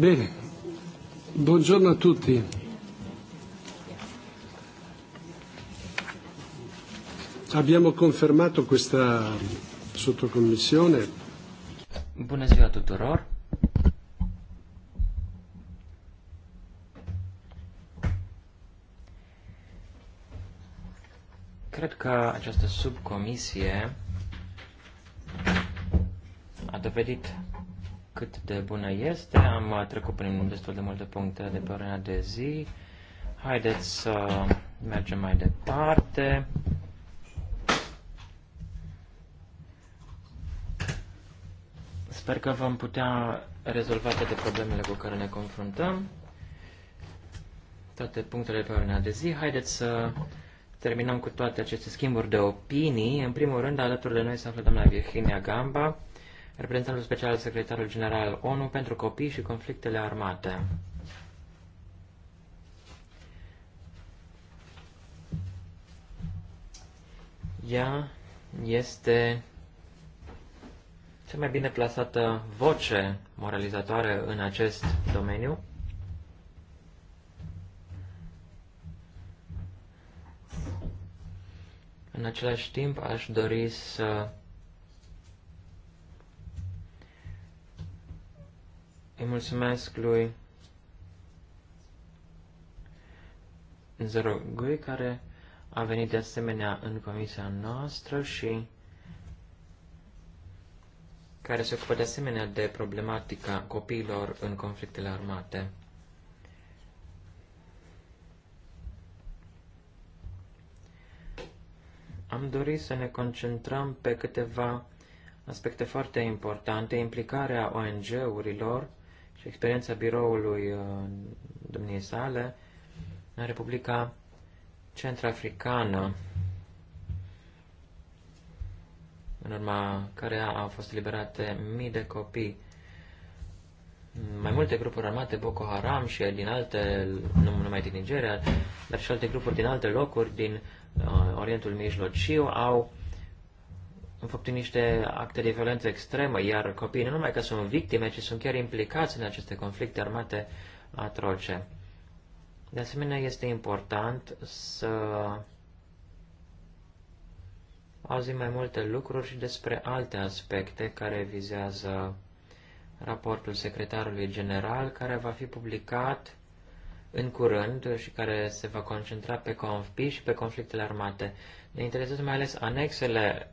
Bene, buongiorno a tutti. Abbiamo confermato questa sottocommissione. Buonasera, ziua tuturor. Cred că această subcomisie a dovedit cât de bună este. Am uh, trecut prin destul de multe puncte de pe ordinea de zi. Haideți să mergem mai departe. Sper că vom putea rezolva toate problemele cu care ne confruntăm, toate punctele pe ordinea de zi. Haideți să terminăm cu toate aceste schimburi de opinii. În primul rând, alături de noi se află doamna Virginia Gamba, reprezentantul special al secretarului general ONU pentru copii și conflictele armate. Ea este cea mai bine plasată voce moralizatoare în acest domeniu. În același timp, aș dori să Îi mulțumesc lui Zărogui care a venit de asemenea în comisia noastră și care se ocupă de asemenea de problematica copiilor în conflictele armate. Am dorit să ne concentrăm pe câteva aspecte foarte importante, implicarea ONG-urilor și experiența biroului uh, domniei sale în Republica Centrafricană, în urma care au fost liberate mii de copii. Mai multe grupuri armate, Boko Haram și din alte, nu numai din Nigeria, dar și alte grupuri din alte locuri, din uh, Orientul Mijlociu, au înfăptui niște acte de violență extremă, iar copiii nu numai că sunt victime, ci sunt chiar implicați în aceste conflicte armate atroce. De asemenea, este important să auzim mai multe lucruri și despre alte aspecte care vizează raportul secretarului general, care va fi publicat în curând și care se va concentra pe CONFPI și pe conflictele armate. Ne interesează mai ales anexele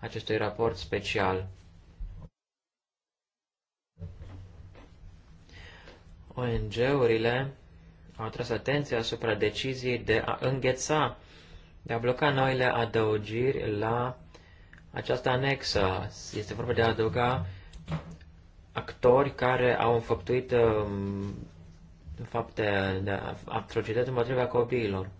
acestui raport special. ONG-urile au tras atenția asupra deciziei de a îngheța, de a bloca noile adăugiri la această anexă. Este vorba de a adăuga actori care au înfăptuit um, fapte de atrocități împotriva copiilor.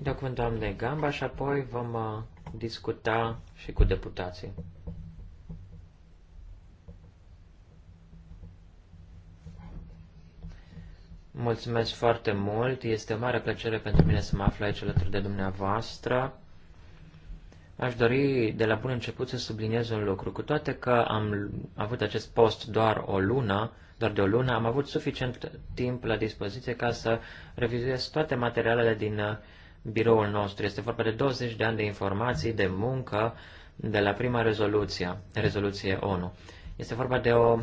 Îi dau cuvântul doamnei Gamba și apoi vom uh, discuta și cu deputații. Mulțumesc foarte mult. Este o mare plăcere pentru mine să mă aflu aici alături de dumneavoastră. Aș dori de la bun început să subliniez un lucru. Cu toate că am avut acest post doar o lună, doar de o lună, am avut suficient timp la dispoziție ca să revizuiesc toate materialele din uh, biroul nostru. Este vorba de 20 de ani de informații, de muncă, de la prima rezoluție, rezoluție ONU. Este vorba de o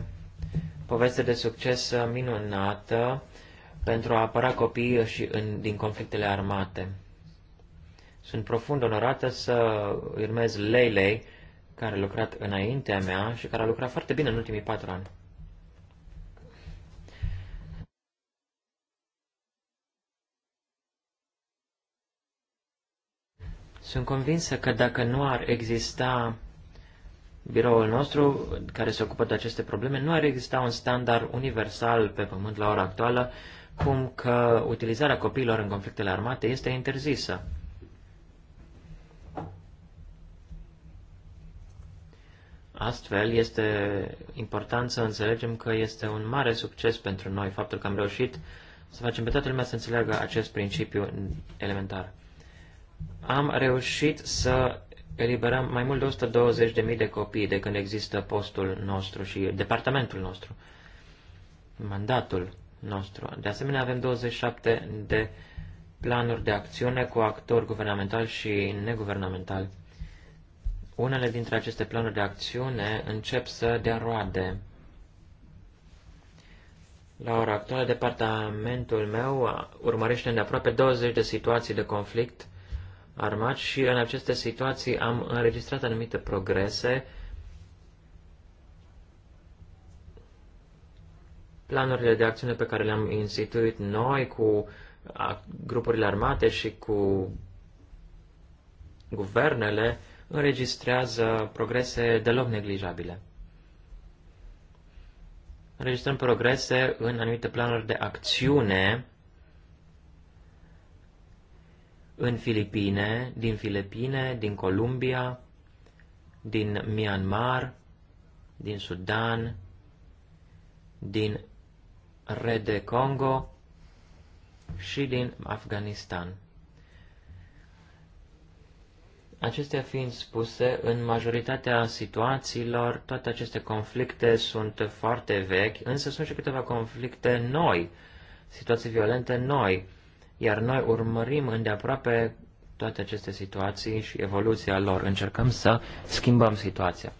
poveste de succes minunată pentru a apăra copiii și în, din conflictele armate. Sunt profund onorată să urmez Leilei, care a lucrat înaintea mea și care a lucrat foarte bine în ultimii patru ani. Sunt convinsă că dacă nu ar exista biroul nostru care se ocupă de aceste probleme, nu ar exista un standard universal pe pământ la ora actuală, cum că utilizarea copiilor în conflictele armate este interzisă. Astfel, este important să înțelegem că este un mare succes pentru noi faptul că am reușit să facem pe toată lumea să înțeleagă acest principiu elementar am reușit să eliberăm mai mult de 120.000 de copii de când există postul nostru și departamentul nostru, mandatul nostru. De asemenea, avem 27 de planuri de acțiune cu actori guvernamentali și neguvernamentali. Unele dintre aceste planuri de acțiune încep să dea roade. La ora actuală, departamentul meu urmărește îndeaproape aproape 20 de situații de conflict armați și în aceste situații am înregistrat anumite progrese. Planurile de acțiune pe care le-am instituit noi cu grupurile armate și cu guvernele înregistrează progrese deloc neglijabile. Înregistrăm progrese în anumite planuri de acțiune în Filipine, din Filipine, din Columbia, din Myanmar, din Sudan, din Rede Congo și din Afganistan. Acestea fiind spuse, în majoritatea situațiilor, toate aceste conflicte sunt foarte vechi, însă sunt și câteva conflicte noi, situații violente noi, iar noi urmărim îndeaproape toate aceste situații și evoluția lor. Încercăm să schimbăm situația.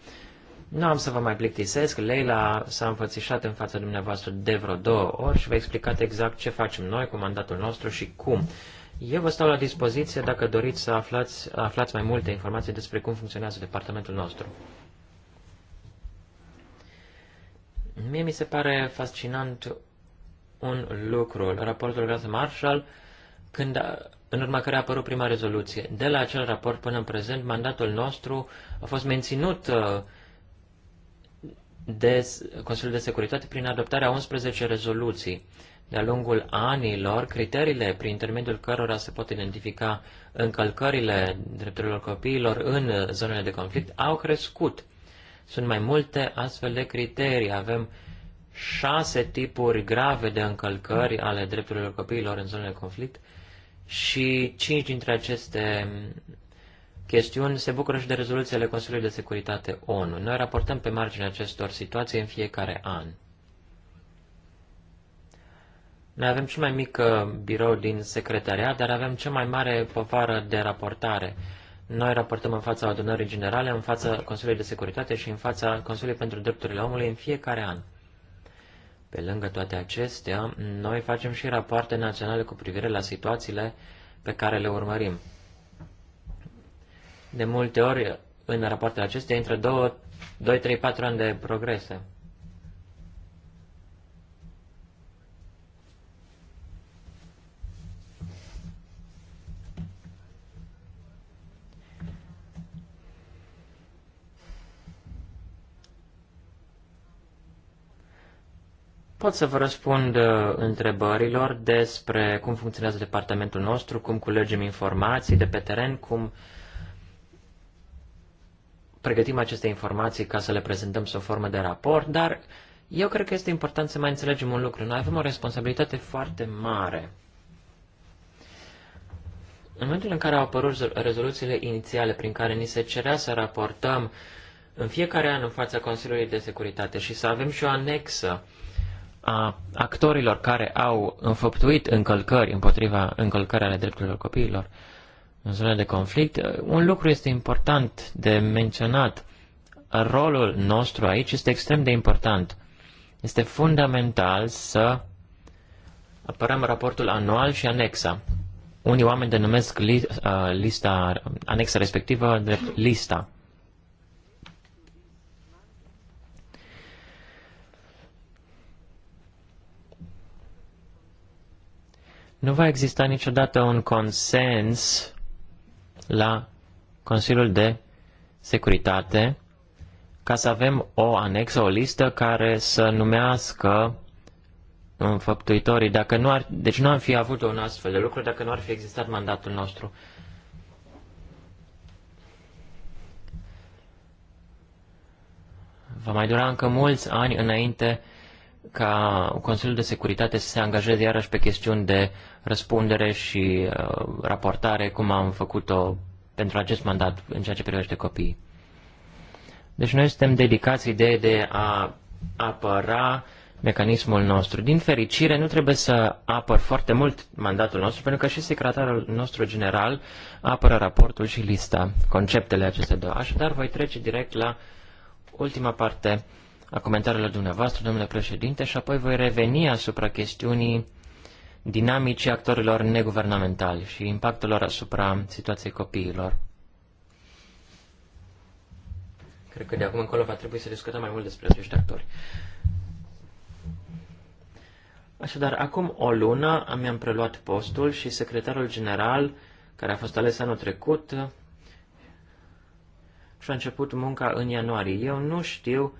Nu am să vă mai plictisesc, Leila s-a înfățișat în fața dumneavoastră de vreo două ori și v-a explicat exact ce facem noi cu mandatul nostru și cum. Eu vă stau la dispoziție dacă doriți să aflați, aflați mai multe informații despre cum funcționează departamentul nostru. Mie mi se pare fascinant un lucru. Raportul Grant Marshall uh, când a, în urma care a apărut prima rezoluție. De la acel raport până în prezent, mandatul nostru a fost menținut uh, de Consiliul de Securitate prin adoptarea 11 rezoluții. De-a lungul anilor, criteriile prin intermediul cărora se pot identifica încălcările drepturilor copiilor în zonele de conflict au crescut. Sunt mai multe astfel de criterii. Avem șase tipuri grave de încălcări ale drepturilor copiilor în zonele de conflict, și cinci dintre aceste chestiuni se bucură și de rezoluțiile Consiliului de Securitate ONU. Noi raportăm pe marginea acestor situații în fiecare an. Noi avem cel mai mic birou din secretariat, dar avem cea mai mare povară de raportare. Noi raportăm în fața adunării generale, în fața Consiliului de Securitate și în fața Consiliului pentru Drepturile Omului în fiecare an. Pe lângă toate acestea, noi facem și rapoarte naționale cu privire la situațiile pe care le urmărim. De multe ori, în rapoartele acestea intră 2, 3, 4 ani de progrese. Pot să vă răspund uh, întrebărilor despre cum funcționează departamentul nostru, cum culegem informații de pe teren, cum pregătim aceste informații ca să le prezentăm sub formă de raport, dar eu cred că este important să mai înțelegem un lucru. Noi avem o responsabilitate foarte mare. În momentul în care au apărut rezoluțiile inițiale prin care ni se cerea să raportăm în fiecare an în fața Consiliului de Securitate și să avem și o anexă a actorilor care au înfăptuit încălcări împotriva încălcării ale drepturilor copiilor în zona de conflict, un lucru este important de menționat. Rolul nostru aici este extrem de important. Este fundamental să apărăm raportul anual și anexa. Unii oameni denumesc li, uh, lista, anexa respectivă drept lista. Nu va exista niciodată un consens la Consiliul de Securitate ca să avem o anexă, o listă care să numească înfăptuitorii. Dacă nu ar, deci nu am fi avut un astfel de lucru dacă nu ar fi existat mandatul nostru. Va mai dura încă mulți ani înainte ca Consiliul de Securitate să se angajeze iarăși pe chestiuni de răspundere și uh, raportare, cum am făcut-o pentru acest mandat în ceea ce privește copiii. Deci noi suntem dedicați ideea de a apăra mecanismul nostru. Din fericire, nu trebuie să apăr foarte mult mandatul nostru, pentru că și secretarul nostru general apără raportul și lista, conceptele acestea două. Așadar, voi trece direct la ultima parte a comentariilor dumneavoastră, domnule președinte, și apoi voi reveni asupra chestiunii dinamicii actorilor neguvernamentali și impactul lor asupra situației copiilor. Cred că de acum încolo va trebui să discutăm mai mult despre acești actori. Așadar, acum o lună mi-am preluat postul și secretarul general, care a fost ales anul trecut, și-a început munca în ianuarie. Eu nu știu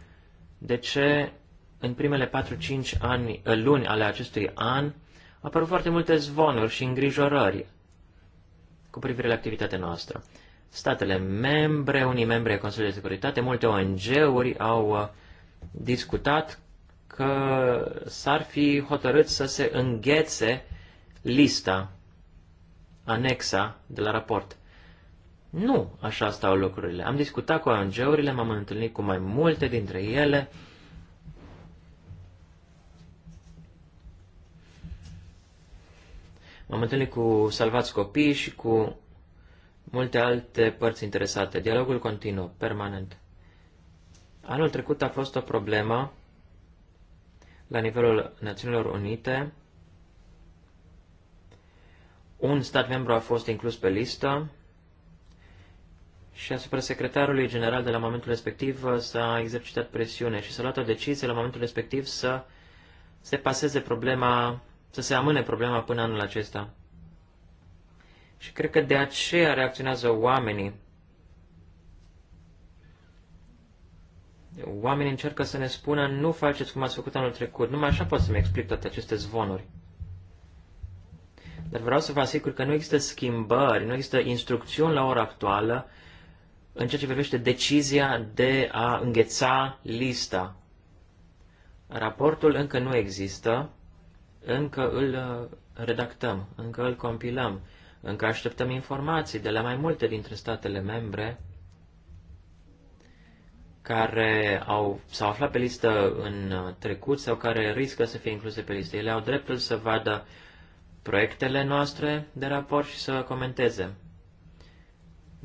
de ce în primele 4-5 ani, ă, luni ale acestui an apar foarte multe zvonuri și îngrijorări cu privire la activitatea noastră. Statele membre, unii membri ai Consiliului de Securitate, multe ONG-uri au ă, discutat că s-ar fi hotărât să se înghețe lista, anexa de la raport. Nu așa stau lucrurile. Am discutat cu ONG-urile, m-am întâlnit cu mai multe dintre ele. M-am întâlnit cu Salvați Copii și cu multe alte părți interesate. Dialogul continuă, permanent. Anul trecut a fost o problemă la nivelul Națiunilor Unite. Un stat membru a fost inclus pe listă și asupra secretarului general de la momentul respectiv uh, s-a exercitat presiune și s-a luat o decizie la momentul respectiv să se paseze problema, să se amâne problema până anul acesta. Și cred că de aceea reacționează oamenii. Oamenii încearcă să ne spună, nu faceți cum ați făcut anul trecut. Numai așa pot să-mi explic toate aceste zvonuri. Dar vreau să vă asigur că nu există schimbări, nu există instrucțiuni la ora actuală în ceea ce privește decizia de a îngheța lista. Raportul încă nu există, încă îl uh, redactăm, încă îl compilăm, încă așteptăm informații de la mai multe dintre statele membre care au, s-au aflat pe listă în uh, trecut sau care riscă să fie incluse pe listă. Ele au dreptul să vadă proiectele noastre de raport și să comenteze.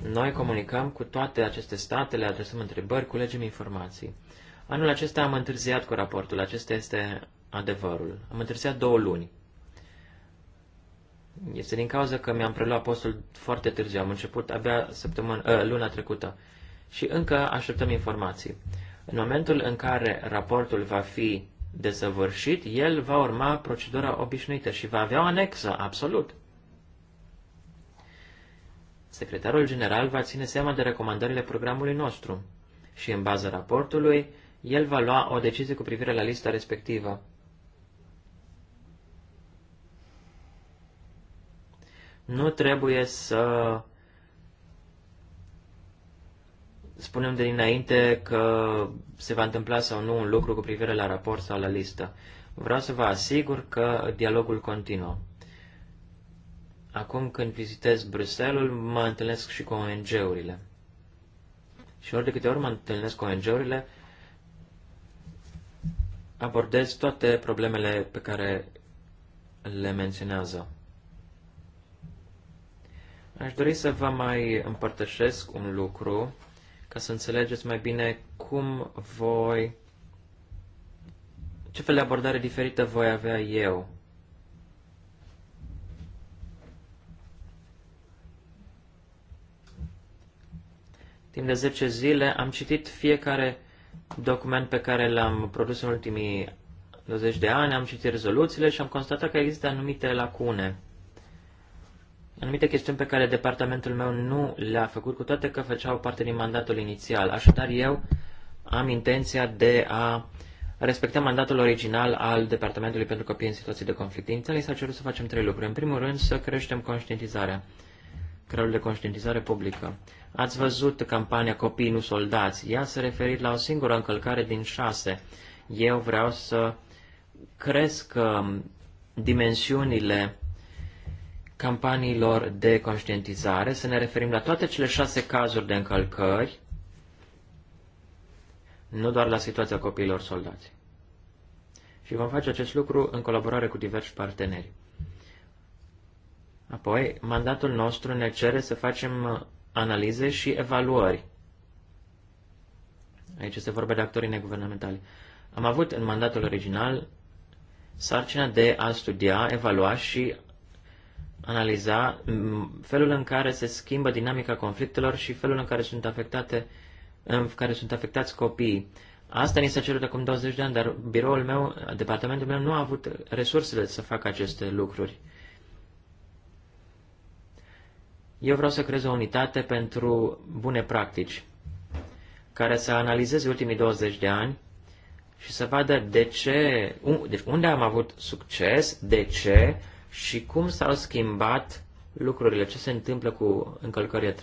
Noi comunicăm cu toate aceste statele, adresăm întrebări, culegem informații. Anul acesta am întârziat cu raportul, acesta este adevărul. Am întârziat două luni. Este din cauza că mi-am preluat postul foarte târziu, am început abia săptămână, ă, luna trecută și încă așteptăm informații. În momentul în care raportul va fi desăvârșit, el va urma procedura obișnuită și va avea o anexă, absolut. Secretarul general va ține seama de recomandările programului nostru și, în baza raportului, el va lua o decizie cu privire la lista respectivă. Nu trebuie să spunem de dinainte că se va întâmpla sau nu un lucru cu privire la raport sau la listă. Vreau să vă asigur că dialogul continuă. Acum când vizitez Bruselul, mă întâlnesc și cu ONG-urile. Și ori de câte ori mă întâlnesc cu ONG-urile, abordez toate problemele pe care le menționează. Aș dori să vă mai împărtășesc un lucru ca să înțelegeți mai bine cum voi, ce fel de abordare diferită voi avea eu Timp de 10 zile am citit fiecare document pe care l-am produs în ultimii 20 de ani, am citit rezoluțiile și am constatat că există anumite lacune, anumite chestiuni pe care departamentul meu nu le-a făcut, cu toate că făceau parte din mandatul inițial. Așadar, eu am intenția de a respecta mandatul original al Departamentului pentru Copii în situații de conflict. Inițial, s-a cerut să facem trei lucruri. În primul rând, să creștem conștientizarea, creul de conștientizare publică. Ați văzut campania Copiii nu soldați. Ea s-a referit la o singură încălcare din șase. Eu vreau să cresc um, dimensiunile campaniilor de conștientizare, să ne referim la toate cele șase cazuri de încălcări, nu doar la situația copiilor soldați. Și vom face acest lucru în colaborare cu diversi parteneri. Apoi, mandatul nostru ne cere să facem analize și evaluări. Aici este vorba de actorii neguvernamentali. Am avut în mandatul original sarcina de a studia, evalua și analiza mm, felul în care se schimbă dinamica conflictelor și felul în care sunt afectate în care sunt afectați copiii. Asta ni s-a cerut acum 20 de ani, dar biroul meu, departamentul meu, nu a avut resursele să facă aceste lucruri. Eu vreau să creez o unitate pentru bune practici, care să analizeze ultimii 20 de ani și să vadă de ce, deci unde am avut succes, de ce și cum s-au schimbat lucrurile, ce se întâmplă cu încălcările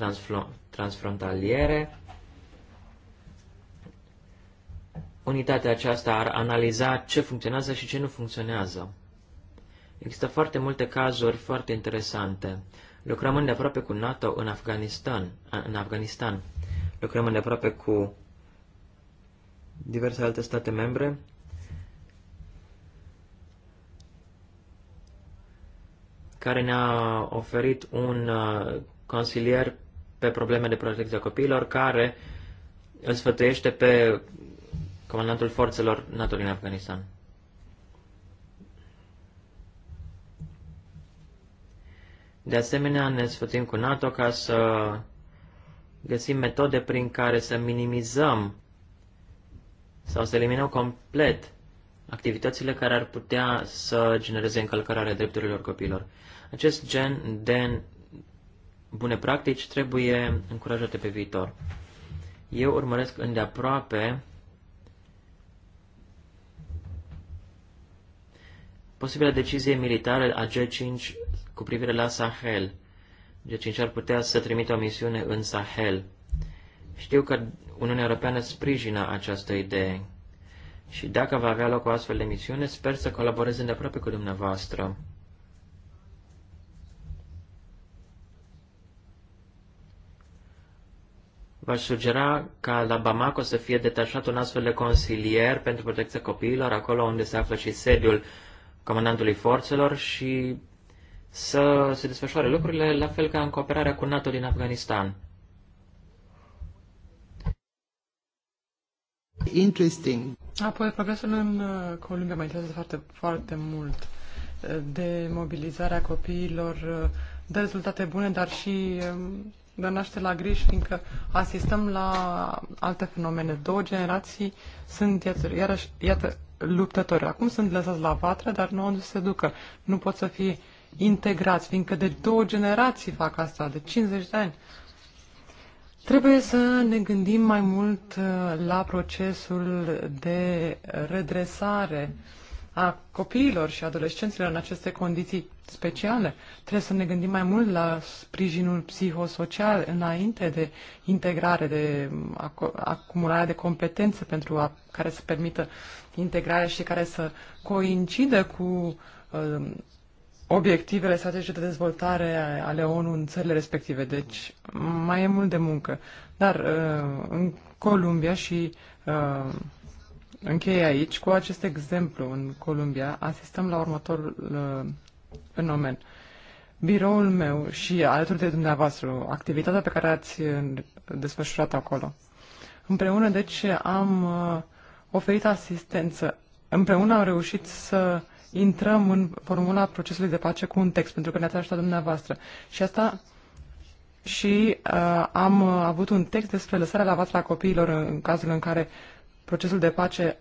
transfrontaliere. Unitatea aceasta ar analiza ce funcționează și ce nu funcționează. Există foarte multe cazuri foarte interesante. Lucrăm îndeaproape cu NATO în Afganistan. În Afganistan. Lucrăm îndeaproape cu diverse alte state membre. care ne-a oferit un uh, consilier pe probleme de protecție a copiilor, care îl sfătuiește pe comandantul forțelor NATO din Afganistan. De asemenea, ne sfătuim cu NATO ca să găsim metode prin care să minimizăm sau să eliminăm complet activitățile care ar putea să genereze încălcarea drepturilor copiilor. Acest gen de bune practici trebuie încurajate pe viitor. Eu urmăresc îndeaproape posibile decizie militare a G5 cu privire la Sahel. Deci ar putea să trimită o misiune în Sahel. Știu că Uniunea Europeană sprijină această idee și dacă va avea loc o astfel de misiune, sper să colaborez îndeaproape cu dumneavoastră. V-aș sugera ca la Bamako să fie detașat un astfel de consilier pentru protecția copiilor, acolo unde se află și sediul comandantului forțelor și să se desfășoare lucrurile, la fel ca în cooperarea cu NATO din Afganistan. Interesting. Apoi, progresul în uh, Columbia mă interesează foarte, foarte mult uh, de mobilizarea copiilor uh, de rezultate bune, dar și um, de naște la griji, fiindcă asistăm la alte fenomene. Două generații sunt, iarăși, iată luptători. Acum sunt lăsați la vatră, dar nu unde se ducă. Nu pot să fie integrați, fiindcă de două generații fac asta, de 50 de ani. Trebuie să ne gândim mai mult uh, la procesul de redresare a copiilor și adolescenților în aceste condiții speciale. Trebuie să ne gândim mai mult la sprijinul psihosocial înainte de integrare, de acumularea de competențe pentru a, care să permită integrarea și care să coincidă cu uh, obiectivele strategice de dezvoltare ale ONU în țările respective. Deci mai e mult de muncă. Dar uh, în Columbia și uh, închei aici cu acest exemplu în Columbia, asistăm la următorul uh, fenomen. Biroul meu și alături de dumneavoastră, activitatea pe care ați uh, desfășurat acolo. Împreună, deci, am uh, oferit asistență. Împreună am reușit să uh, intrăm în formula procesului de pace cu un text, pentru că ne-ați așteptat dumneavoastră. Și asta și uh, am uh, avut un text despre lăsarea la vatra copiilor în cazul în care procesul de pace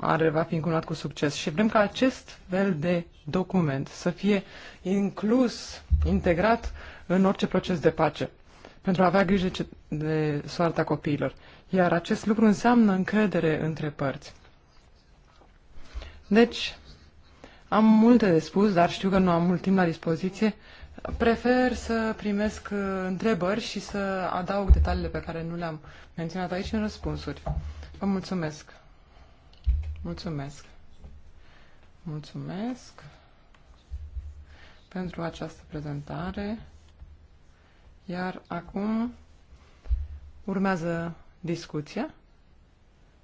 are, va fi încununat cu succes. Și vrem ca acest fel de document să fie inclus, integrat în orice proces de pace, pentru a avea grijă de soarta copiilor. Iar acest lucru înseamnă încredere între părți. Deci, am multe de spus, dar știu că nu am mult timp la dispoziție. Prefer să primesc uh, întrebări și să adaug detaliile pe care nu le-am menționat aici în răspunsuri. Vă mulțumesc. Mulțumesc. Mulțumesc pentru această prezentare. Iar acum urmează discuția.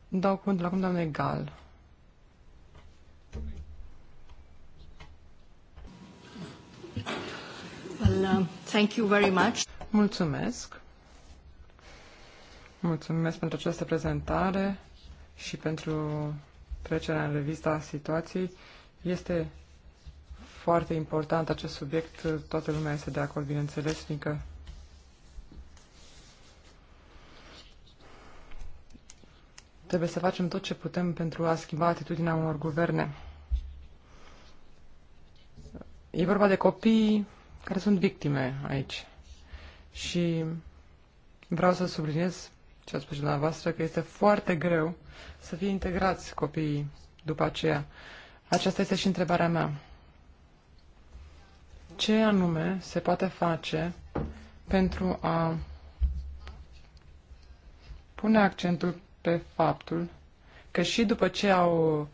Dau cuvântul acum doamnei Gal. Um, Mulțumesc. Mulțumesc pentru această prezentare și pentru trecerea în revista situației. Este foarte important acest subiect, toată lumea este de acord, bineînțeles, fiindcă trebuie să facem tot ce putem pentru a schimba atitudinea unor guverne. E vorba de copii, care sunt victime aici. Și vreau să subliniez ce a spus dumneavoastră, că este foarte greu să fie integrați copiii după aceea. Aceasta este și întrebarea mea. Ce anume se poate face pentru a pune accentul pe faptul că și după ce au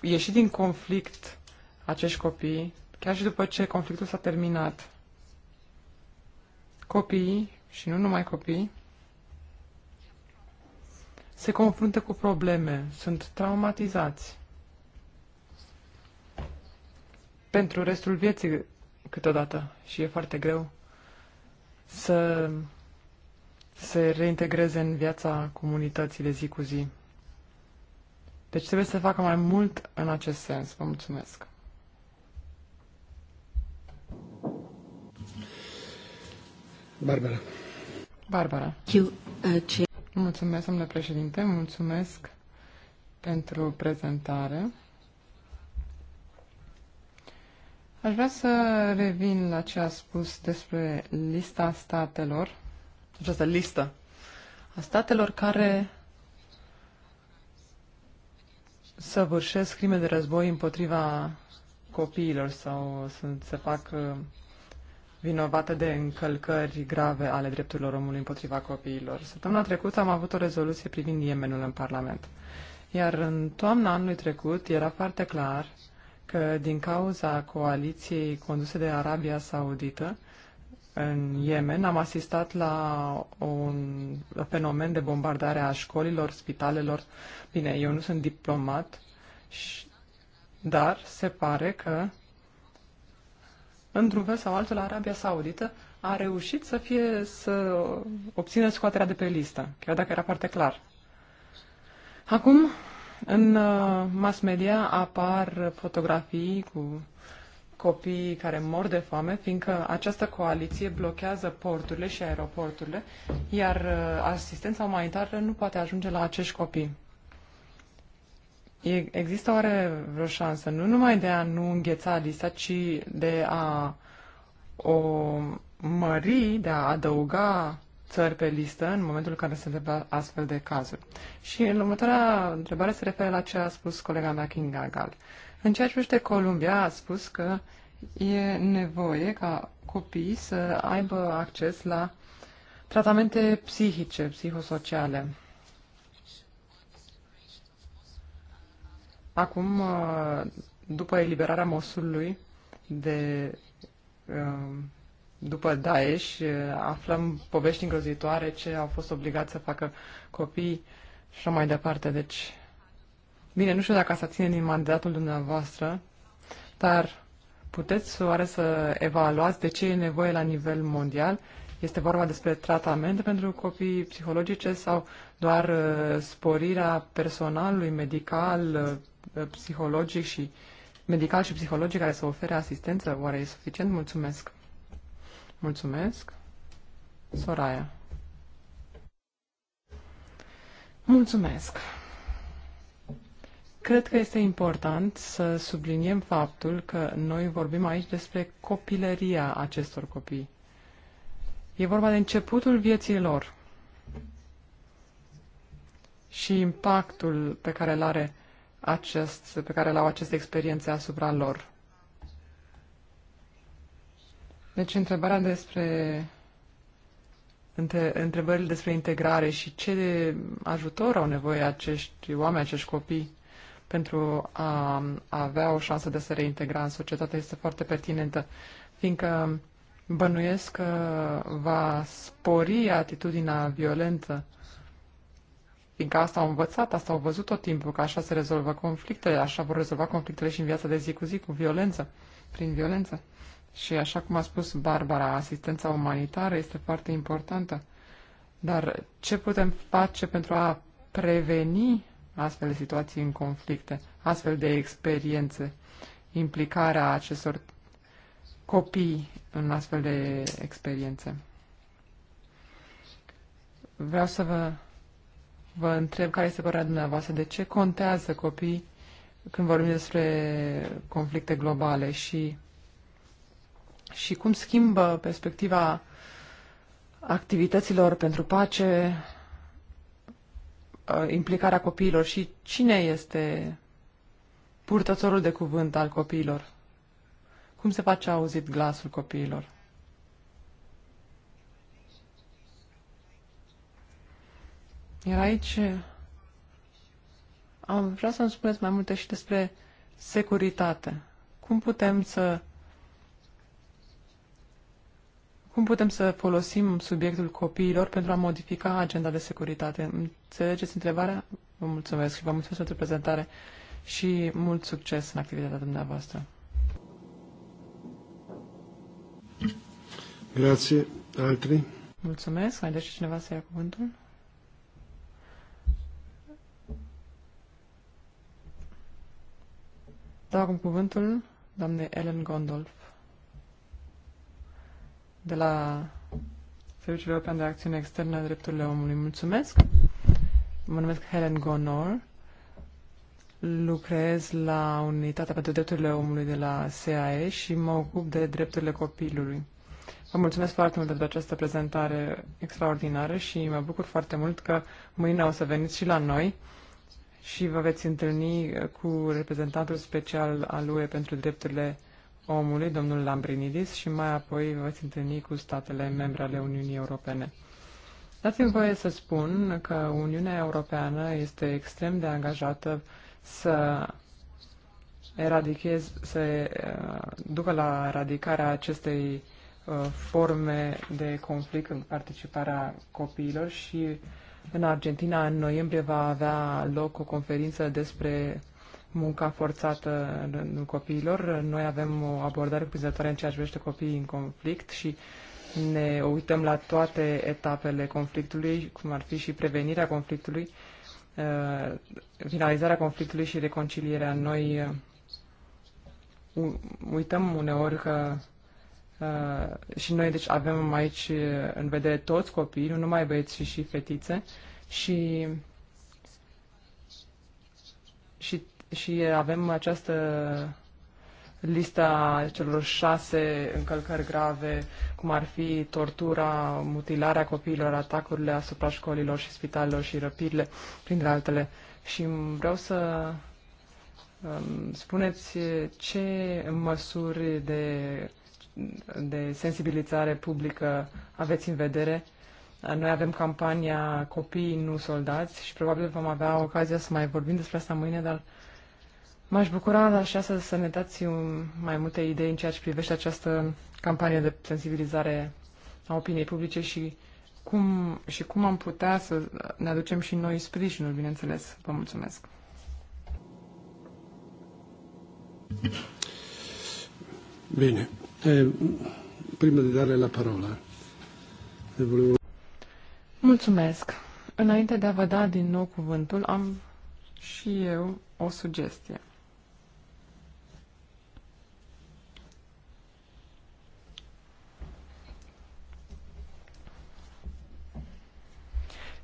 ieșit din conflict acești copii, chiar și după ce conflictul s-a terminat, copiii, și nu numai copii, se confruntă cu probleme, sunt traumatizați. Pentru restul vieții câteodată și e foarte greu să se reintegreze în viața comunității de zi cu zi. Deci trebuie să facă mai mult în acest sens. Vă mulțumesc! Barbara. Barbara. Uh, mulțumesc, domnule președinte, mulțumesc pentru prezentare. Aș vrea să revin la ce a spus despre lista statelor, această listă a statelor care săvârșesc crime de război împotriva copiilor sau sunt, se fac uh, vinovată de încălcări grave ale drepturilor omului împotriva copiilor. Săptămâna trecută am avut o rezoluție privind Yemenul în Parlament. Iar în toamna anului trecut era foarte clar că din cauza coaliției conduse de Arabia Saudită în Yemen am asistat la un fenomen de bombardare a școlilor, spitalelor. Bine, eu nu sunt diplomat, dar se pare că într-un fel sau altul, Arabia Saudită a reușit să fie să obțină scoaterea de pe listă, chiar dacă era foarte clar. Acum, în uh, mass media apar fotografii cu copii care mor de foame, fiindcă această coaliție blochează porturile și aeroporturile, iar uh, asistența umanitară nu poate ajunge la acești copii. Există oare vreo șansă nu numai de a nu îngheța lista, ci de a o mări, de a adăuga țări pe listă în momentul în care se întâmplă astfel de cazuri. Și în următoarea întrebare se referă la ce a spus colega mea Kinga Gal. În ceea ce privește Columbia, a spus că e nevoie ca copiii să aibă acces la tratamente psihice, psihosociale. Acum, uh, după eliberarea Mosulului de uh, după Daesh, uh, aflăm povești îngrozitoare ce au fost obligați să facă copii și așa mai departe. Deci, bine, nu știu dacă asta ține din mandatul dumneavoastră, dar puteți oare să evaluați de ce e nevoie la nivel mondial? Este vorba despre tratamente pentru copii psihologice sau doar uh, sporirea personalului medical, uh, psihologic și medical și psihologic care să ofere asistență, oare e suficient? Mulțumesc! Mulțumesc! Soraya Mulțumesc! Cred că este important să subliniem faptul că noi vorbim aici despre copilăria acestor copii. E vorba de începutul vieții lor și impactul pe care îl are acest, pe care l-au aceste experiențe asupra lor. Deci întrebarea despre întrebările despre integrare și ce de ajutor au nevoie acești oameni, acești copii pentru a, a avea o șansă de a se reintegra în societate este foarte pertinentă, fiindcă bănuiesc că va spori atitudinea violentă fiindcă asta au învățat, asta au văzut tot timpul, că așa se rezolvă conflictele, așa vor rezolva conflictele și în viața de zi cu zi, cu violență, prin violență. Și așa cum a spus Barbara, asistența umanitară este foarte importantă. Dar ce putem face pentru a preveni astfel de situații în conflicte, astfel de experiențe, implicarea acestor copii în astfel de experiențe? Vreau să vă vă întreb care este părerea dumneavoastră, de ce contează copii când vorbim despre conflicte globale și, și cum schimbă perspectiva activităților pentru pace, uh, implicarea copiilor și cine este purtătorul de cuvânt al copiilor? Cum se face auzit glasul copiilor? Iar aici am vrea să-mi spuneți mai multe și despre securitate. Cum putem să cum putem să folosim subiectul copiilor pentru a modifica agenda de securitate? Înțelegeți întrebarea? Vă mulțumesc și vă mulțumesc pentru prezentare și mult succes în activitatea dumneavoastră. Grazie. Altri? Mulțumesc. Mai deși cineva să ia cuvântul? Dau acum cuvântul doamnei Ellen Gondolf de la Serviciul European de Acțiune Externă a Drepturile Omului. Mulțumesc! Mă numesc Helen Gonor, lucrez la Unitatea pentru Drepturile Omului de la SAE și mă ocup de drepturile copilului. Vă mulțumesc foarte mult pentru această prezentare extraordinară și mă bucur foarte mult că mâine o să veniți și la noi și vă veți întâlni cu reprezentantul special al UE pentru drepturile omului, domnul Lambrinidis, și mai apoi vă veți întâlni cu statele membre ale Uniunii Europene. Dați-mi voie să spun că Uniunea Europeană este extrem de angajată să eradicheze, să uh, ducă la eradicarea acestei uh, forme de conflict în participarea copiilor și în Argentina, în noiembrie, va avea loc o conferință despre munca forțată în copiilor. Noi avem o abordare cuprinzătoare în ceea ce privește copiii în conflict și ne uităm la toate etapele conflictului, cum ar fi și prevenirea conflictului, uh, finalizarea conflictului și reconcilierea. Noi uh, uităm uneori că Uh, și noi deci avem aici uh, în vedere toți copiii, nu numai băieți și, și fetițe și, și, și avem această lista celor șase încălcări grave, cum ar fi tortura, mutilarea copiilor, atacurile asupra școlilor și spitalelor și răpirile, printre altele. Și vreau să um, spuneți ce măsuri de de sensibilizare publică aveți în vedere? Noi avem campania Copiii nu soldați și probabil vom avea ocazia să mai vorbim despre asta mâine, dar m-aș bucura așa să, să ne dați mai multe idei în ceea ce privește această campanie de sensibilizare a opiniei publice și cum, și cum am putea să ne aducem și noi sprijinul, bineînțeles. Vă mulțumesc. Bine. Eh, prima dare la parola, volevo... Mulțumesc. Înainte de a vă da din nou cuvântul, am și eu o sugestie.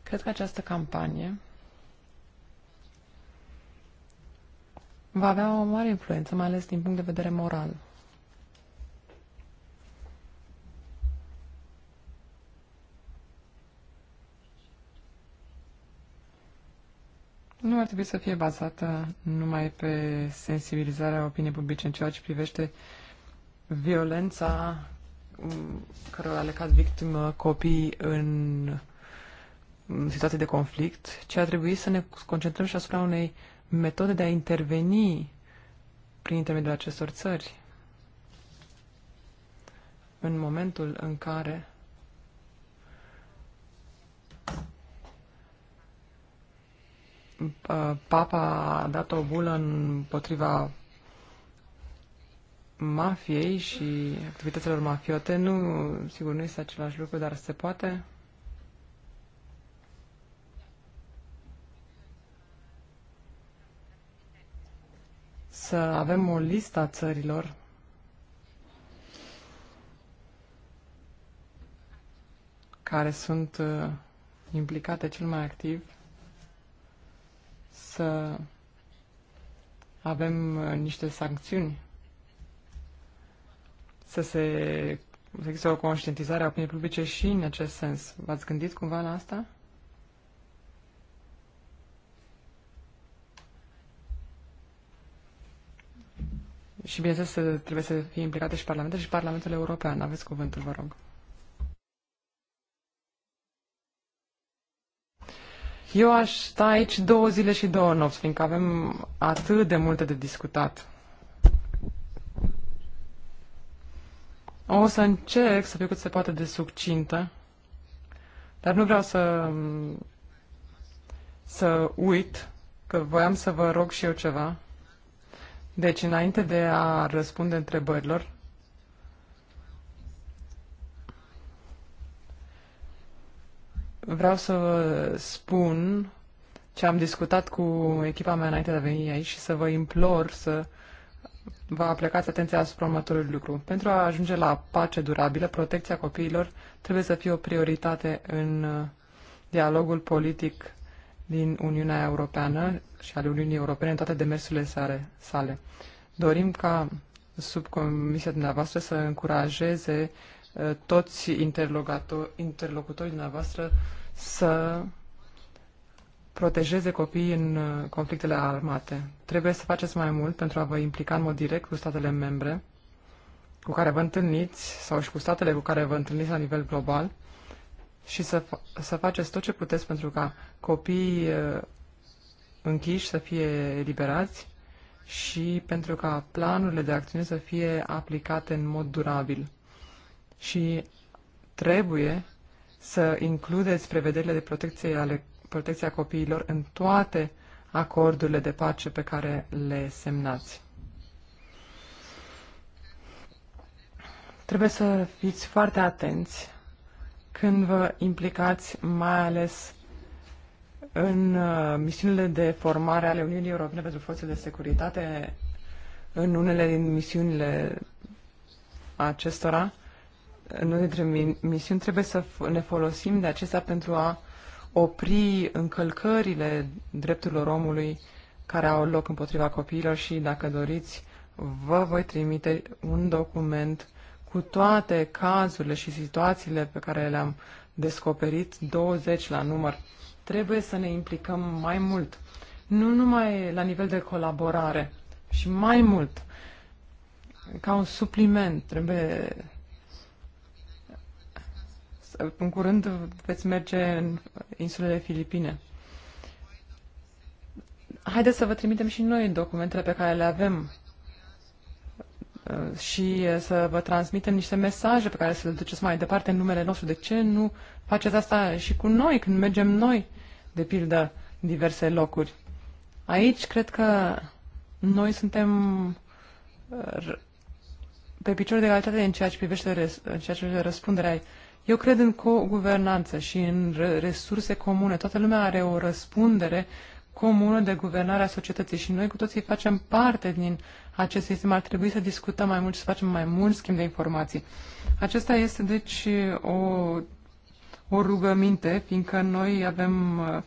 Cred că această campanie va avea o mare influență, mai ales din punct de vedere moral. nu ar trebui să fie bazată numai pe sensibilizarea opiniei publice în ceea ce privește violența um, cărora le cad victimă uh, copii în situații de conflict, ci ar trebui să ne concentrăm și asupra unei metode de a interveni prin intermediul acestor țări în momentul în care Papa a dat o bulă împotriva mafiei și activităților mafiote. Nu, sigur, nu este același lucru, dar se poate. Să avem o listă a țărilor care sunt uh, implicate cel mai activ să avem uh, niște sancțiuni, să se să există o conștientizare a opiniei publice și în acest sens. V-ați gândit cumva la asta? Și bineînțeles trebuie să fie implicate și parlamentele și Parlamentul European. Aveți cuvântul, vă rog. Eu aș sta aici două zile și două nopți, fiindcă avem atât de multe de discutat. O să încerc să fiu cât se poate de succintă, dar nu vreau să, să uit că voiam să vă rog și eu ceva. Deci, înainte de a răspunde întrebărilor, Vreau să vă spun ce am discutat cu echipa mea înainte de a veni aici și să vă implor să vă aplicați atenția asupra următorului lucru. Pentru a ajunge la pace durabilă, protecția copiilor trebuie să fie o prioritate în dialogul politic din Uniunea Europeană și al Uniunii Europene în toate demersurile sale. Dorim ca subcomisia dumneavoastră să încurajeze toți interlocutorii dumneavoastră să protejeze copiii în uh, conflictele armate. Trebuie să faceți mai mult pentru a vă implica în mod direct cu statele membre cu care vă întâlniți sau și cu statele cu care vă întâlniți la nivel global și să, să faceți tot ce puteți pentru ca copiii uh, închiși să fie eliberați și pentru ca planurile de acțiune să fie aplicate în mod durabil și trebuie să includeți prevederile de protecție ale protecția copiilor în toate acordurile de pace pe care le semnați. Trebuie să fiți foarte atenți când vă implicați mai ales în uh, misiunile de formare ale Uniunii Europene pentru Forțele de Securitate, în unele din misiunile acestora, în unul dintre misiuni trebuie să ne folosim de acestea pentru a opri încălcările drepturilor omului care au loc împotriva copiilor și, dacă doriți, vă voi trimite un document cu toate cazurile și situațiile pe care le-am descoperit, 20 la număr. Trebuie să ne implicăm mai mult, nu numai la nivel de colaborare, și mai mult, ca un supliment, trebuie în curând veți merge în insulele Filipine. Haideți să vă trimitem și noi documentele pe care le avem uh, și uh, să vă transmitem niște mesaje pe care să le duceți mai departe în numele nostru. De ce nu faceți asta și cu noi când mergem noi, de pildă, în diverse locuri? Aici cred că noi suntem uh, pe picior de egalitate în ceea ce privește, în ceea ce privește răspunderea eu cred în co-guvernanță și în resurse comune. Toată lumea are o răspundere comună de guvernare a societății și noi cu toții facem parte din acest sistem. Ar trebui să discutăm mai mult și să facem mai mult schimb de informații. Acesta este, deci, o, o rugăminte, fiindcă noi avem uh,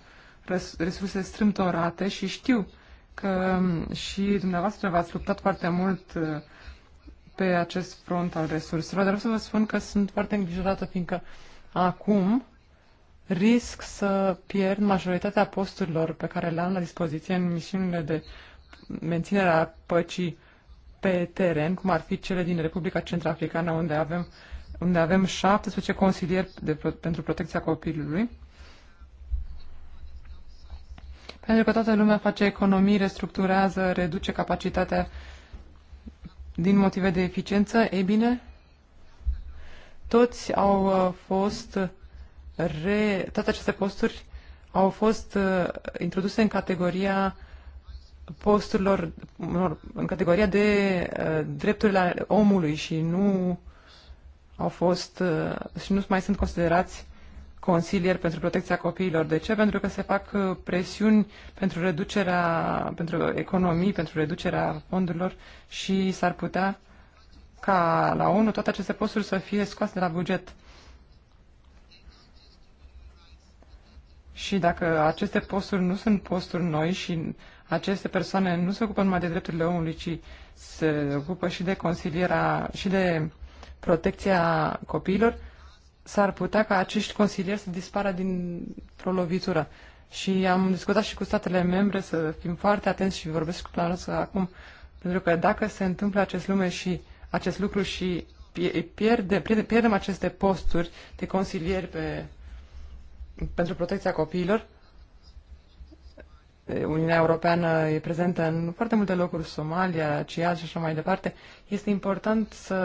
resurse strâmtorate și știu că um, și dumneavoastră v-ați luptat foarte mult uh, pe acest front al resurselor, dar vreau să vă spun că sunt foarte îngrijorată, fiindcă acum risc să pierd majoritatea posturilor pe care le am la dispoziție în misiunile de menținere a păcii pe teren, cum ar fi cele din Republica Centrafricană, unde avem, unde avem 17 consilieri de, pentru protecția copilului. Pentru că toată lumea face economii, restructurează, reduce capacitatea uh, din motive de eficiență, e bine, toți au uh, fost re... toate aceste posturi au fost uh, introduse în categoria posturilor, în categoria de uh, drepturile omului și nu au fost și nu mai sunt considerați consilier pentru protecția copiilor. De ce? Pentru că se fac uh, presiuni pentru reducerea, pentru economii, pentru reducerea fondurilor și s-ar putea ca la ONU toate aceste posturi să fie scoase de la buget. Și dacă aceste posturi nu sunt posturi noi și aceste persoane nu se ocupă numai de drepturile omului, ci se ocupă și de consilierea și de protecția copiilor, s-ar putea ca acești consilieri să dispară dintr-o lovitură. Și am discutat și cu statele membre să fim foarte atenți și vorbesc cu planul acum, pentru că dacă se întâmplă acest lume și acest lucru și pierde, pierdem aceste posturi de consilieri pe, pentru protecția copiilor, Uniunea Europeană e prezentă în foarte multe locuri, Somalia, Ciad și așa mai departe, este important să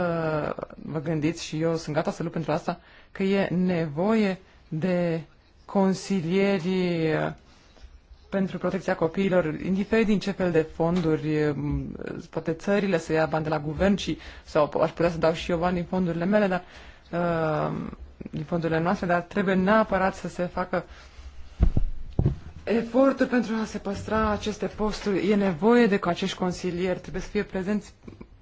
vă gândiți și eu sunt gata să lupt pentru asta, că e nevoie de consilieri uh, pentru protecția copiilor, indiferent din ce fel de fonduri, uh, poate țările să ia bani de la guvern și, sau aș putea să dau și eu bani din fondurile mele, dar, uh, din fondurile noastre, dar trebuie neapărat să se facă uh, efortul pentru a se păstra aceste posturi. E nevoie de că acești consilieri trebuie să fie prezenți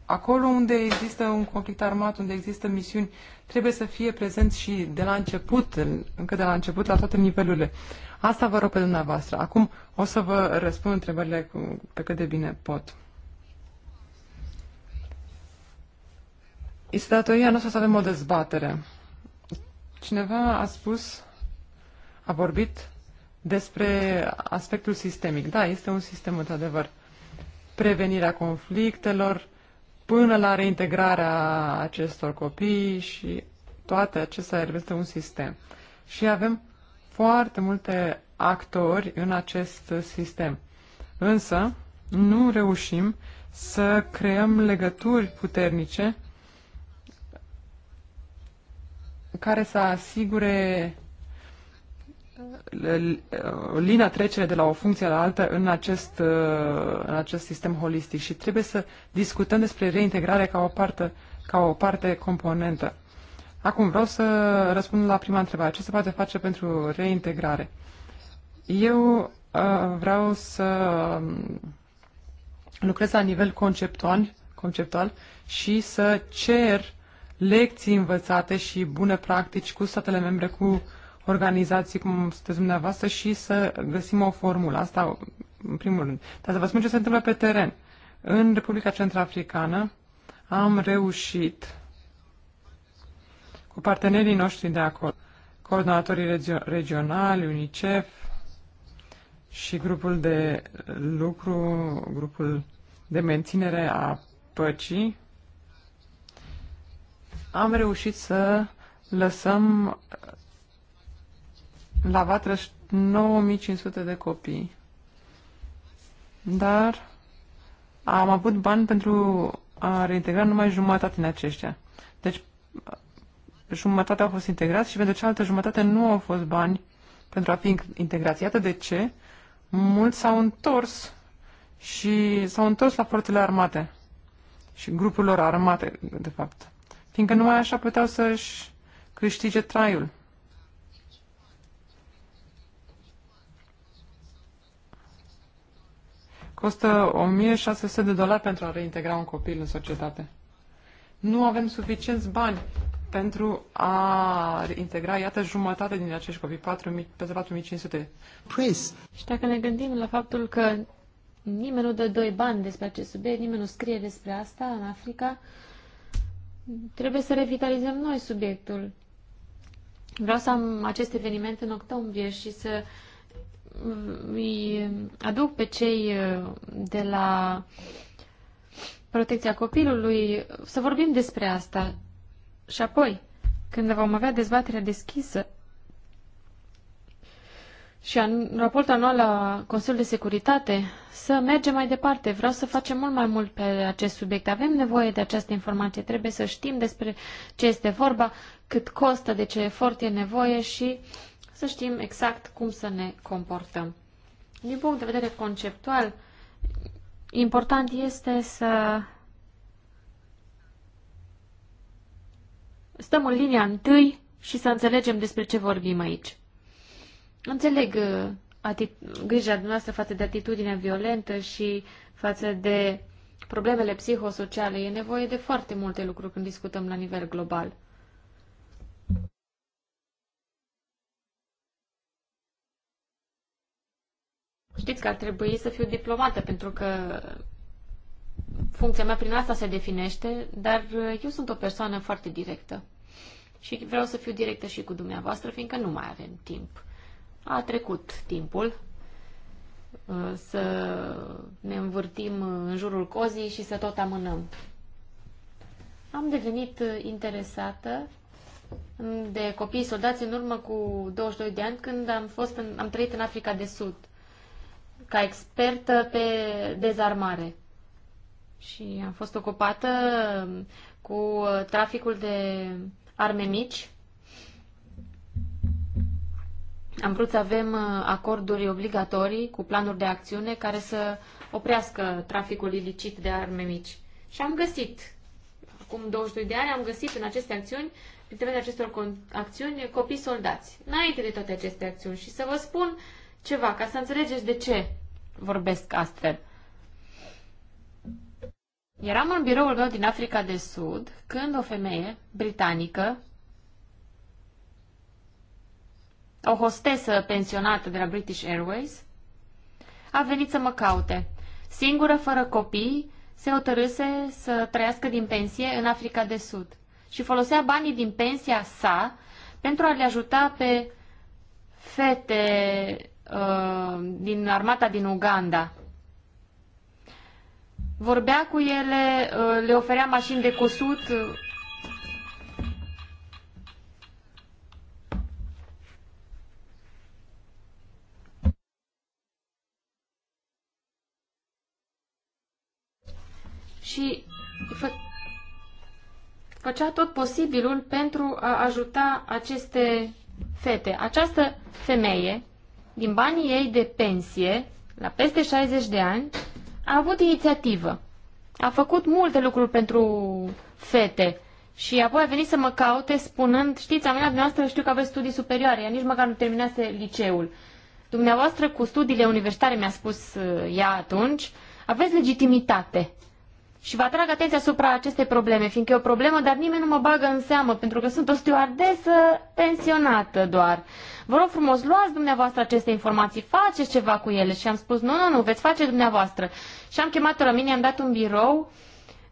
acolo unde există un conflict armat, unde există misiuni, trebuie să fie prezenți și de la început, încă de la început, la toate nivelurile. Asta vă rog pe dumneavoastră. Acum o să vă răspund întrebările pe cât de bine pot. Este datoria noastră să avem o dezbatere. Cineva a spus, a vorbit despre aspectul sistemic. Da, este un sistem într-adevăr. Prevenirea conflictelor până la reintegrarea acestor copii și toate acestea este un sistem. Și avem foarte multe actori în acest sistem. Însă, nu reușim să creăm legături puternice care să asigure lina trecere de la o funcție la alta în acest, uh, în acest sistem holistic și trebuie să discutăm despre reintegrare ca o parte, ca o parte componentă. Acum vreau să răspund la prima întrebare. Ce se poate face pentru reintegrare? Eu uh, vreau să um, lucrez la nivel conceptual, conceptual și să cer lecții învățate și bune practici cu statele membre, cu organizații cum sunteți dumneavoastră și să găsim o formulă. Asta, în primul rând. Dar să vă spun ce se întâmplă pe teren. În Republica Centrafricană am reușit cu partenerii noștri de acolo, coordonatorii regio- regionali, UNICEF și grupul de lucru, grupul de menținere a păcii, am reușit să lăsăm la vatră 9500 de copii. Dar am avut bani pentru a reintegra numai jumătate din aceștia. Deci jumătate au fost integrați și pentru cealaltă jumătate nu au fost bani pentru a fi integrați. Iată de ce mulți s-au întors și s-au întors la forțele armate și grupurilor armate, de fapt. Fiindcă numai așa puteau să-și câștige traiul. costă 1600 de dolari pentru a reintegra un copil în societate. Nu avem suficienți bani pentru a integra, iată, jumătate din acești copii, 4000, peste 4500. Praise. Și dacă ne gândim la faptul că nimeni nu dă doi bani despre acest subiect, nimeni nu scrie despre asta în Africa, trebuie să revitalizăm noi subiectul. Vreau să am acest eveniment în octombrie și să uh, îi aduc pe cei uh, de la protecția copilului să vorbim despre asta. Și apoi, când vom avea dezbaterea deschisă și în raportul anual la Consiliul de Securitate, să mergem mai departe. Vreau să facem mult mai mult pe acest subiect. Avem nevoie de această informație. Trebuie să știm despre ce este vorba, cât costă, de ce efort e nevoie și uh, să știm exact cum să ne comportăm. Din punct de vedere conceptual, important este să stăm în linia întâi și să înțelegem despre ce vorbim aici. Înțeleg uh, grija noastră față de atitudinea violentă și față de problemele psihosociale. E nevoie de foarte multe lucruri când discutăm la nivel global. Știți că ar trebui să fiu diplomată, pentru că funcția mea prin asta se definește, dar uh, eu sunt o persoană foarte directă. Și vreau să fiu directă și cu dumneavoastră, fiindcă nu mai avem timp. A trecut timpul uh, să ne învârtim în jurul cozii și să tot amânăm. Am devenit uh, interesată de copii soldați în urmă cu 22 de ani când am, fost în, am trăit în Africa de Sud ca expertă pe dezarmare. Și am fost ocupată cu traficul de arme mici. Am vrut să avem acorduri obligatorii cu planuri de acțiune care să oprească traficul ilicit de arme mici. Și am găsit, acum 22 de ani, am găsit în aceste acțiuni, printre acestor acțiuni, copii soldați. Înainte de toate aceste acțiuni. Și să vă spun, ceva, ca să înțelegeți de ce vorbesc astfel. Eram în biroul meu din Africa de Sud când o femeie britanică, o hostesă pensionată de la British Airways, a venit să mă caute. Singură, fără copii, se hotărâse să trăiască din pensie în Africa de Sud și folosea banii din pensia sa pentru a le ajuta pe fete Uh, din armata din Uganda. Vorbea cu ele, uh, le oferea mașini de cosut. Și fă, făcea tot posibilul pentru a ajuta aceste fete. Această femeie din banii ei de pensie, la peste 60 de ani, a avut inițiativă. A făcut multe lucruri pentru fete și apoi a venit să mă caute spunând, știți, am venit dumneavoastră, știu că aveți studii superioare, ea nici măcar nu terminase liceul. Dumneavoastră, cu studiile universitare, mi-a spus uh, ea atunci, aveți legitimitate. Și vă atrag atenția asupra acestei probleme, fiindcă e o problemă, dar nimeni nu mă bagă în seamă, pentru că sunt o stewardesă pensionată doar. Vă rog frumos, luați dumneavoastră aceste informații, faceți ceva cu ele. Și am spus, nu, nu, nu, veți face dumneavoastră. Și am chemat-o la mine, i-am dat un birou,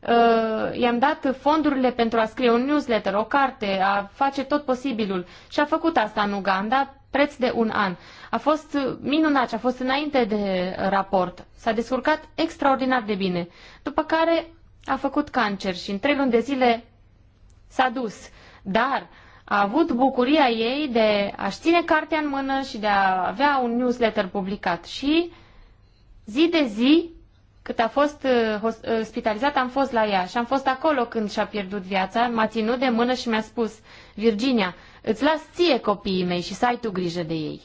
uh, i-am dat fondurile pentru a scrie un newsletter, o carte, a face tot posibilul. Și a făcut asta în Uganda, preț de un an. A fost uh, minunat și a fost înainte de raport. S-a descurcat extraordinar de bine. După care a făcut cancer și în trei luni de zile s-a dus. Dar a avut bucuria ei de a-și ține cartea în mână și de a avea un newsletter publicat. Și zi de zi, cât a fost uh, uh, spitalizat, am fost la ea și am fost acolo când și-a pierdut viața, m-a ținut de mână și mi-a spus, Virginia, Îți las ție copiii mei și să ai tu grijă de ei.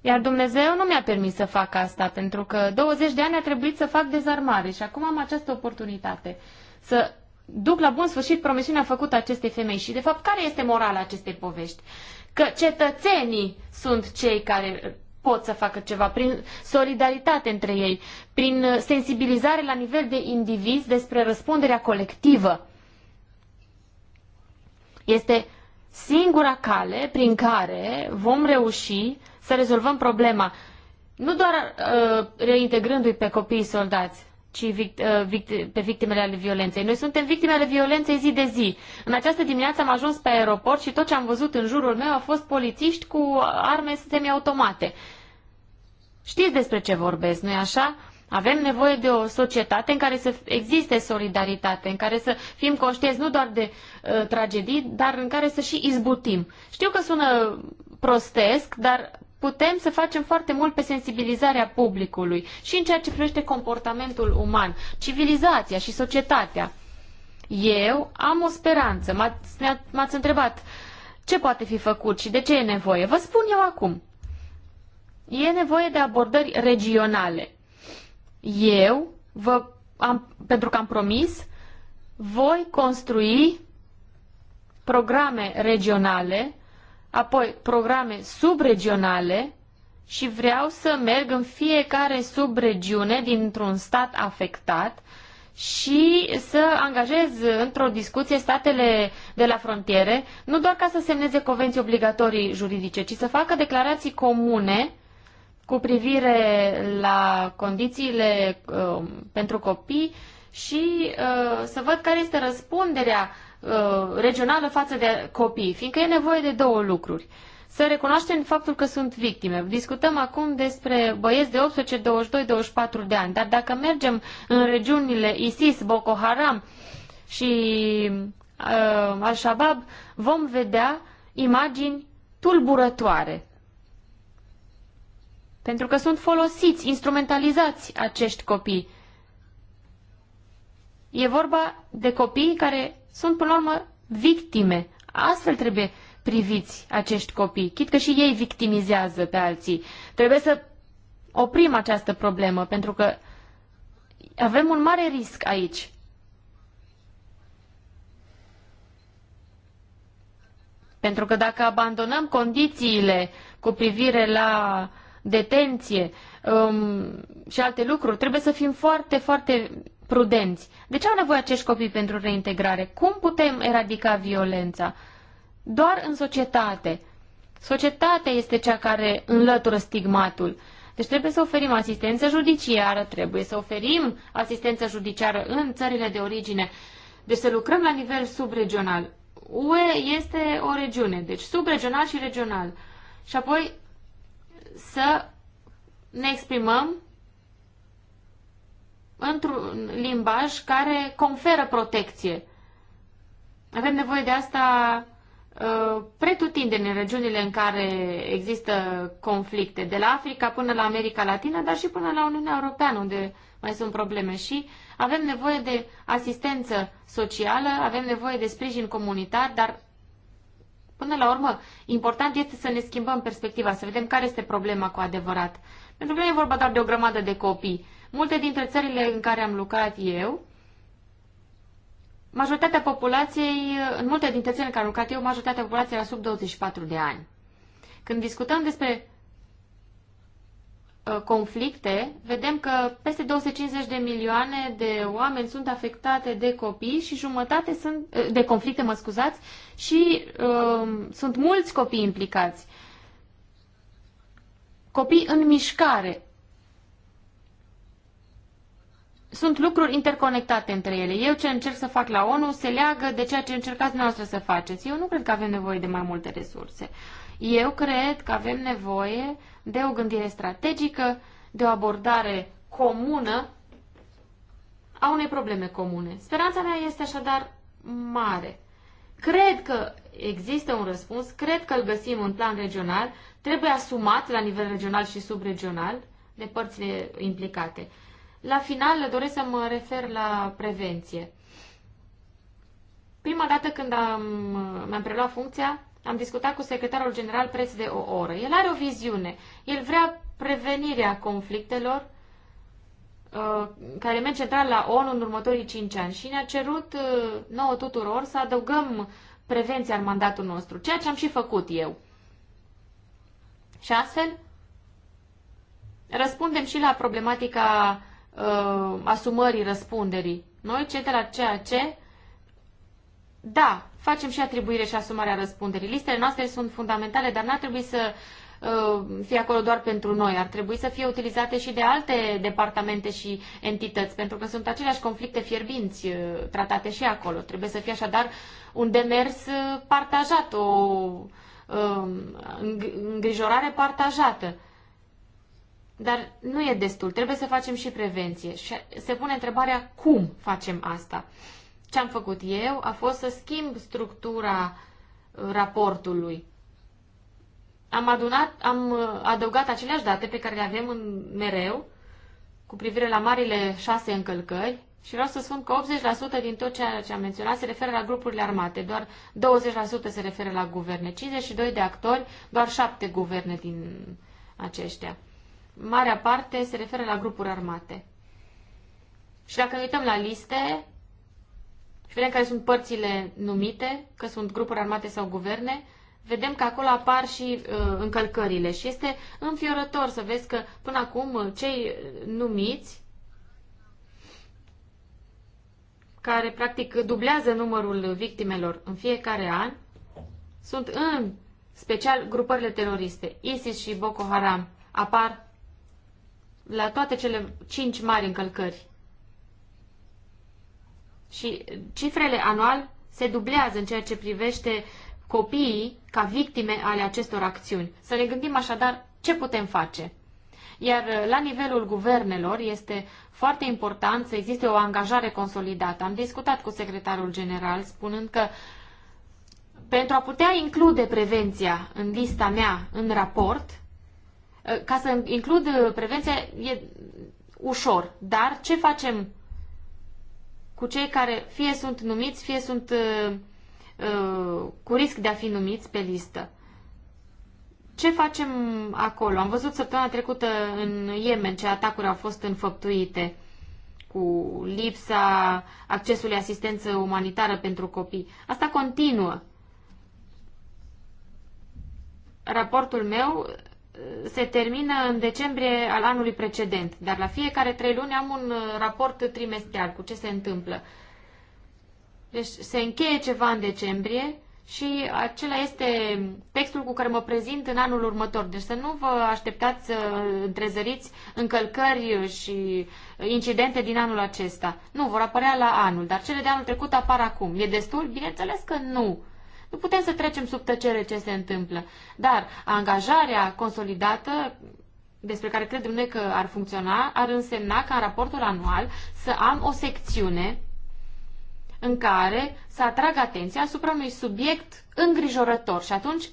Iar Dumnezeu nu mi-a permis să fac asta, pentru că 20 de ani a trebuit să fac dezarmare și acum am această oportunitate să duc la bun sfârșit promisiunea făcută acestei femei. Și, de fapt, care este morala acestei povești? Că cetățenii sunt cei care pot să facă ceva, prin solidaritate între ei, prin sensibilizare la nivel de indivizi despre răspunderea colectivă. Este singura cale prin care vom reuși să rezolvăm problema. Nu doar uh, reintegrându-i pe copiii soldați, ci vict, uh, vict, pe victimele ale violenței. Noi suntem victime ale violenței zi de zi. În această dimineață am ajuns pe aeroport și tot ce am văzut în jurul meu a fost polițiști cu arme semiautomate. Știți despre ce vorbesc, nu-i așa? Avem nevoie de o societate în care să existe solidaritate, în care să fim conștienți nu doar de uh, tragedii, dar în care să și izbutim. Știu că sună prostesc, dar putem să facem foarte mult pe sensibilizarea publicului și în ceea ce privește comportamentul uman, civilizația și societatea. Eu am o speranță. M-ați întrebat ce poate fi făcut și de ce e nevoie. Vă spun eu acum. E nevoie de abordări regionale eu vă am, pentru că am promis, voi construi programe regionale, apoi programe subregionale și vreau să merg în fiecare subregiune dintr-un stat afectat și să angajez într-o discuție statele de la frontiere, nu doar ca să semneze convenții obligatorii juridice, ci să facă declarații comune cu privire la condițiile uh, pentru copii și uh, să văd care este răspunderea uh, regională față de copii, fiindcă e nevoie de două lucruri. Să recunoaștem faptul că sunt victime. Discutăm acum despre băieți de 18, 22, 24 de ani, dar dacă mergem în regiunile ISIS, Boko Haram și uh, Al-Shabaab, vom vedea imagini tulburătoare. Pentru că sunt folosiți, instrumentalizați acești copii. E vorba de copii care sunt, până la urmă, victime. Astfel trebuie priviți acești copii, chit că și ei victimizează pe alții. Trebuie să oprim această problemă, pentru că avem un mare risc aici. Pentru că dacă abandonăm condițiile cu privire la detenție um, și alte lucruri. Trebuie să fim foarte, foarte prudenți. De ce au nevoie acești copii pentru reintegrare? Cum putem eradica violența? Doar în societate. Societatea este cea care înlătură stigmatul. Deci trebuie să oferim asistență judiciară, trebuie să oferim asistență judiciară în țările de origine. Deci să lucrăm la nivel subregional. UE este o regiune, deci subregional și regional. Și apoi să ne exprimăm într-un limbaj care conferă protecție. Avem nevoie de asta uh, pretutindeni în regiunile în care există conflicte, de la Africa până la America Latină, dar și până la Uniunea Europeană, unde mai sunt probleme și avem nevoie de asistență socială, avem nevoie de sprijin comunitar, dar Până la urmă, important este să ne schimbăm perspectiva, să vedem care este problema cu adevărat. Pentru că nu e vorba doar de o grămadă de copii. Multe dintre țările în care am lucrat eu, majoritatea populației, în multe dintre țările în care am lucrat eu, majoritatea populației era sub 24 de ani. Când discutăm despre Uh, conflicte, vedem că peste 250 de milioane de oameni sunt afectate de copii și jumătate sunt uh, de conflicte, mă scuzați, și uh, sunt mulți copii implicați. Copii în mișcare. Sunt lucruri interconectate între ele. Eu ce încerc să fac la ONU se leagă de ceea ce încercați noastră să faceți. Eu nu cred că avem nevoie de mai multe resurse. Uh, eu cred că avem nevoie de o gândire strategică, de o abordare comună a unei probleme comune. Speranța mea este așadar mare. Cred că există un răspuns, cred că îl găsim în plan regional, trebuie asumat la nivel regional și subregional de părțile implicate. La final doresc să mă refer la prevenție. Prima dată când am, mi-am preluat funcția, am discutat cu secretarul general preț de o oră. El are o viziune. El vrea prevenirea conflictelor uh, care merg central la ONU în următorii cinci ani și ne-a cerut uh, nouă tuturor să adăugăm prevenția în mandatul nostru, ceea ce am și făcut eu. Și astfel, răspundem și la problematica uh, asumării răspunderii. Noi, cei de la ce? da, facem și atribuire și asumarea răspunderii. Listele noastre sunt fundamentale, dar n-ar trebui să uh, fie acolo doar pentru noi. Ar trebui să fie utilizate și de alte departamente și entități, pentru că sunt aceleași conflicte fierbinți uh, tratate și acolo. Trebuie să fie așadar un demers uh, partajat, o uh, îngrijorare partajată. Dar nu e destul. Trebuie să facem și prevenție. Și se pune întrebarea cum facem asta. Uh, ce am făcut eu a fost să schimb structura uh, raportului. Am, adunat, am uh, adăugat aceleași date pe care le avem în, mereu cu privire la marile șase încălcări și vreau să spun că 80% din tot ceea ce am menționat se referă la grupurile armate, doar 20% se referă la guverne, 52 de actori, doar 7 guverne din aceștia. Marea parte se referă la grupuri armate. Și dacă ne uităm la liste, și vedem care sunt părțile numite, că sunt grupuri armate sau guverne, vedem că acolo apar și uh, încălcările și este înfiorător să vezi că până acum uh, cei uh, numiți care practic dublează numărul victimelor în fiecare an, sunt în special grupările teroriste. ISIS și Boko Haram apar la toate cele cinci mari încălcări și cifrele anual se dublează în ceea ce privește copiii ca victime ale acestor acțiuni. Să ne gândim așadar ce putem face. Iar uh, la nivelul guvernelor este foarte important să existe o angajare consolidată. Am discutat cu secretarul general spunând că pentru a putea include prevenția în lista mea, în raport, uh, ca să includ uh, prevenția e ușor, dar ce facem cu cei care fie sunt numiți, fie sunt uh, uh, cu risc de a fi numiți pe listă. Ce facem acolo? Am văzut săptămâna trecută în Yemen ce atacuri au fost înfăptuite cu lipsa accesului asistență umanitară pentru copii. Asta continuă. Raportul meu se termină în decembrie al anului precedent, dar la fiecare trei luni am un uh, raport trimestrial cu ce se întâmplă. Deci se încheie ceva în decembrie și acela este textul cu care mă prezint în anul următor. Deci să nu vă așteptați să întrezăriți încălcări și incidente din anul acesta. Nu, vor apărea la anul, dar cele de anul trecut apar acum. E destul? Bineînțeles că nu. Nu putem să trecem sub tăcere ce se întâmplă. Dar angajarea consolidată despre care credem noi că ar funcționa, ar însemna ca în raportul anual să am o secțiune în care să atrag atenția asupra unui subiect îngrijorător și atunci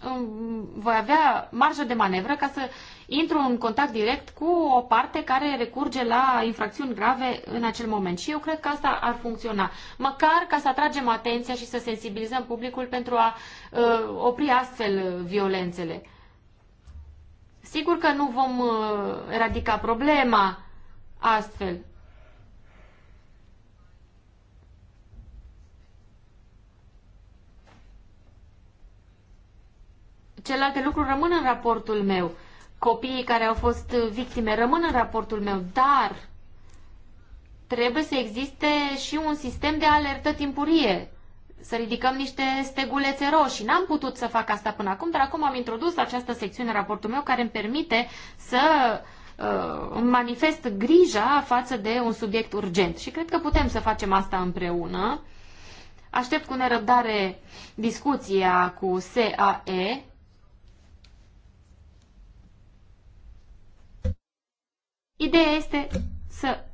voi avea marjă de manevră ca să intru în contact direct cu o parte care recurge la infracțiuni grave în acel moment. Și eu cred că asta ar funcționa. Măcar ca să atragem atenția și să sensibilizăm publicul pentru a uh, opri astfel violențele. Sigur că nu vom uh, eradica problema astfel. Celelalte lucruri rămân în raportul meu copiii care au fost victime rămân în raportul meu, dar trebuie să existe și un sistem de alertă timpurie. Să ridicăm niște stegulețe roșii. N-am putut să fac asta până acum, dar acum am introdus această secțiune în raportul meu care îmi permite să uh, manifest grija față de un subiect urgent. Și cred că putem să facem asta împreună. Aștept cu nerăbdare discuția cu SAE Ideea este să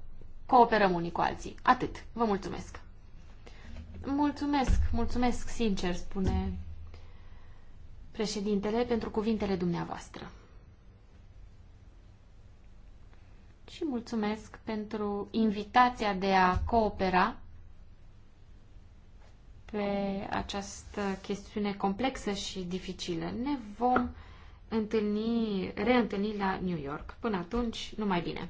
cooperăm unii cu alții. Atât. Vă mulțumesc. Mulțumesc, mulțumesc sincer, spune președintele, pentru cuvintele dumneavoastră. Și mulțumesc pentru invitația de a coopera pe această chestiune complexă și dificilă. Ne vom întâlni, reîntâlni la New York. Până atunci, numai bine!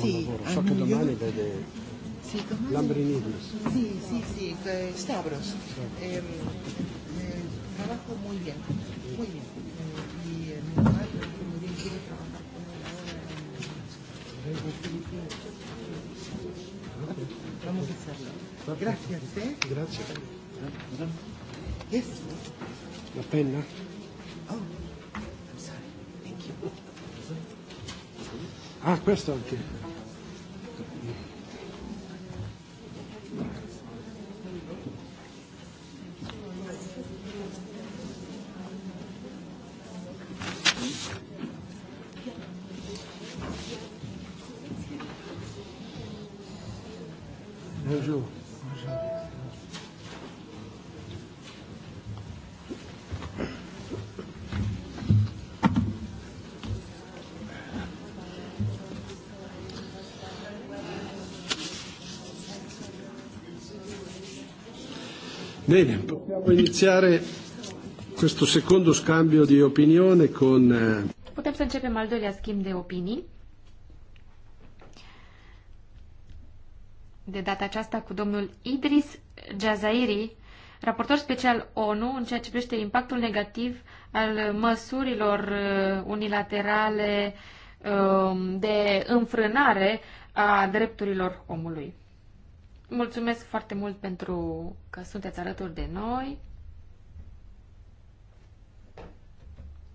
Sì, so che domani vede sì, Lambrinidis. Sì, sì, sì, Stavros. Sì. Da. Eh, eh, trabajo muy bien, muy bien. Grazie a hacerlo. Gracias, Gracias. Yes. La pena. Oh, I'm sorry. Thank you. Ah, questo anche. Bene, possiamo iniziare questo secondo scambio di opinione con... Eh, Putem să începem al doilea schimb de opinii. De data aceasta cu domnul Idris Jazairi, raportor special ONU în ceea ce privește impactul negativ al măsurilor uh, unilaterale um, de înfrânare a drepturilor omului. Mulțumesc foarte mult pentru că sunteți alături de noi.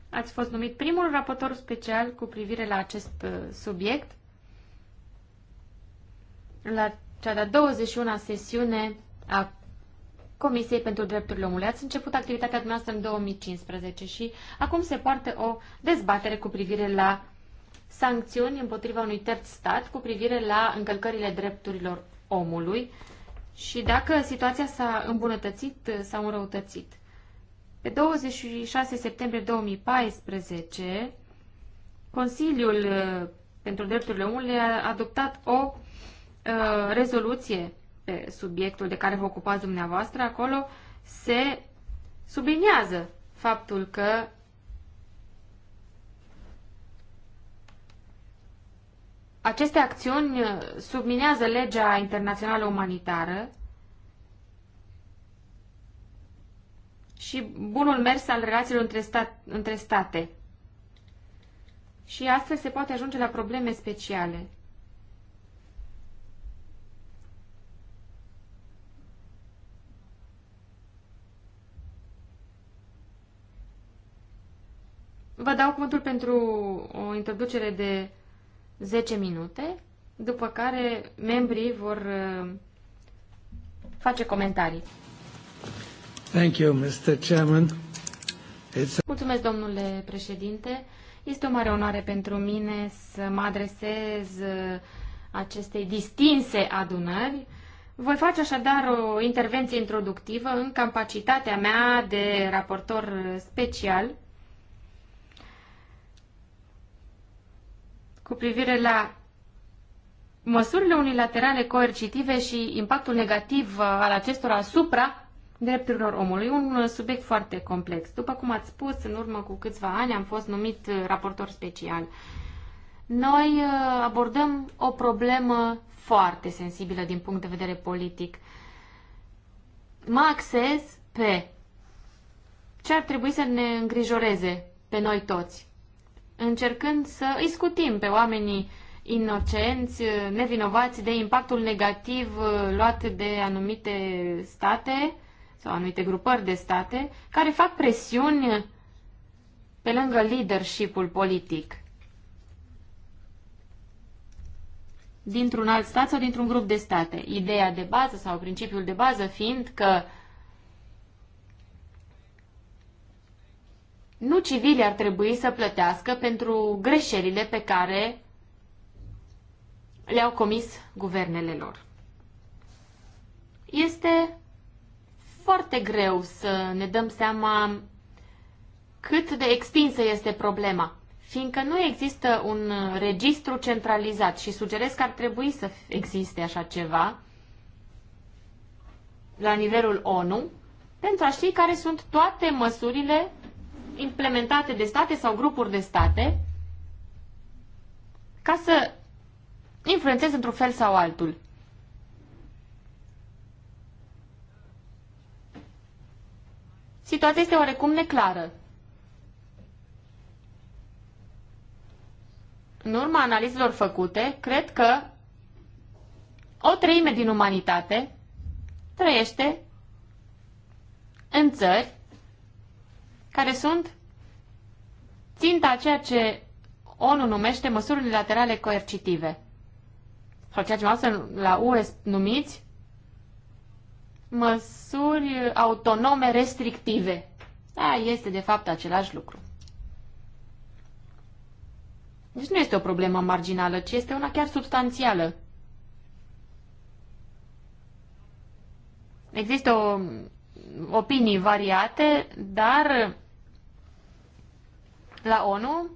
Ați fost numit primul raportor special cu privire la acest uh, subiect la cea de-a 21-a sesiune a Comisiei pentru Drepturile Omului. Ați început activitatea dumneavoastră în 2015 și acum se poartă o dezbatere cu privire la sancțiuni împotriva unui terț stat cu privire la încălcările drepturilor omului și dacă situația s-a îmbunătățit sau înrăutățit. Pe 26 septembrie 2014, Consiliul uh, pentru Drepturile Omului a adoptat o uh, rezoluție pe subiectul de care vă ocupați dumneavoastră. Acolo se subliniază faptul că Aceste acțiuni uh, subminează legea internațională umanitară și bunul mers al relațiilor între, stat, între state. Și astfel se poate ajunge la probleme speciale. Vă dau cuvântul pentru o introducere de 10 minute, după care membrii vor uh, face comentarii. Thank you, Mr. Chairman. It's... Mulțumesc, domnule președinte. Este o mare onoare pentru mine să mă adresez uh, acestei distinse adunări. Voi face așadar o intervenție introductivă în capacitatea mea de raportor uh, special cu privire la măsurile unilaterale coercitive și impactul negativ uh, al acestora asupra drepturilor omului. Un uh, subiect foarte complex. După cum ați spus, în urmă cu câțiva ani am fost numit uh, raportor special. Noi abordăm o problemă foarte sensibilă din punct de vedere politic. Mă axez pe ce ar trebui să ne îngrijoreze pe noi toți încercând să îi scutim pe oamenii inocenți, nevinovați de impactul negativ uh, luat de anumite state sau anumite grupări de state care fac presiuni pe lângă leadership-ul politic dintr-un alt stat sau dintr-un grup de state. Ideea de bază sau principiul de bază fiind că uh, nu civilii ar trebui să plătească pentru greșelile pe care le-au comis guvernele lor. Este foarte greu să ne dăm seama cât de extinsă este problema, fiindcă nu există un registru centralizat și sugerez că ar trebui să existe așa ceva la nivelul ONU pentru a ști care sunt toate măsurile implementate de state sau grupuri de state ca să influențeze într-un fel sau altul. Situația este oarecum neclară. În urma analizelor făcute, cred că o treime din umanitate trăiește în țări care sunt ținta a ceea ce ONU numește măsuri laterale coercitive. Sau ceea ce noastră la UE numiți măsuri autonome restrictive. Da, este de fapt același lucru. Deci nu este o problemă marginală, ci este una chiar substanțială. Există o, opinii variate, dar la ONU,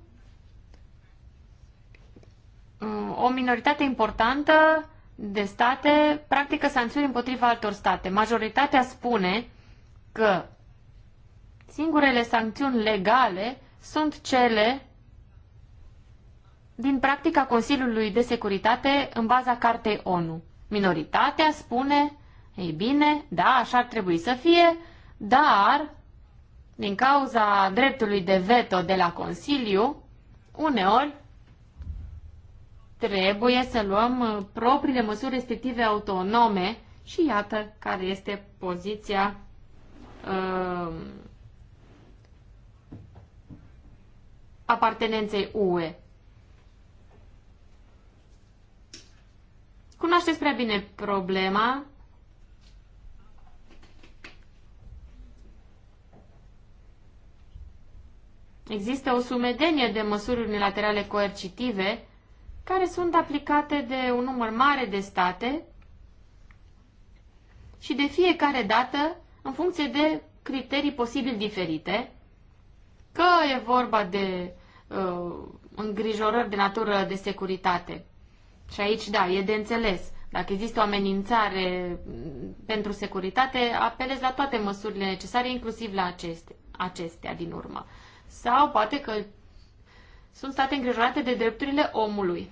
mm, o minoritate importantă de state practică sancțiuni împotriva altor state. Majoritatea spune că singurele sancțiuni legale sunt cele din practica Consiliului de Securitate în baza Cartei ONU. Minoritatea spune, ei bine, da, așa ar trebui să fie, dar din cauza dreptului de veto de la Consiliu, uneori trebuie să luăm uh, propriile măsuri restrictive autonome și iată care este poziția uh, apartenenței UE. Cunoașteți prea bine problema Există o sumedenie de măsuri unilaterale coercitive care sunt aplicate de un număr mare de state și de fiecare dată în funcție de criterii posibil diferite, că e vorba de uh, îngrijorări de natură de securitate. Și aici, da, e de înțeles. Dacă există o amenințare mm, pentru securitate, apelez la toate măsurile necesare, inclusiv la aceste, acestea din urmă. Uh, sau poate că sunt state îngrijorate de drepturile omului.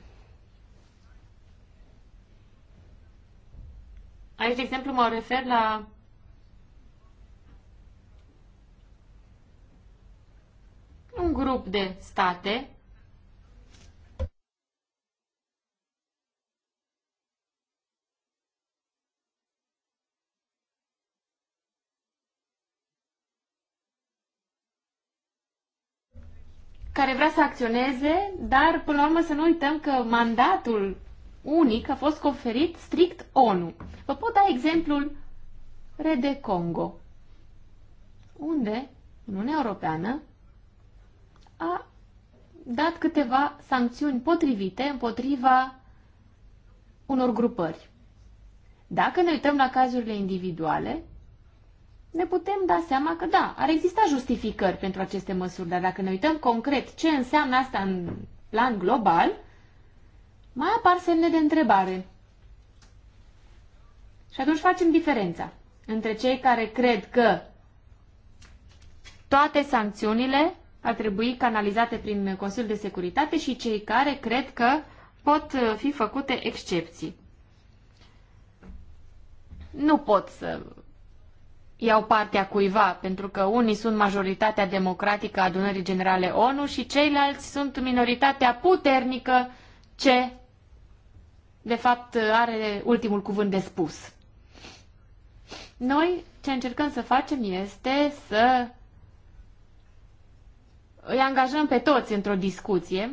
Aici, de exemplu, mă refer la un grup de state care vrea să acționeze, dar până la urmă să nu uităm că mandatul unic a fost conferit strict ONU. Vă pot da exemplul Rede Congo, unde Uniunea Europeană a dat câteva sancțiuni potrivite împotriva unor grupări. Dacă ne uităm la cazurile individuale, ne putem da seama că da, ar exista justificări pentru aceste măsuri, dar dacă ne uităm concret ce înseamnă asta în plan global, mai apar semne de întrebare. Și atunci facem diferența între cei care cred că toate sancțiunile ar trebui canalizate prin Consiliul de Securitate și cei care cred că pot fi făcute excepții. Nu pot să iau partea cuiva, pentru că unii sunt majoritatea democratică a adunării generale ONU și ceilalți sunt minoritatea puternică ce, de fapt, are ultimul cuvânt de spus. Noi ce încercăm să facem este să îi angajăm pe toți într-o discuție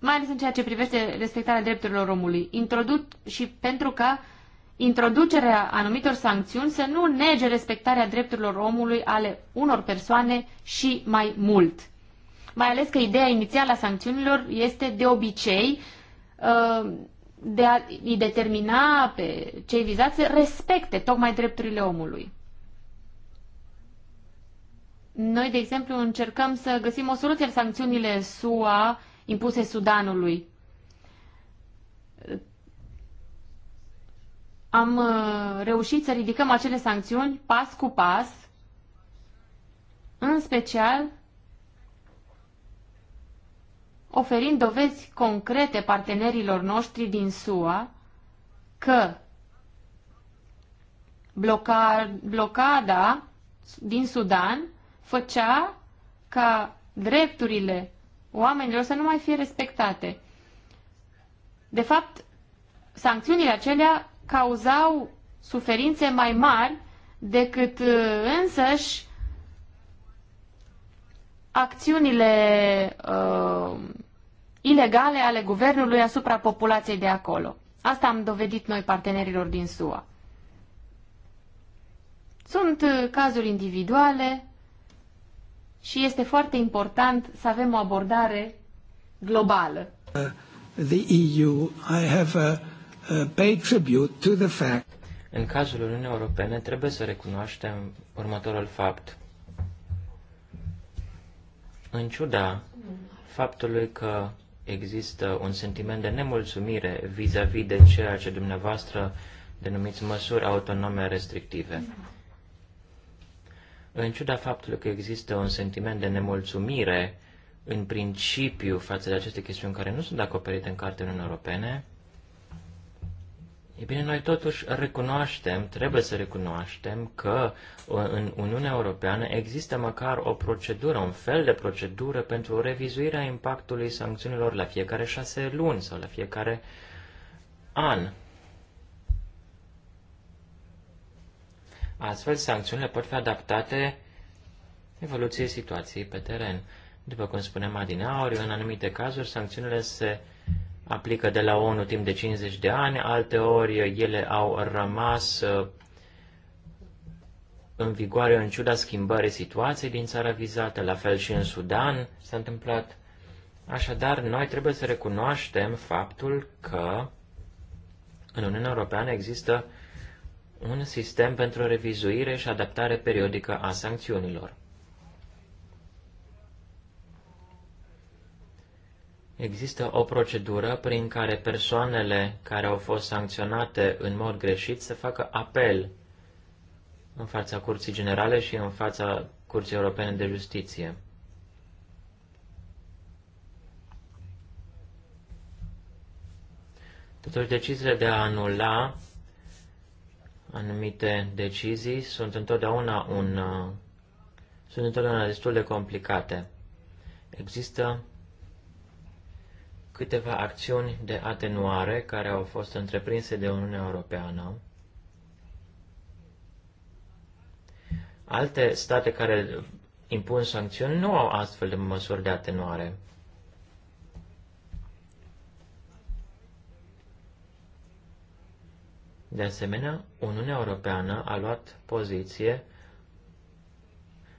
mai ales în ceea ce privește respectarea drepturilor omului, introduc și pentru ca introducerea anumitor sancțiuni să nu nege respectarea drepturilor omului ale unor persoane și mai mult. Mai ales că ideea inițială a sancțiunilor este de obicei uh, de a îi determina pe cei vizați să respecte tocmai drepturile omului. Noi, de exemplu, încercăm să găsim o soluție la sancțiunile SUA impuse Sudanului. Am uh, reușit să ridicăm acele sancțiuni pas cu pas, în special oferind dovezi concrete partenerilor noștri din SUA că bloca, blocada din Sudan făcea ca drepturile oamenilor să nu mai fie respectate. De fapt, sancțiunile acelea cauzau suferințe mai mari decât uh, însăși acțiunile uh, ilegale ale guvernului asupra populației de acolo. Asta am dovedit noi partenerilor din SUA. Sunt uh, cazuri individuale, și este foarte important să avem o abordare globală. Uh, the EU, I have a, a paid tribute to the fact. În cazul Uniunii Europene trebuie să recunoaștem următorul fapt. În ciuda faptului că există un sentiment de nemulțumire vis-a-vis -vis de ceea ce dumneavoastră denumiți măsuri autonome restrictive. În ciuda faptului că există un sentiment de nemulțumire în principiu față de aceste chestiuni care nu sunt acoperite în cartea Uniunii Europene, e bine, noi totuși recunoaștem, trebuie să recunoaștem că în Uniunea Europeană există măcar o procedură, un fel de procedură pentru revizuirea impactului sancțiunilor la fiecare șase luni sau la fiecare an. Astfel, sancțiunile pot fi adaptate evoluției situației pe teren. După cum spuneam adineauri, în anumite cazuri, sancțiunile se aplică de la ONU timp de 50 de ani, alte ori ele au rămas uh, în vigoare în ciuda schimbării situației din țara vizată, la fel și în Sudan s-a întâmplat. Așadar, noi trebuie să recunoaștem faptul că în Uniunea Europeană există un sistem pentru revizuire și adaptare periodică a sancțiunilor. Există o procedură prin care persoanele care au fost sancționate în mod greșit să facă apel în fața Curții Generale și în fața Curții Europene de Justiție. Totuși, deciziile de a anula Anumite decizii sunt întotdeauna, un, uh, sunt întotdeauna destul de complicate. Există câteva acțiuni de atenuare care au fost întreprinse de Uniunea Europeană. Alte state care impun sancțiuni nu au astfel de măsuri de atenuare. De asemenea, Uniunea Europeană a luat poziție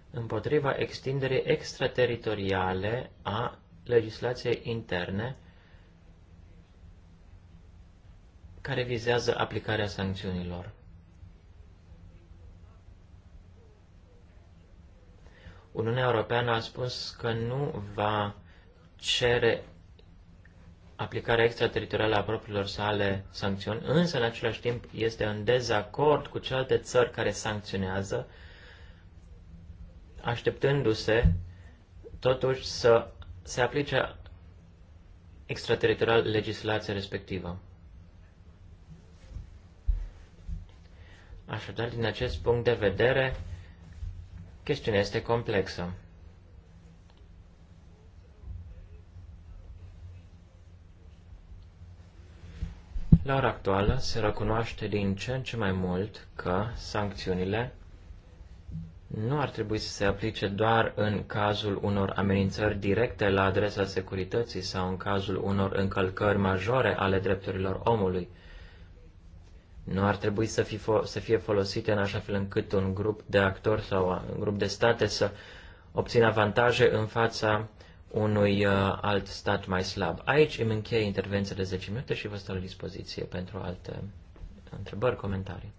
împotriva extinderii extrateritoriale a legislației interne care vizează aplicarea sancțiunilor. Uniunea Europeană a spus că nu va cere aplicarea extrateritorială a propriilor sale sancțiuni, însă în același timp este în dezacord cu celelalte țări care sancționează, așteptându-se totuși să se aplice extrateritorial legislația respectivă. Așadar, din acest punct de vedere, chestiunea este complexă. La ora actuală se recunoaște din ce în ce mai mult că sancțiunile nu ar trebui să se aplice doar în cazul unor amenințări directe la adresa securității sau în cazul unor încălcări majore ale drepturilor omului. Nu ar trebui să, fi fo- să fie folosite în așa fel încât un grup de actori sau un grup de state să obțină avantaje în fața unui uh, alt stat mai slab. Aici îmi încheie intervenția de 10 minute și vă stau la dispoziție pentru alte întrebări, comentarii.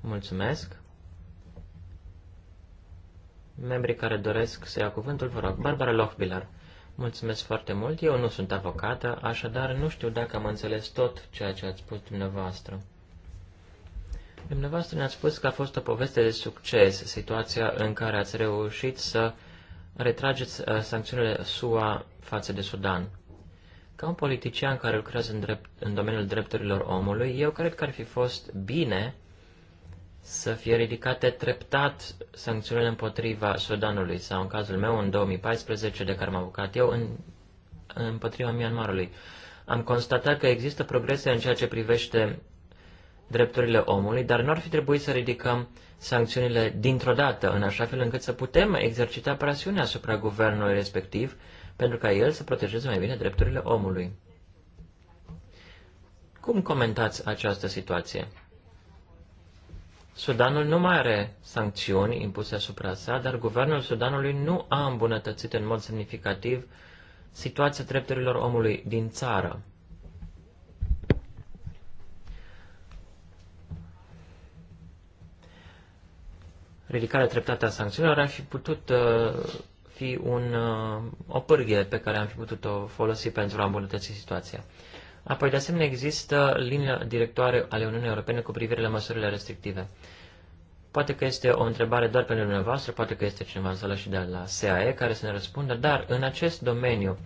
Mulțumesc. Membrii care doresc să ia cuvântul, vă rog. Barbara Lochbiller. Mulțumesc foarte mult. Eu nu sunt avocată, așadar nu știu dacă am înțeles tot ceea ce ați spus dumneavoastră. Dumneavoastră ne-ați spus că a fost o poveste de succes situația în care ați reușit să retrageți uh, sancțiunile SUA față de Sudan. Ca un politician care lucrează în, drept, în domeniul drepturilor omului, eu cred că ar fi fost bine să fie ridicate treptat sancțiunile împotriva Sudanului sau, în cazul meu, în 2014, de care m-am avocat eu, în, împotriva Myanmarului. Am constatat că există progrese în ceea ce privește drepturile omului, dar nu ar fi trebuit să ridicăm sancțiunile dintr-o dată, în așa fel încât să putem exercita presiunea asupra guvernului respectiv, pentru ca el să protejeze mai bine drepturile omului. Cum comentați această situație? Sudanul nu mai are sancțiuni impuse asupra sa, dar guvernul Sudanului nu a îmbunătățit în mod semnificativ situația drepturilor omului din țară. ridicarea treptată a sancțiunilor ar fi putut uh, fi un, uh, o pârghie pe care am fi putut-o folosi pentru a îmbunătăți situația. Apoi, de asemenea, există linia directoare ale Uniunii Europene cu privire la măsurile restrictive. Poate că este o întrebare doar pentru dumneavoastră, poate că este cineva în sală și de la SAE care să ne răspundă, dar în acest domeniu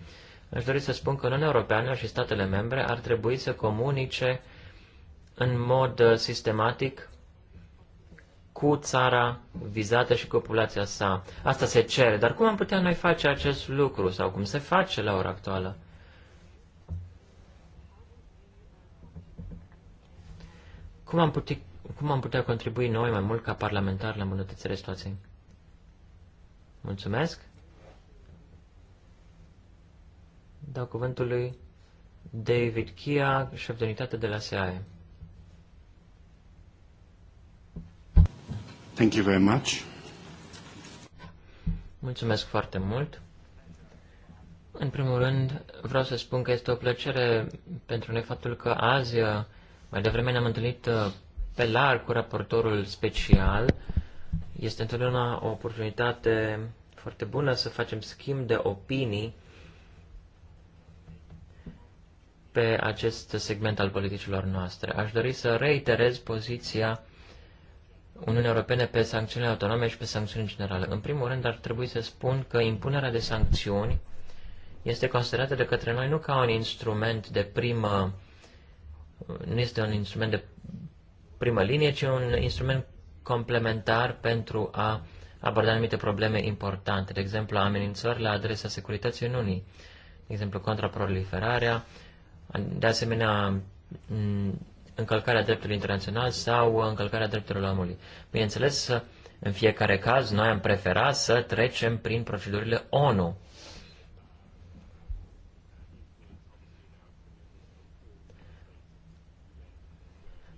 aș dori să spun că Uniunea Europeană și statele membre ar trebui să comunice în mod uh, sistematic cu țara vizată și cu populația sa. Asta se cere, dar cum am putea noi face acest lucru sau cum se face la ora actuală? Cum am, putea, cum am putea contribui noi mai mult ca parlamentari la îmbunătățirea situației? Mulțumesc. Dau cuvântul lui David Kia, șef de unitate de la SEAE. Thank you very much. Mulțumesc foarte mult. În primul rând, vreau să spun că este o plăcere pentru noi faptul că azi, mai devreme, ne-am întâlnit uh, pe larg cu raportorul special. Este întotdeauna o oportunitate foarte bună să facem schimb de opinii pe acest segment al politicilor noastre. Aș dori să reiterez poziția Uniunii Europene pe sancțiunile autonome și pe sancțiuni generale. În primul rând, ar trebui să spun că impunerea de sancțiuni este considerată de către noi nu ca un instrument de primă, nu este un instrument de primă linie, ci un instrument complementar pentru a aborda anumite probleme importante, de exemplu amenințări la adresa securității Uniunii, de exemplu contraproliferarea, de asemenea încălcarea dreptului internațional sau încălcarea drepturilor omului. Bineînțeles, în fiecare caz, noi am preferat să trecem prin procedurile ONU.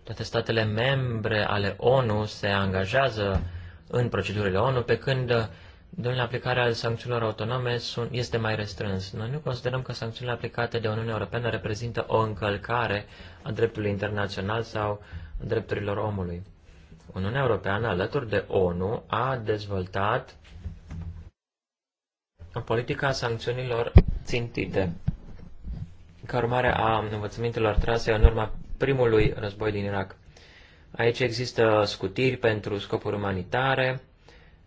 Toate statele membre ale ONU se angajează în procedurile ONU, pe când Domnul, aplicarea sancțiunilor autonome sunt, este mai restrâns. Noi nu considerăm că sancțiunile aplicate de Uniunea Europeană reprezintă o încălcare a dreptului internațional sau drepturilor omului. Uniunea Europeană, alături de ONU, a dezvoltat politica sancțiunilor țintite, ca urmare a învățămintelor trase în urma primului război din Irak. Aici există scutiri pentru scopuri umanitare,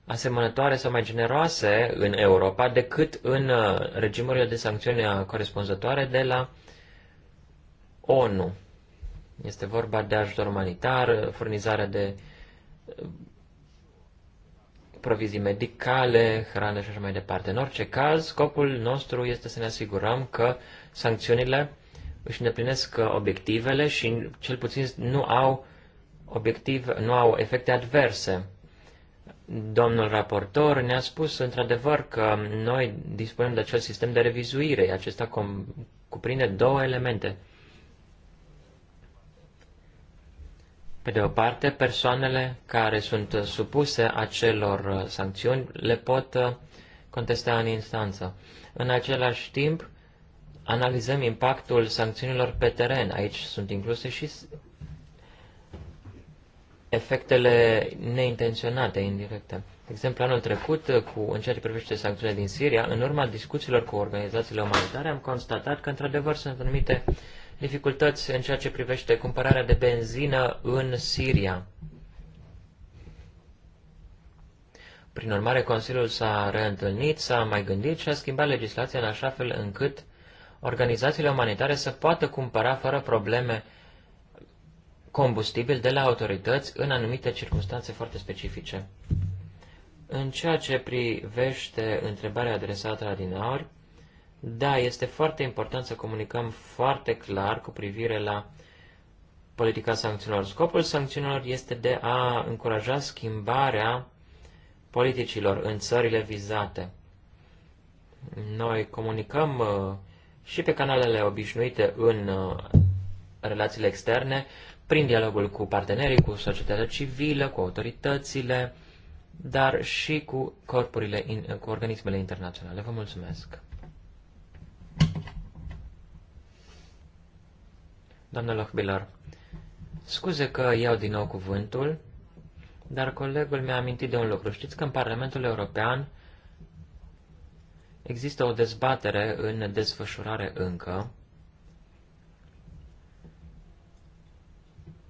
asemănătoare sau mai generoase în Europa decât în uh, regimurile de sancțiune uh, corespunzătoare de la ONU. Este vorba de ajutor umanitar, uh, furnizarea de provizii medicale, hrană și așa mai departe. În orice caz, scopul nostru este să ne asigurăm că sancțiunile își îndeplinesc obiectivele și cel puțin nu au obiectiv, nu au efecte adverse Domnul raportor ne-a spus într-adevăr că noi dispunem de acel sistem de revizuire. Acesta cuprinde două elemente. Pe de o parte, persoanele care sunt supuse acelor uh, sancțiuni le pot uh, contesta în instanță. În același timp, analizăm impactul sancțiunilor pe teren. Aici sunt incluse și efectele neintenționate, indirecte. De exemplu, anul trecut, cu, în ceea ce privește sancțiunile din Siria, în urma discuțiilor cu organizațiile umanitare, am constatat că, într-adevăr, sunt anumite dificultăți în ceea ce privește cumpărarea de benzină în Siria. Prin urmare, Consiliul s-a reîntâlnit, s-a mai gândit și a schimbat legislația în așa fel încât organizațiile umanitare să poată cumpăra fără probleme combustibil de la autorități în anumite circunstanțe foarte specifice. În ceea ce privește întrebarea adresată la dinauri, da, este foarte important să comunicăm foarte clar cu privire la politica sancțiunilor. Scopul sancțiunilor este de a încuraja schimbarea politicilor în țările vizate. Noi comunicăm uh, și pe canalele obișnuite în uh, relațiile externe, prin dialogul cu partenerii, cu societatea civilă, cu autoritățile, dar și cu corpurile, cu organismele internaționale. Vă mulțumesc! Doamnă Lochbiller, scuze că iau din nou cuvântul, dar colegul mi-a amintit de un lucru. Știți că în Parlamentul European există o dezbatere în desfășurare încă,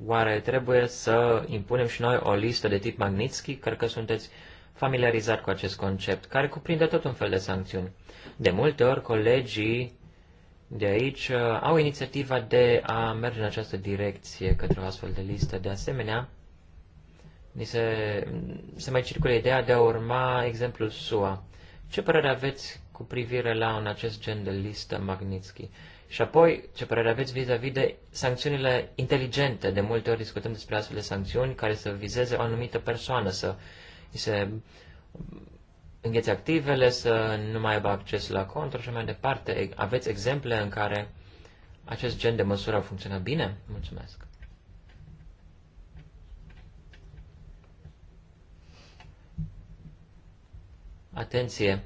Oare trebuie să impunem și noi o listă de tip Magnitsky? Cred că sunteți familiarizat cu acest concept, care cuprinde tot un fel de sancțiuni. De multe ori, colegii de aici uh, au inițiativa de a merge în această direcție către o astfel de listă. De asemenea, ni se, se mai circulă ideea de a urma exemplul SUA. Ce părere aveți cu privire la un acest gen de listă Magnitsky? Și apoi, ce părere aveți vis-a-vis -vis de sancțiunile inteligente? De multe ori discutăm despre astfel de sancțiuni care să vizeze o anumită persoană, să îi se îngheți activele, să nu mai aibă acces la conturi și mai departe. Aveți exemple în care acest gen de măsură a funcționat bine? Mulțumesc! Atenție!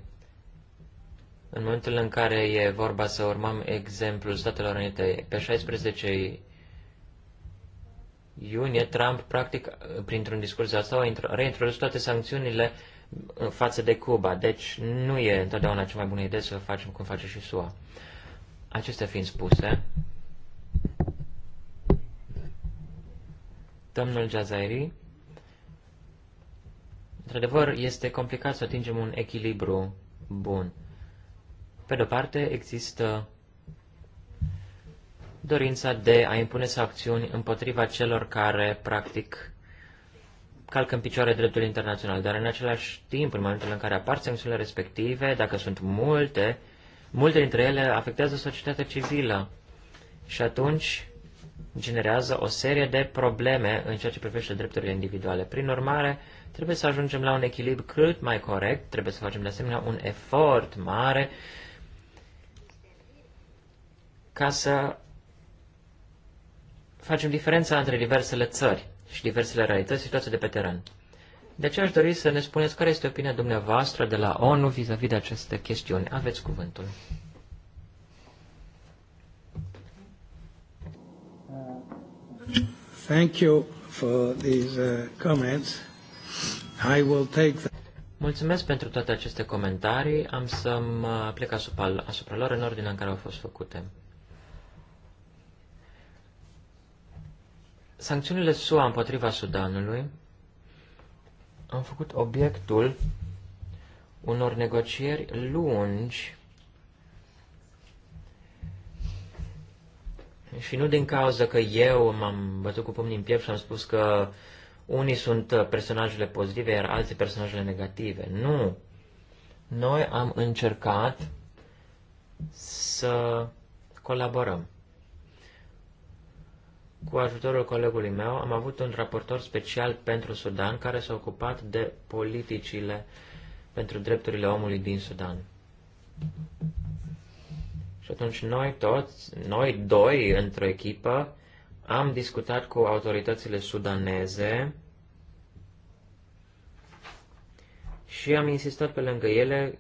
În momentul în care e vorba să urmăm exemplul Statelor Unite, pe 16 iunie, Trump, practic, printr-un discurs de asta, a reintrodus toate sancțiunile față de Cuba. Deci nu e întotdeauna cea mai bună idee să facem cum face și SUA. Acestea fiind spuse, domnul Jazairi, într-adevăr, este complicat să atingem un echilibru bun. Pe de-o parte, există dorința de a impune sancțiuni împotriva celor care, practic, calcă în picioare dreptul internațional, dar în același timp, în momentul în care apar sancțiunile respective, dacă sunt multe, multe dintre ele afectează societatea civilă și atunci generează o serie de probleme în ceea ce privește drepturile individuale. Prin urmare, trebuie să ajungem la un echilibru cât mai corect, trebuie să facem de asemenea un efort mare ca să facem diferența între diversele țări și diversele realități situații de pe teren. De aceea aș dori să ne spuneți care este opinia dumneavoastră de la ONU vis-a-vis -vis de aceste chestiuni. Aveți cuvântul. Uh, thank you for these uh, comments. I will take Mulțumesc pentru toate aceste comentarii. Am să mă uh, plec asupra, asupra lor în ordinea în care au fost făcute. Sancțiunile SUA împotriva Sudanului am făcut obiectul unor negocieri lungi și nu din cauza că eu m-am bătut cu pumnii în piept și am spus că unii sunt personajele pozitive, iar alții personajele negative. Nu! Noi am încercat să colaborăm. Cu ajutorul colegului meu am avut un raportor special pentru Sudan care s-a ocupat de politicile pentru drepturile omului din Sudan. Și atunci noi toți, noi doi într-o echipă, am discutat cu autoritățile sudaneze și am insistat pe lângă ele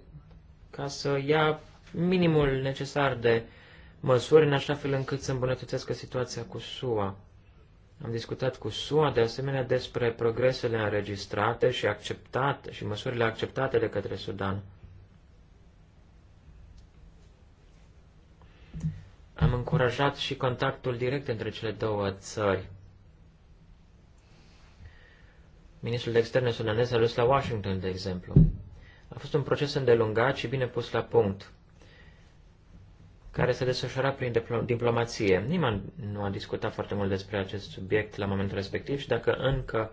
ca să ia minimul necesar de uh, măsuri în așa fel încât să îmbunătățească situația cu SUA. Am discutat cu SUA de asemenea despre progresele înregistrate și acceptate și măsurile acceptate de către Sudan. Am încurajat și contactul direct între cele două țări. Ministrul de externe sudanez a dus la Washington, de exemplu. A fost un proces îndelungat și bine pus la punct care se desfășura prin diplomație. Nimeni nu a discutat foarte mult despre acest subiect la momentul respectiv și dacă încă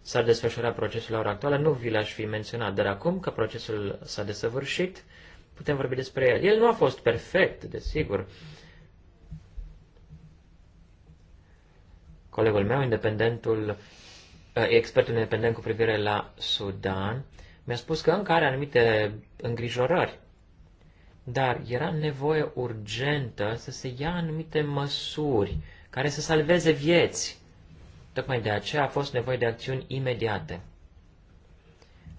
s-ar desfășura procesul la ora actuală, nu vi l-aș fi menționat, dar acum că procesul s-a desăvârșit, putem vorbi despre el. El nu a fost perfect, desigur. Colegul meu, independentul, eh, expertul independent cu privire la Sudan, mi-a spus că încă are anumite îngrijorări dar era nevoie urgentă să se ia anumite măsuri care să salveze vieți. Tocmai de aceea a fost nevoie de acțiuni imediate.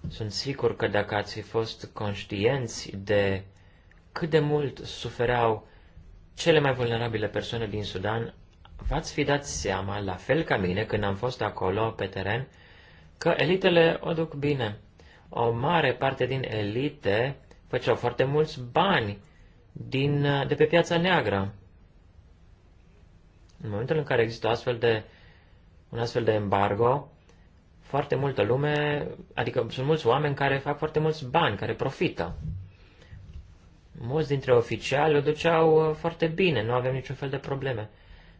Sunt sigur că dacă ați fi fost conștienți de cât de mult sufereau cele mai vulnerabile persoane din Sudan, v-ați fi dat seama, la fel ca mine, când am fost acolo, pe teren, că elitele o duc bine. O mare parte din elite făceau foarte mulți bani din, uh, de pe piața neagră. În momentul în care există astfel de, un astfel de embargo, foarte multă lume, adică sunt mulți oameni care fac foarte mulți bani, care profită. Mulți dintre oficiali o duceau uh, foarte bine, nu aveam niciun fel de probleme.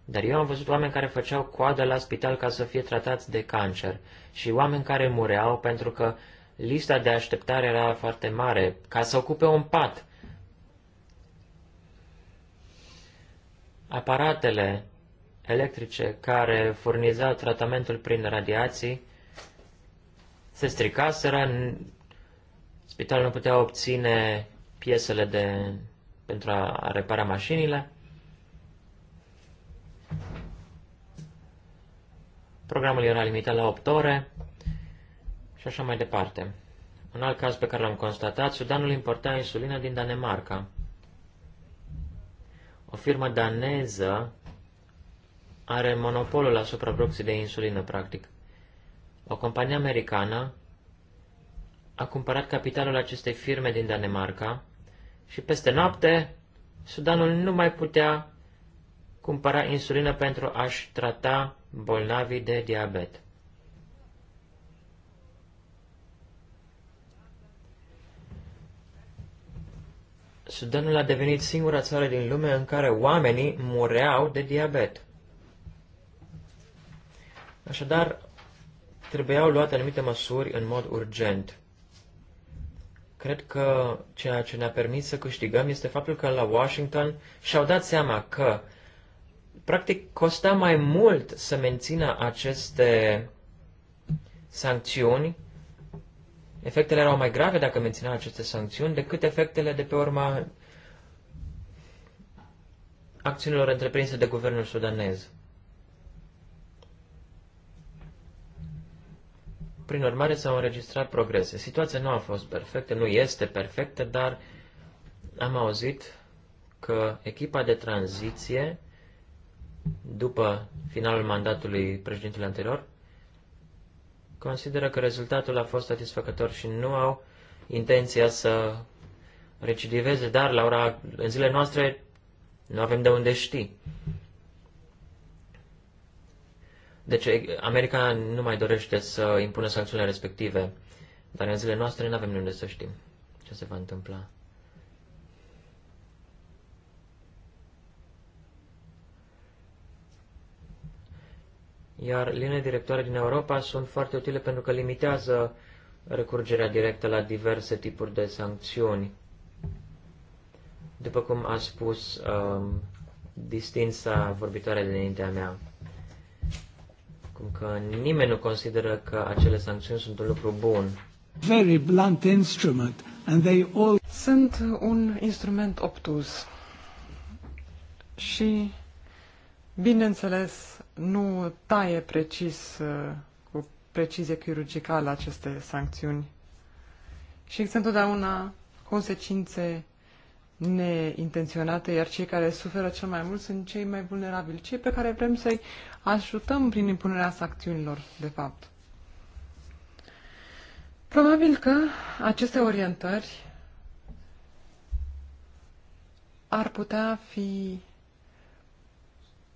Dar eu am văzut oameni care făceau coadă la spital ca să fie tratați de cancer și oameni care mureau pentru că lista de așteptare era foarte mare, ca să ocupe un pat. Aparatele electrice care furnizau tratamentul prin radiații se stricaseră, spitalul nu putea obține piesele de, pentru a repara mașinile. Programul era limitat la 8 ore și așa mai departe. Un alt caz pe care l-am constatat, Sudanul importa insulină din Danemarca. O firmă daneză are monopolul asupra producției de insulină, practic. O companie americană a cumpărat capitalul acestei firme din Danemarca și peste noapte Sudanul nu mai putea cumpăra insulină pentru a-și trata bolnavii de diabet. Sudanul a devenit singura țară din lume în care oamenii mureau de diabet. Așadar, trebuiau luate anumite măsuri în mod urgent. Cred că ceea ce ne-a permis să câștigăm este faptul că la Washington și-au dat seama că, practic, costa mai mult să mențină aceste sancțiuni Efectele erau mai grave dacă menținea aceste sancțiuni decât efectele de pe urma acțiunilor întreprinse de guvernul sudanez. Prin urmare, s-au înregistrat progrese. Situația nu a fost perfectă, nu este perfectă, dar am auzit că echipa de tranziție, după finalul mandatului președintelui anterior, consideră că rezultatul a fost satisfăcător și nu au intenția să recidiveze, dar la ora, în zilele noastre nu avem de unde ști. Deci America nu mai dorește să impună sancțiunile respective, dar în zilele noastre nu avem de unde să știm ce se va întâmpla. iar liniile directoare din Europa sunt foarte utile pentru că limitează recurgerea directă la diverse tipuri de sancțiuni. După cum a spus um, distinsa vorbitoare dinaintea mea, cum că nimeni nu consideră că acele sancțiuni sunt un lucru bun. Very blunt instrument and they all... Sunt un instrument obtuz și Bineînțeles, nu taie precis, uh, cu precizie chirurgicală aceste sancțiuni și există întotdeauna consecințe neintenționate, iar cei care suferă cel mai mult sunt cei mai vulnerabili, cei pe care vrem să-i ajutăm prin impunerea sancțiunilor, de fapt. Probabil că aceste orientări ar putea fi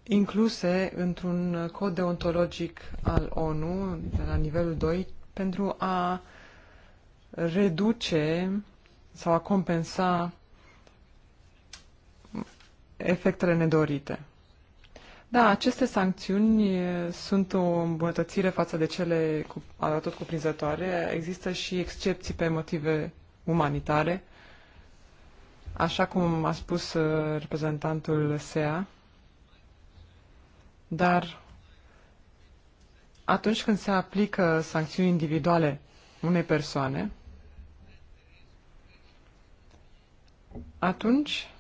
incluse într-un cod deontologic al ONU, de la nivelul 2, pentru a reduce sau a compensa efectele nedorite. Da, aceste sancțiuni sunt o îmbunătățire față de cele cu, tot cuprinzătoare. Există și excepții pe motive umanitare, așa cum a spus uh, reprezentantul SEA. Dar atunci când se aplică sancțiuni individuale unei persoane, atunci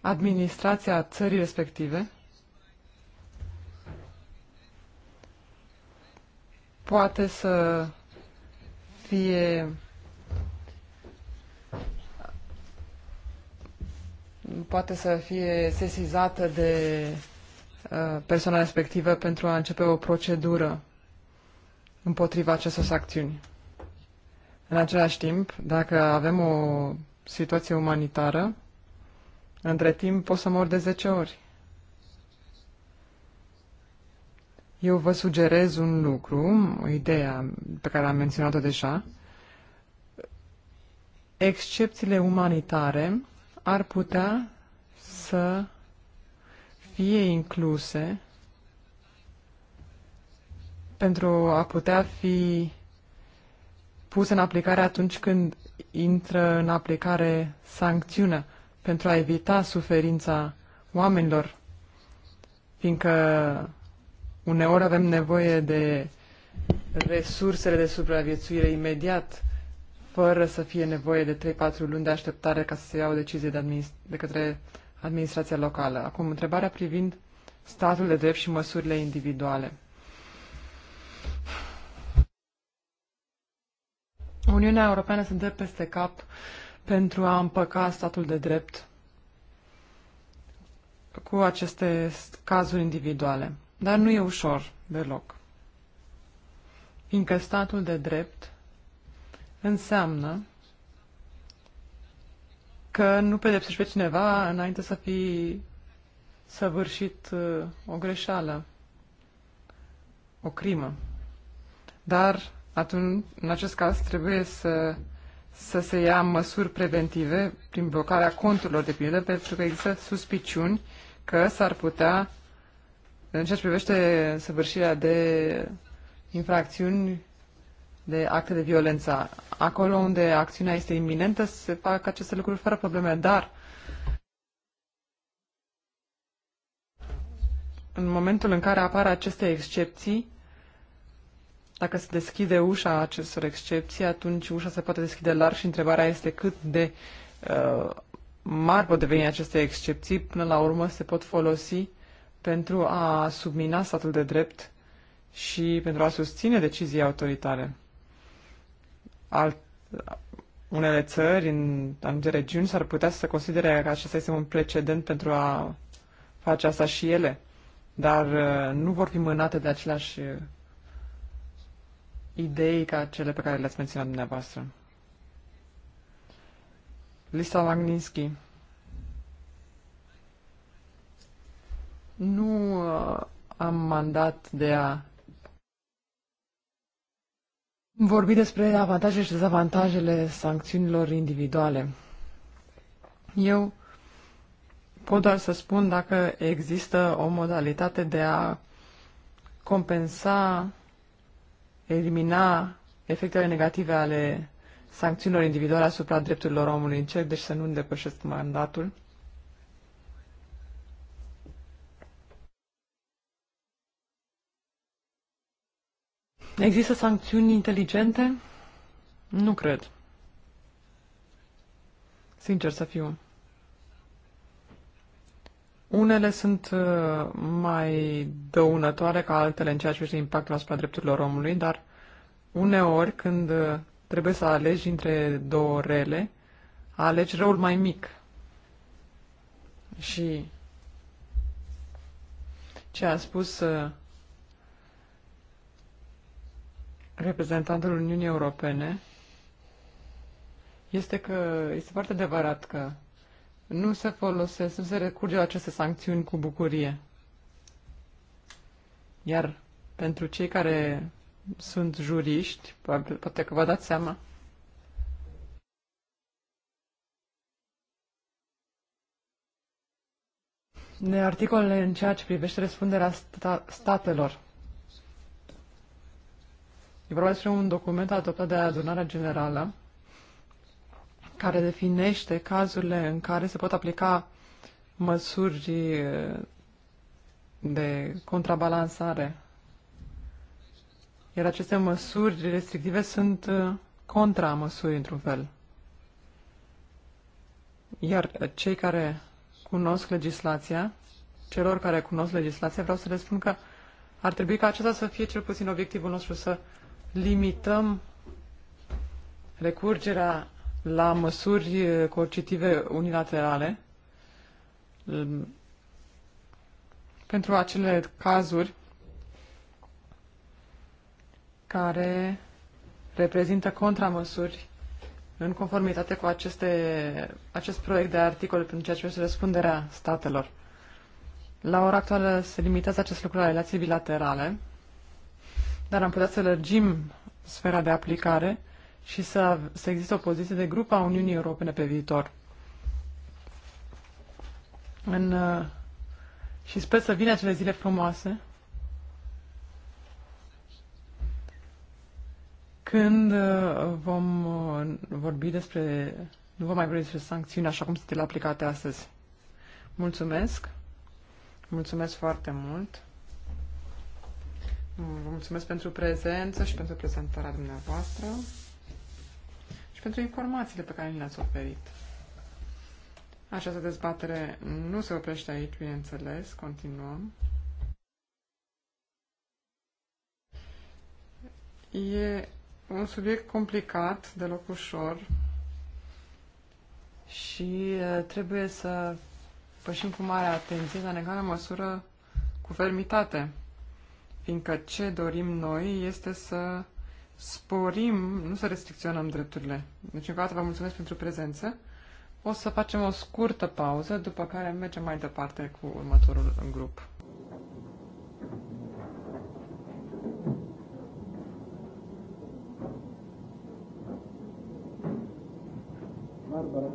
administrația țării respective poate să fie poate să fie sesizată de Uh, persoana respectivă pentru a începe o procedură împotriva acestor acțiuni. În același timp, dacă avem o situație umanitară, între timp pot să mor de 10 ori. Eu vă sugerez un lucru, o idee pe care am menționat-o deja. Excepțiile umanitare ar putea să fie incluse pentru a putea fi puse în aplicare atunci când intră în aplicare sancțiunea pentru a evita suferința oamenilor, fiindcă uneori avem nevoie de resursele de supraviețuire imediat, fără să fie nevoie de 3-4 luni de așteptare ca să se ia o decizie de, administ- de către administrația locală. Acum, întrebarea privind statul de drept și măsurile individuale. Uniunea Europeană se dă peste cap pentru a împăca statul de drept cu aceste cazuri individuale. Dar nu e ușor deloc. Fiindcă statul de drept înseamnă că nu pedepsești pe cineva înainte să fi săvârșit uh, o greșeală, o crimă. Dar atunci, în acest caz, trebuie să, să se ia măsuri preventive prin blocarea conturilor de pildă, pentru că există suspiciuni că s-ar putea, în ceea ce privește săvârșirea de infracțiuni, de acte de violență. Acolo unde acțiunea este iminentă, se fac aceste lucruri fără probleme, dar în momentul în care apar aceste excepții, dacă se deschide ușa acestor excepții, atunci ușa se poate deschide larg și întrebarea este cât de uh, mari pot deveni aceste excepții, până la urmă se pot folosi pentru a submina statul de drept și pentru a susține decizii autoritare alt, unele țări în anumite regiuni s-ar putea să considere că acesta este un precedent pentru a face asta și ele, dar uh, nu vor fi mânate de aceleași uh, idei ca cele pe care le-ați menționat dumneavoastră. Lista Magninski. Nu uh, am mandat de a vorbi despre avantaje și dezavantajele sancțiunilor individuale. Eu pot doar să spun dacă există o modalitate de a compensa, elimina efectele negative ale sancțiunilor individuale asupra drepturilor omului. Încerc deci să nu îndepășesc mandatul Există sancțiuni inteligente? Nu cred. Sincer să fiu. Unele sunt uh, mai dăunătoare ca altele în ceea ce este impactul asupra drepturilor omului, dar uneori când uh, trebuie să alegi între două rele, alegi răul mai mic. Și ce a spus uh, reprezentantul Uniunii Europene este că este foarte adevărat că nu se folosesc, nu se recurge la aceste sancțiuni cu bucurie. Iar pentru cei care sunt juriști, poate că vă dați seama, de articolele în ceea ce privește răspunderea sta- statelor. E vorba despre un document adoptat de adunarea generală care definește cazurile în care se pot aplica măsuri eh, de contrabalansare. Iar aceste măsuri restrictive sunt eh, contra măsuri, într-un fel. Iar eh, cei care cunosc legislația, celor care cunosc legislația, vreau să le spun că ar trebui ca acesta să fie cel puțin obiectivul nostru să limităm recurgerea la măsuri coercitive unilaterale um, pentru acele cazuri care reprezintă contramăsuri în conformitate cu aceste, acest proiect de articol pentru ceea ce este răspunderea statelor. La ora actuală se limitează acest lucru la relații bilaterale, dar am putea să lărgim sfera de aplicare și să, să există o poziție de grup a Uniunii Europene pe viitor. În, uh, și sper să vină acele zile frumoase când uh, vom uh, vorbi despre, nu vom mai vorbi despre sancțiuni așa cum sunt ele aplicate astăzi. Mulțumesc! Mulțumesc foarte mult! Vă mulțumesc pentru prezență și pentru prezentarea dumneavoastră și pentru informațiile pe care ni le-ați oferit. Această dezbatere nu se oprește aici, bineînțeles, continuăm. E un subiect complicat, deloc ușor și trebuie să pășim cu mare atenție, dar în egală măsură cu fermitate fiindcă ce dorim noi este să sporim, nu să restricționăm drepturile. Deci, încă o dată, vă mulțumesc pentru prezență. O să facem o scurtă pauză, după care mergem mai departe cu următorul grup. Barbara.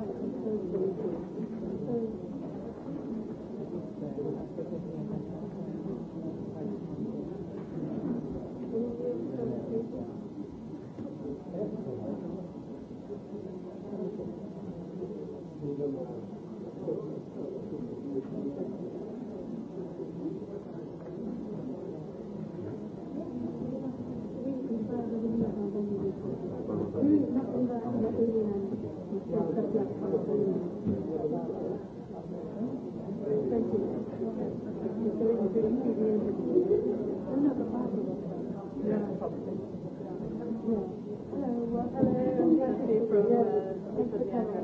Thank you.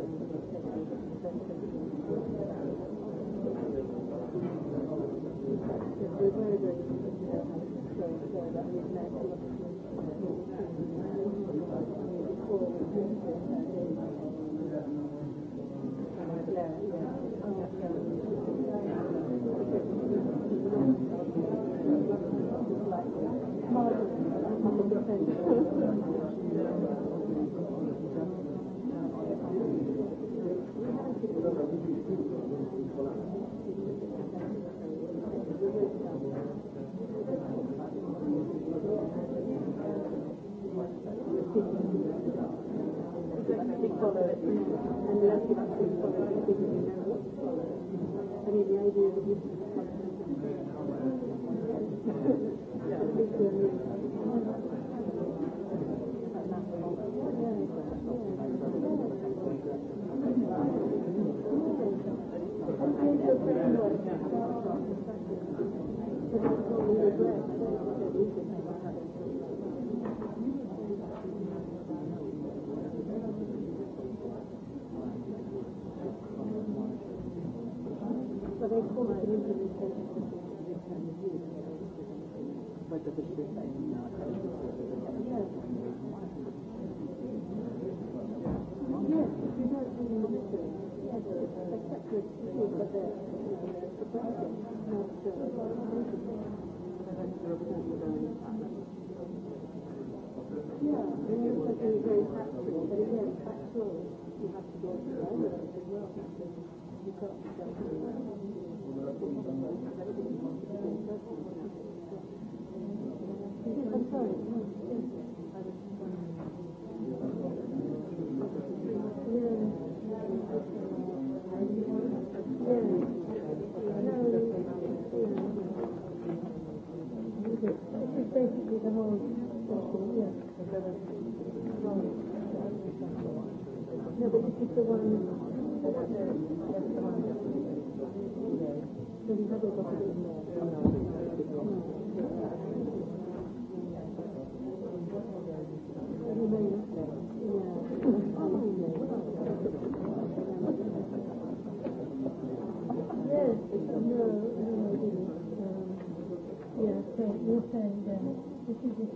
Thank you.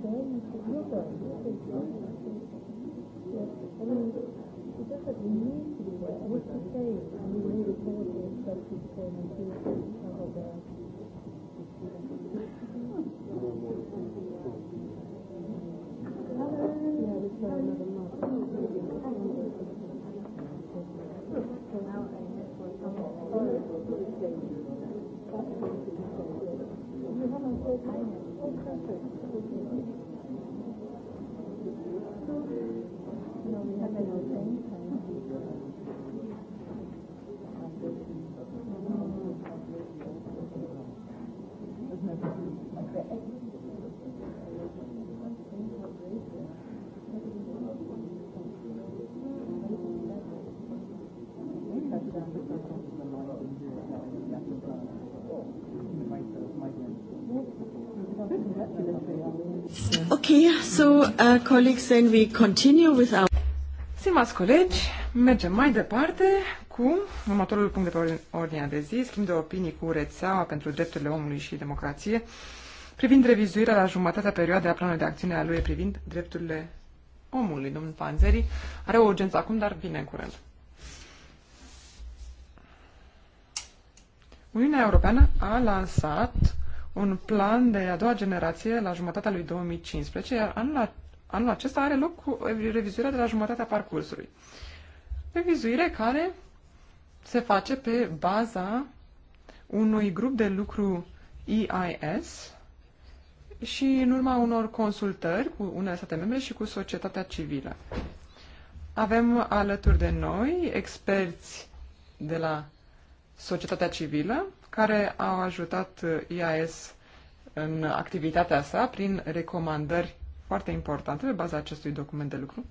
just that we need to do that. What's the saying? We need to tell you that Uh, colleagues, then we continue with our... Stimați colegi, mergem mai departe cu următorul punct de pe ordinea de zi, schimb de opinii cu rețeaua pentru drepturile omului și democrație, privind revizuirea la jumătatea perioadei a planului de acțiune a lui privind drepturile omului. Domnul Panzeri are o urgență acum, dar vine în curând. Uniunea Europeană a lansat un plan de a doua generație la jumătatea lui 2015, iar anul anul acesta are loc cu revizuirea de la jumătatea parcursului. Revizuire care se face pe baza unui grup de lucru EIS și în urma unor consultări cu unele state membre și cu societatea civilă. Avem alături de noi experți de la societatea civilă care au ajutat EIS în activitatea sa prin recomandări foarte importante pe baza acestui document de lucru.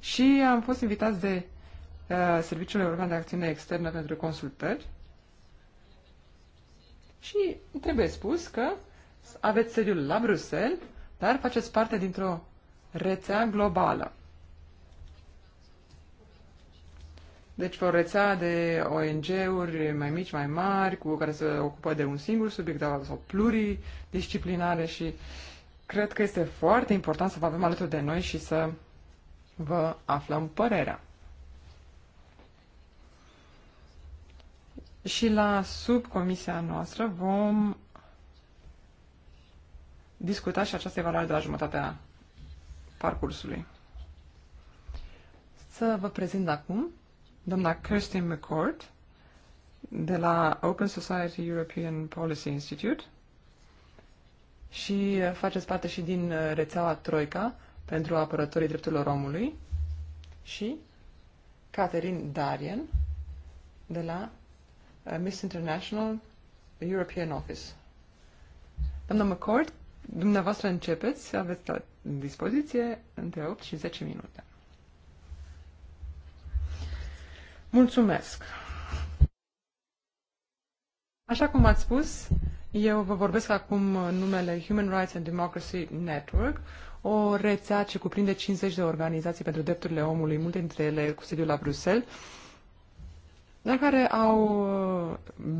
Și am fost invitați de uh, Serviciul European de Acțiune Externă pentru Consultări. Și trebuie spus că aveți sediul la Bruxelles, dar faceți parte dintr-o rețea globală. Deci pe o rețea de ONG-uri mai mici, mai mari, cu care se ocupă de un singur subiect da, sau pluridisciplinare și cred că este foarte important să vă avem alături de noi și să vă aflăm părerea. Și la subcomisia noastră vom discuta și această evaluare de la jumătatea parcursului. Să vă prezint acum Doamna Kirstin McCord, de la Open Society European Policy Institute și uh, faceți parte și din uh, rețeaua Troica pentru apărătorii drepturilor omului și Catherine Darien de la uh, Miss International European Office. Doamna McCord, dumneavoastră începeți, aveți la dispoziție între 8 și 10 minute. Mulțumesc! Așa cum ați spus, eu vă vorbesc acum numele Human Rights and Democracy Network, o rețea ce cuprinde 50 de organizații pentru drepturile omului, multe dintre ele cu sediul la Bruxelles, dar care au uh,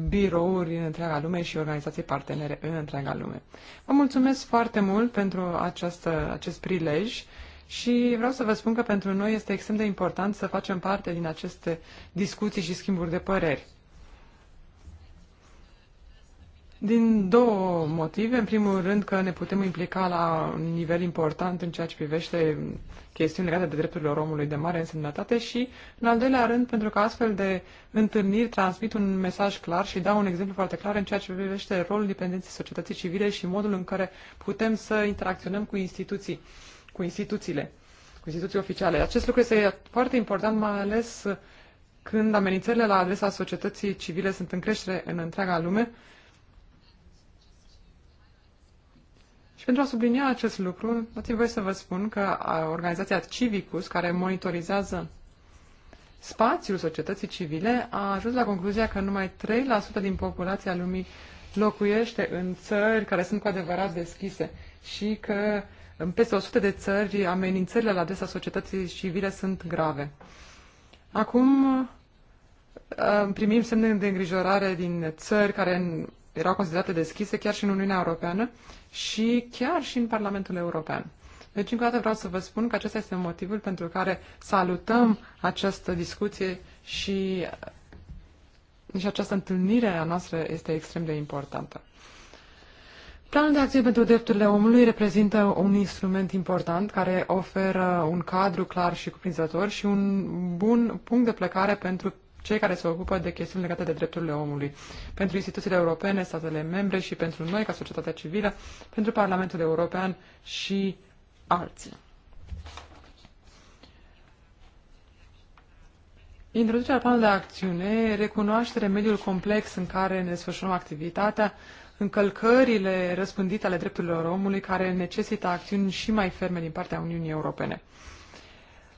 birouri în întreaga lume și organizații partenere în întreaga lume. Vă mulțumesc foarte mult pentru această, acest prilej și vreau să vă spun că pentru noi este extrem de important să facem parte din aceste discuții și schimburi de păreri. Din două motive. În primul rând că ne putem implica la un nivel important în ceea ce privește chestiuni legate de drepturile omului de mare însemnătate și, în al doilea rând, pentru că astfel de întâlniri transmit un mesaj clar și dau un exemplu foarte clar în ceea ce privește rolul dependenței societății civile și modul în care putem să interacționăm cu instituții cu instituțiile, cu instituții oficiale. Acest lucru este foarte important, mai ales când amenințările la adresa societății civile sunt în creștere în întreaga lume. Și pentru a sublinia acest lucru, dați-mi voie să vă spun că organizația Civicus, care monitorizează spațiul societății civile, a ajuns la concluzia că numai 3% din populația lumii locuiește în țări care sunt cu adevărat deschise și că în peste 100 de țări, amenințările la adresa societății civile sunt grave. Acum uh, primim semne de îngrijorare din țări care erau considerate deschise chiar și în Uniunea Europeană și chiar și în Parlamentul European. Deci, încă o dată vreau să vă spun că acesta este motivul pentru care salutăm această discuție și, uh, și această întâlnire a noastră este extrem de importantă. Planul de acțiune pentru drepturile omului reprezintă un instrument important care oferă un cadru clar și cuprinzător și un bun punct de plecare pentru cei care se ocupă de chestiuni legate de drepturile omului, pentru instituțiile europene, statele membre și pentru noi ca societatea civilă, pentru Parlamentul European și alții. Introducerea planului de acțiune recunoaștere mediul complex în care ne desfășurăm activitatea, încălcările răspândite ale drepturilor omului care necesită acțiuni și mai ferme din partea Uniunii Europene.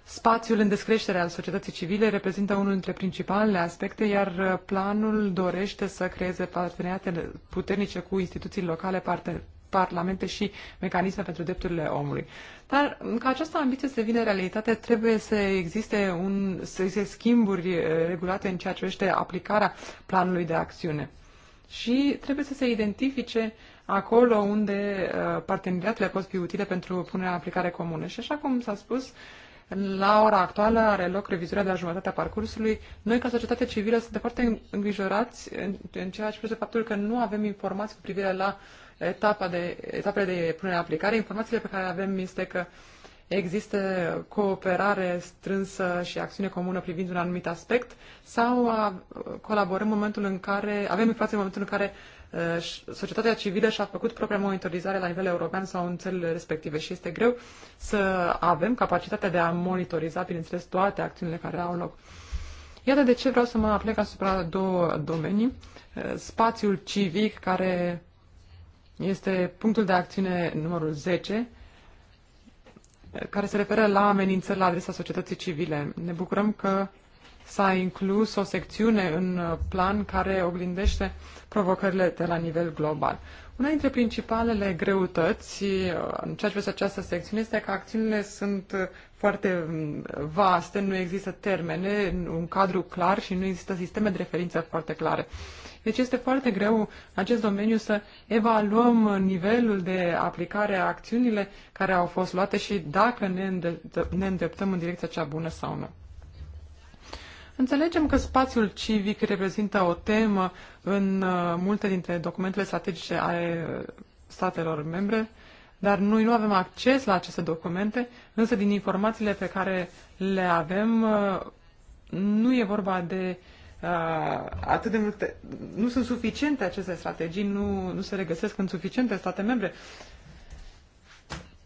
Spațiul în descreștere al societății civile reprezintă unul dintre principalele aspecte, iar planul dorește să creeze parteneriate puternice cu instituții locale, parte, parlamente și mecanisme pentru drepturile omului. Dar ca această ambiție să devină realitate, trebuie să existe un, să existe schimburi eh, regulate în ceea ce privește aplicarea planului de acțiune și trebuie să se identifice acolo unde uh, parteneriatele pot fi utile pentru punerea în aplicare comună. Și așa cum s-a spus, la ora actuală are loc revizuirea de la jumătatea parcursului. Noi, ca societate civilă, suntem foarte îngrijorați în, în ceea ce privește faptul că nu avem informații cu privire la etapa de, etapele de punere în aplicare. Informațiile pe care le avem este că uh, există cooperare strânsă și acțiune comună privind un anumit aspect sau uh, colaborăm în momentul în care, avem în față în momentul în care uh, societatea civilă și-a făcut propria monitorizare la nivel european sau în țările respective și este greu să avem capacitatea de a monitoriza, bineînțeles, toate acțiunile care au loc. Iată de ce vreau să mă aplec asupra două domenii. Uh, spațiul civic, care este punctul de acțiune numărul 10, care se referă la amenințări la adresa societății civile. Ne bucurăm că s-a inclus o secțiune în plan care oglindește provocările de la nivel global. Una dintre principalele greutăți uh, în ceea ce privește această secțiune este că acțiunile sunt uh, foarte mm, vaste, nu există termene, un cadru clar și nu există sisteme de referință foarte clare. Deci este foarte greu în acest domeniu să evaluăm nivelul de aplicare a acțiunile care au fost luate și dacă ne îndreptăm în direcția cea bună sau nu. Înțelegem că spațiul civic reprezintă o temă în uh, multe dintre documentele strategice ale uh, statelor membre, dar noi nu avem acces la aceste documente, însă din informațiile pe care le avem, uh, nu e vorba de uh, atât de multe, nu sunt suficiente aceste strategii, nu, nu se regăsesc în suficiente state membre,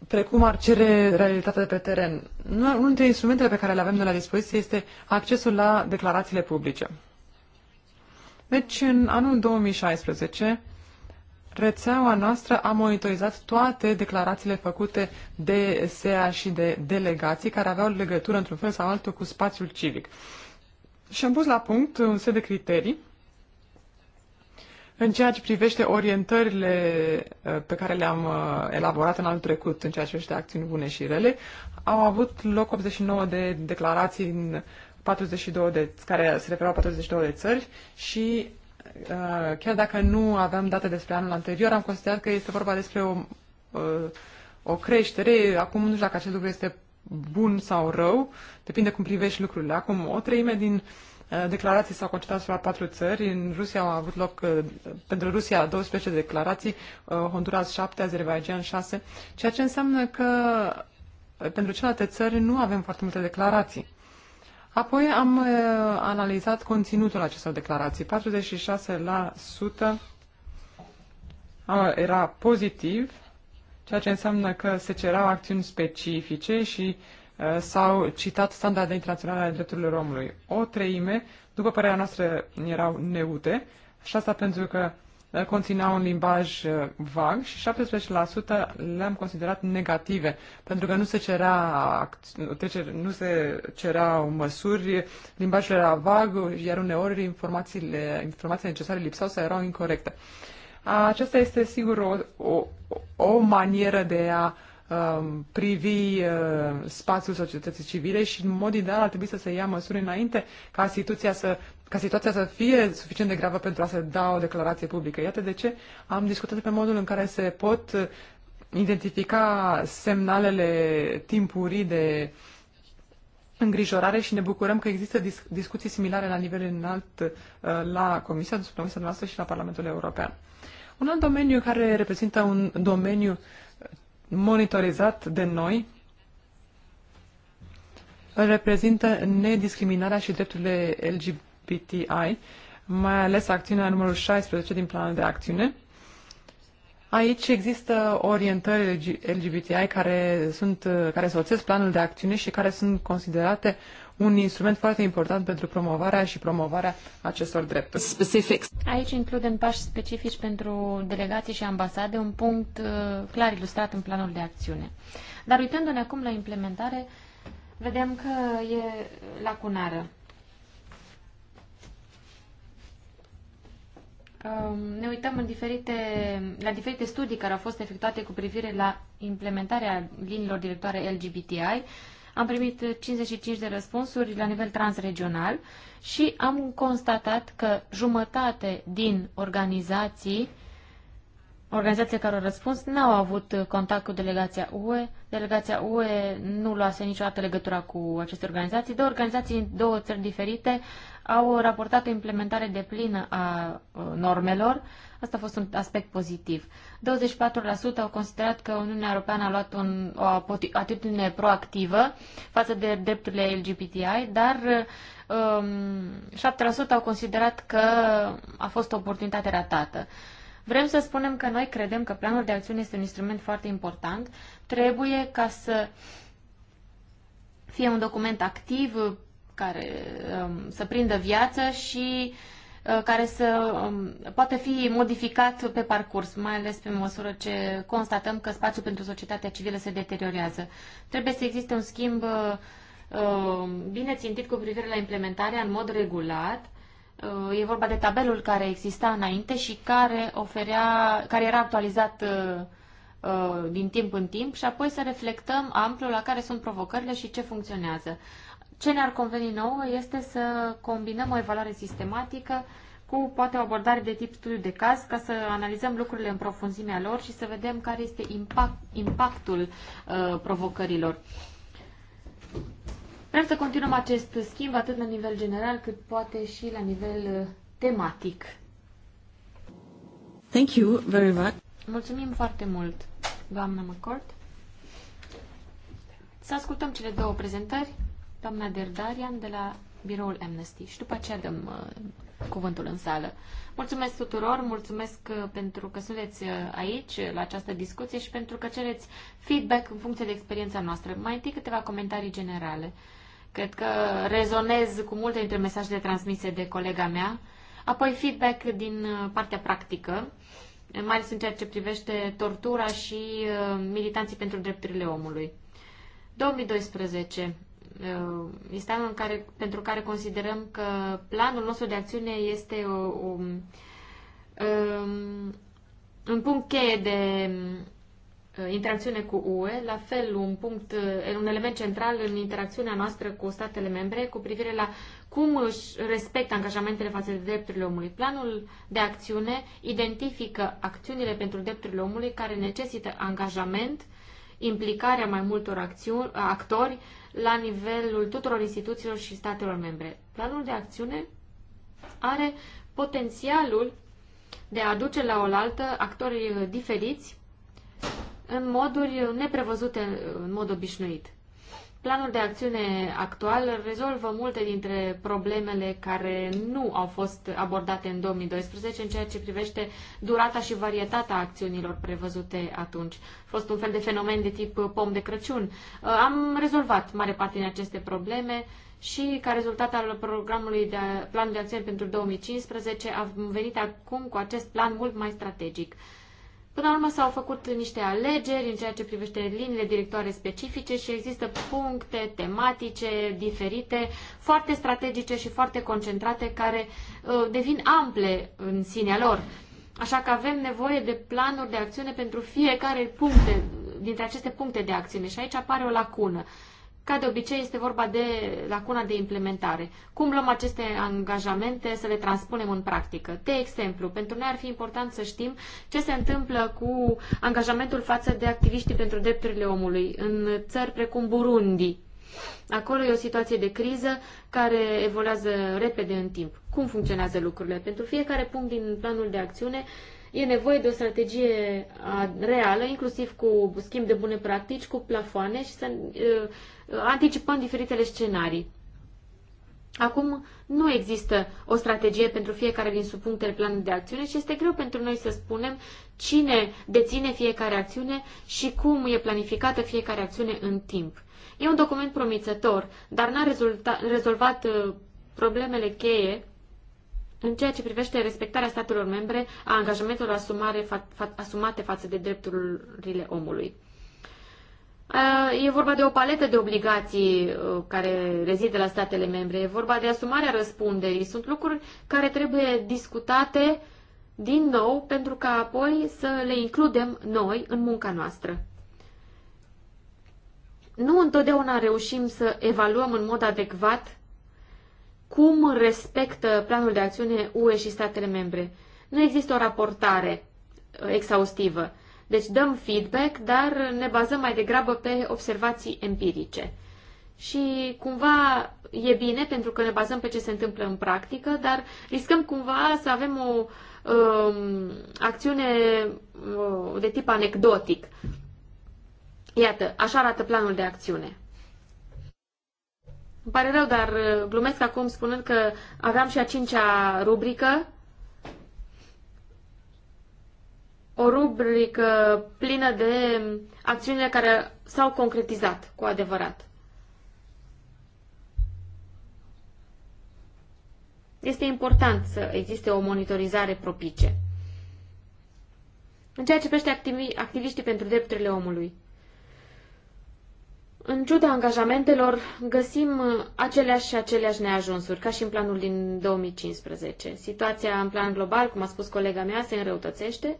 precum ar cere realitatea de pe teren. Unul dintre instrumentele pe care le avem de la dispoziție este accesul la declarațiile publice. Deci, în anul 2016, rețeaua noastră a monitorizat toate declarațiile făcute de SEA și de delegații care aveau legătură într-un fel sau altul cu spațiul civic. Și am pus la punct un set de criterii în ceea ce privește orientările uh, pe care le-am uh, elaborat în anul trecut, în ceea ce privește acțiuni bune și rele, au avut loc 89 de declarații în 42 de, care se referau 42 de țări și uh, chiar dacă nu aveam date despre anul anterior, am considerat că este vorba despre o, o creștere. Acum nu știu dacă acest lucru este bun sau rău, depinde cum privești lucrurile. Acum, o treime din uh, declarații s-au concentrat la patru țări. În Rusia au avut loc, uh, pentru Rusia, 12 declarații, uh, Honduras 7, Azerbaijan 6, ceea ce înseamnă că pentru celelalte țări nu avem foarte multe declarații. Apoi am analizat conținutul acestor declarații. 46% era pozitiv, ceea ce înseamnă că se cerau acțiuni specifice și uh, s-au citat standarde internaționale ale drepturilor omului. O treime, după părerea noastră, erau neute și asta pentru că uh, conținea un limbaj uh, vag și 17% le-am considerat negative, pentru că nu se cerea, nu se cereau măsuri, limbajul era vag, iar uneori informațiile, informațiile necesare lipsau sau erau incorrecte. Uh, aceasta este sigur o, o, o manieră de a um, privi uh, spațiul societății civile și în mod ideal ar trebui să se ia măsuri înainte ca situația să ca situația să fie suficient de gravă pentru a se da o declarație publică. Iată de ce am discutat pe modul în care se pot uh, identifica semnalele timpurii de îngrijorare și ne bucurăm că există dis- discuții similare la nivel înalt uh, la Comisia, Comisia noastră și la Parlamentul European. Un alt domeniu care reprezintă un domeniu monitorizat de noi reprezintă nediscriminarea și drepturile LGBTI, mai ales acțiunea numărul 16 din planul de acțiune. Aici există orientări LGBTI care, sunt, care soțesc planul de acțiune și care sunt considerate uh, un instrument foarte important pentru promovarea și promovarea acestor drepturi. Specific. Aici includem pași specifici pentru delegații și ambasade, un punct uh, clar ilustrat în planul de acțiune. Dar uitându-ne acum la implementare, vedem că e lacunară. Um, ne uităm în diferite, la diferite studii care au fost efectuate cu privire la implementarea liniilor directoare LGBTI am primit 55 de răspunsuri la nivel transregional și am constatat că jumătate din organizații uh, Organizația care a răspuns n-au avut contact cu delegația UE. Delegația UE nu luase niciodată legătura cu aceste organizații. Două organizații în două țări diferite au raportat o implementare de plină a normelor. Asta a fost un aspect pozitiv. 24% au considerat că Uniunea Europeană a luat un, o atitudine proactivă față de drepturile LGBTI, dar um, 7% au considerat că a fost o oportunitate ratată. Vrem să spunem că noi credem că planul de acțiune este un instrument foarte important. Trebuie ca să fie un document activ care um, să prindă viață și uh, care să um, poate fi modificat pe parcurs, mai ales pe măsură ce constatăm că spațiul pentru societatea civilă se deteriorează. Trebuie să existe un schimb uh, um, bine țintit cu privire la implementarea în mod regulat Uh, e vorba de tabelul care exista înainte și care, oferea, care era actualizat uh, uh, din timp în timp și apoi să reflectăm amplu la care sunt provocările și ce funcționează. Ce ne-ar conveni nouă este să combinăm o evaluare sistematică cu poate o abordare de tip studiu de caz ca să analizăm lucrurile în profunzimea lor și să vedem care este impact, impactul uh, provocărilor. Vrem să continuăm acest schimb atât la nivel general cât poate și la nivel uh, tematic. Thank you very much. Mulțumim foarte mult, doamna McCord. Să ascultăm cele două prezentări, doamna Derdarian de la biroul Amnesty și după aceea dăm uh, cuvântul în sală. Mulțumesc tuturor, mulțumesc uh, pentru că sunteți aici la această discuție și pentru că cereți feedback în funcție de experiența noastră. Mai întâi câteva comentarii generale. Uh, Cred că rezonez cu multe dintre mesajele transmise de colega mea. Apoi feedback din uh, partea practică, mai ales în ceea ce privește tortura și uh, militanții pentru drepturile omului. 2012 uh, este anul în care, pentru care considerăm că planul nostru de acțiune este o, o, um, un punct cheie de Uh, interacțiune cu UE, la fel un punct, uh, un element central în interacțiunea noastră cu statele membre cu privire la cum își respectă angajamentele față de drepturile omului. Planul de acțiune identifică acțiunile pentru drepturile omului care necesită angajament, implicarea mai multor acțiuni, actori la nivelul tuturor instituțiilor și statelor membre. Planul de acțiune are potențialul de a aduce la oaltă actori diferiți în moduri neprevăzute în mod obișnuit. Planul de acțiune actual rezolvă multe dintre problemele care nu au fost abordate în 2012 în ceea ce privește durata și varietatea acțiunilor prevăzute atunci. A fost un fel de fenomen de tip pom de Crăciun. Am rezolvat mare parte din aceste probleme și ca rezultat al programului de plan de acțiune pentru 2015 am venit acum cu acest plan mult mai strategic. Până la urmă s-au făcut niște alegeri în ceea ce privește liniile directoare specifice și există puncte tematice diferite, foarte strategice și foarte concentrate, care uh, devin ample în sinea lor. Așa că avem nevoie de planuri de acțiune pentru fiecare puncte, dintre aceste puncte de acțiune și aici apare o lacună. Ca de obicei, este vorba de lacuna de implementare. Cum luăm aceste angajamente să le transpunem în practică? De exemplu, pentru noi ar fi important să știm ce se întâmplă cu angajamentul față de activiștii pentru drepturile omului în țări precum Burundi. Acolo e o situație de criză care evoluează repede în timp. Cum funcționează lucrurile? Pentru fiecare punct din planul de acțiune e nevoie de o strategie reală, inclusiv cu schimb de bune practici, cu plafoane și să anticipăm diferitele scenarii. Acum nu există o strategie pentru fiecare din subpunctele planului de acțiune și este greu pentru noi să spunem cine deține fiecare acțiune și cum e planificată fiecare acțiune în timp. E un document promițător, dar n-a rezolvat uh, problemele cheie în ceea ce privește respectarea statelor membre a angajamentelor asumare, fa, fa, asumate față de drepturile omului. E vorba de o paletă de obligații uh, care rezidă la statele membre, e vorba de asumarea răspunderii. Sunt lucruri care trebuie discutate din nou pentru ca apoi să le includem noi în munca noastră. Nu întotdeauna reușim să evaluăm în mod adecvat cum respectă planul de acțiune UE și statele membre. Nu există o raportare uh, exhaustivă. Deci dăm feedback, dar ne bazăm mai degrabă pe observații empirice. Și cumva e bine pentru că ne bazăm pe ce se întâmplă în practică, dar riscăm cumva să avem o um, acțiune um, de tip anecdotic. Iată, așa arată planul de acțiune. Îmi pare rău, dar uh, glumesc acum spunând că aveam și a cincea rubrică o rubrică plină de acțiunile care s-au concretizat cu adevărat. Este important să existe o monitorizare propice. În ceea ce privește activiștii pentru drepturile omului, în ciuda angajamentelor, găsim aceleași și aceleași neajunsuri, ca și în planul din 2015. Situația în plan global, cum a spus colega mea, se înrăutățește,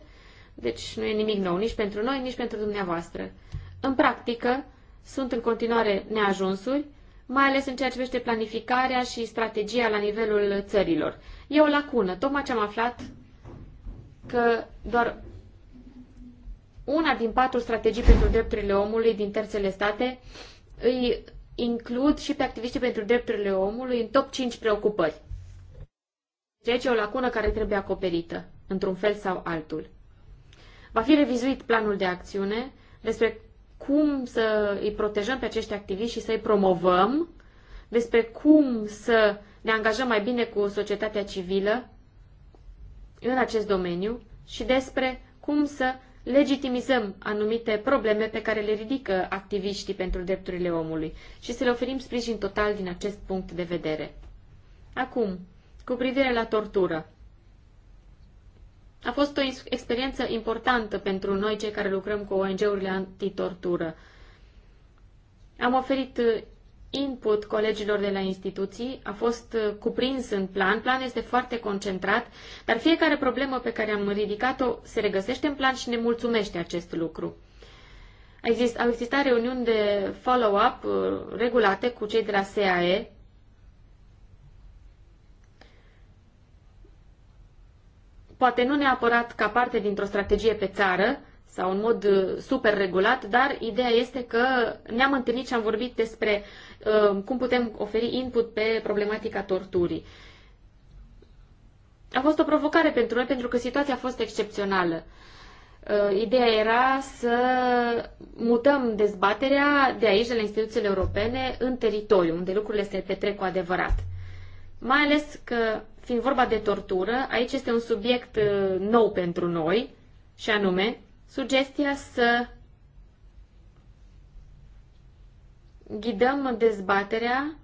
deci nu e nimic nou nici pentru noi, nici pentru dumneavoastră. În practică, sunt în continuare neajunsuri, mai ales în ceea ce privește planificarea și strategia la nivelul țărilor. E o lacună. Tocmai ce am aflat că doar una din patru strategii pentru drepturile omului din terțele state îi includ și pe activiștii pentru drepturile omului în top 5 preocupări. Deci e o lacună care trebuie acoperită, într-un fel sau altul. Va fi revizuit planul de acțiune despre cum să îi protejăm pe acești activiști și să îi promovăm, despre cum să ne angajăm mai bine cu societatea civilă în acest domeniu și despre cum să legitimizăm anumite probleme pe care le ridică activiștii pentru drepturile omului și să le oferim sprijin total din acest punct de vedere. Acum, cu privire la tortură. A fost o experiență importantă pentru noi, cei care lucrăm cu ONG-urile antitortură. Am oferit uh, input colegilor de la instituții, a fost uh, cuprins în plan, plan este foarte concentrat, dar fiecare problemă pe care am ridicat-o se regăsește în plan și ne mulțumește acest lucru. au existat reuniuni de follow-up uh, regulate cu cei de la SAE, poate nu neapărat ca parte dintr-o strategie pe țară sau în mod uh, super regulat, dar ideea este că ne-am întâlnit și am vorbit despre uh, cum putem oferi input pe problematica torturii. A fost o provocare pentru noi pentru că situația a fost excepțională. Uh, ideea era să mutăm dezbaterea de aici, de la instituțiile europene, în teritoriu, unde lucrurile se petrec cu adevărat. Mai ales că fiind vorba de tortură, aici este un subiect uh, nou pentru noi, și anume sugestia să ghidăm dezbaterea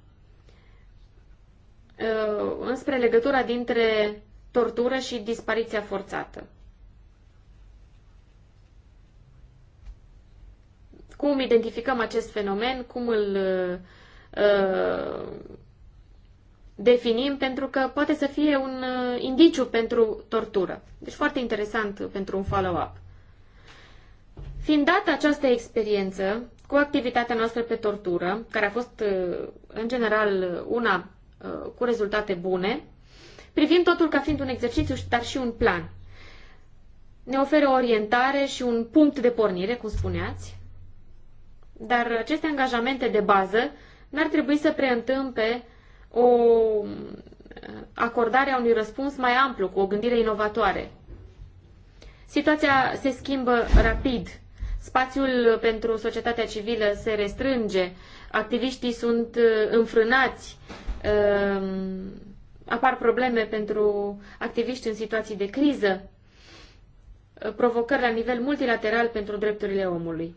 uh, înspre legătura dintre tortură și dispariția forțată. Cum identificăm acest fenomen, cum îl uh, definim pentru că poate să fie un uh, indiciu pentru tortură. Deci foarte interesant pentru un follow-up. Fiind dată această experiență cu activitatea noastră pe tortură, care a fost uh, în general uh, una cu rezultate bune, privim totul ca fiind un exercițiu, dar și un plan. Ne oferă orientare și un punct de pornire, cum spuneați, dar aceste angajamente de bază n-ar trebui să preîntâmpe o eh, acordare a unui răspuns mai amplu, cu o gândire inovatoare. Situația se schimbă rapid. Spațiul pentru societatea civilă se restrânge, activiștii sunt eh, înfrânați, ehm, apar probleme pentru activiști în situații de criză, eh, provocări la nivel multilateral pentru drepturile omului.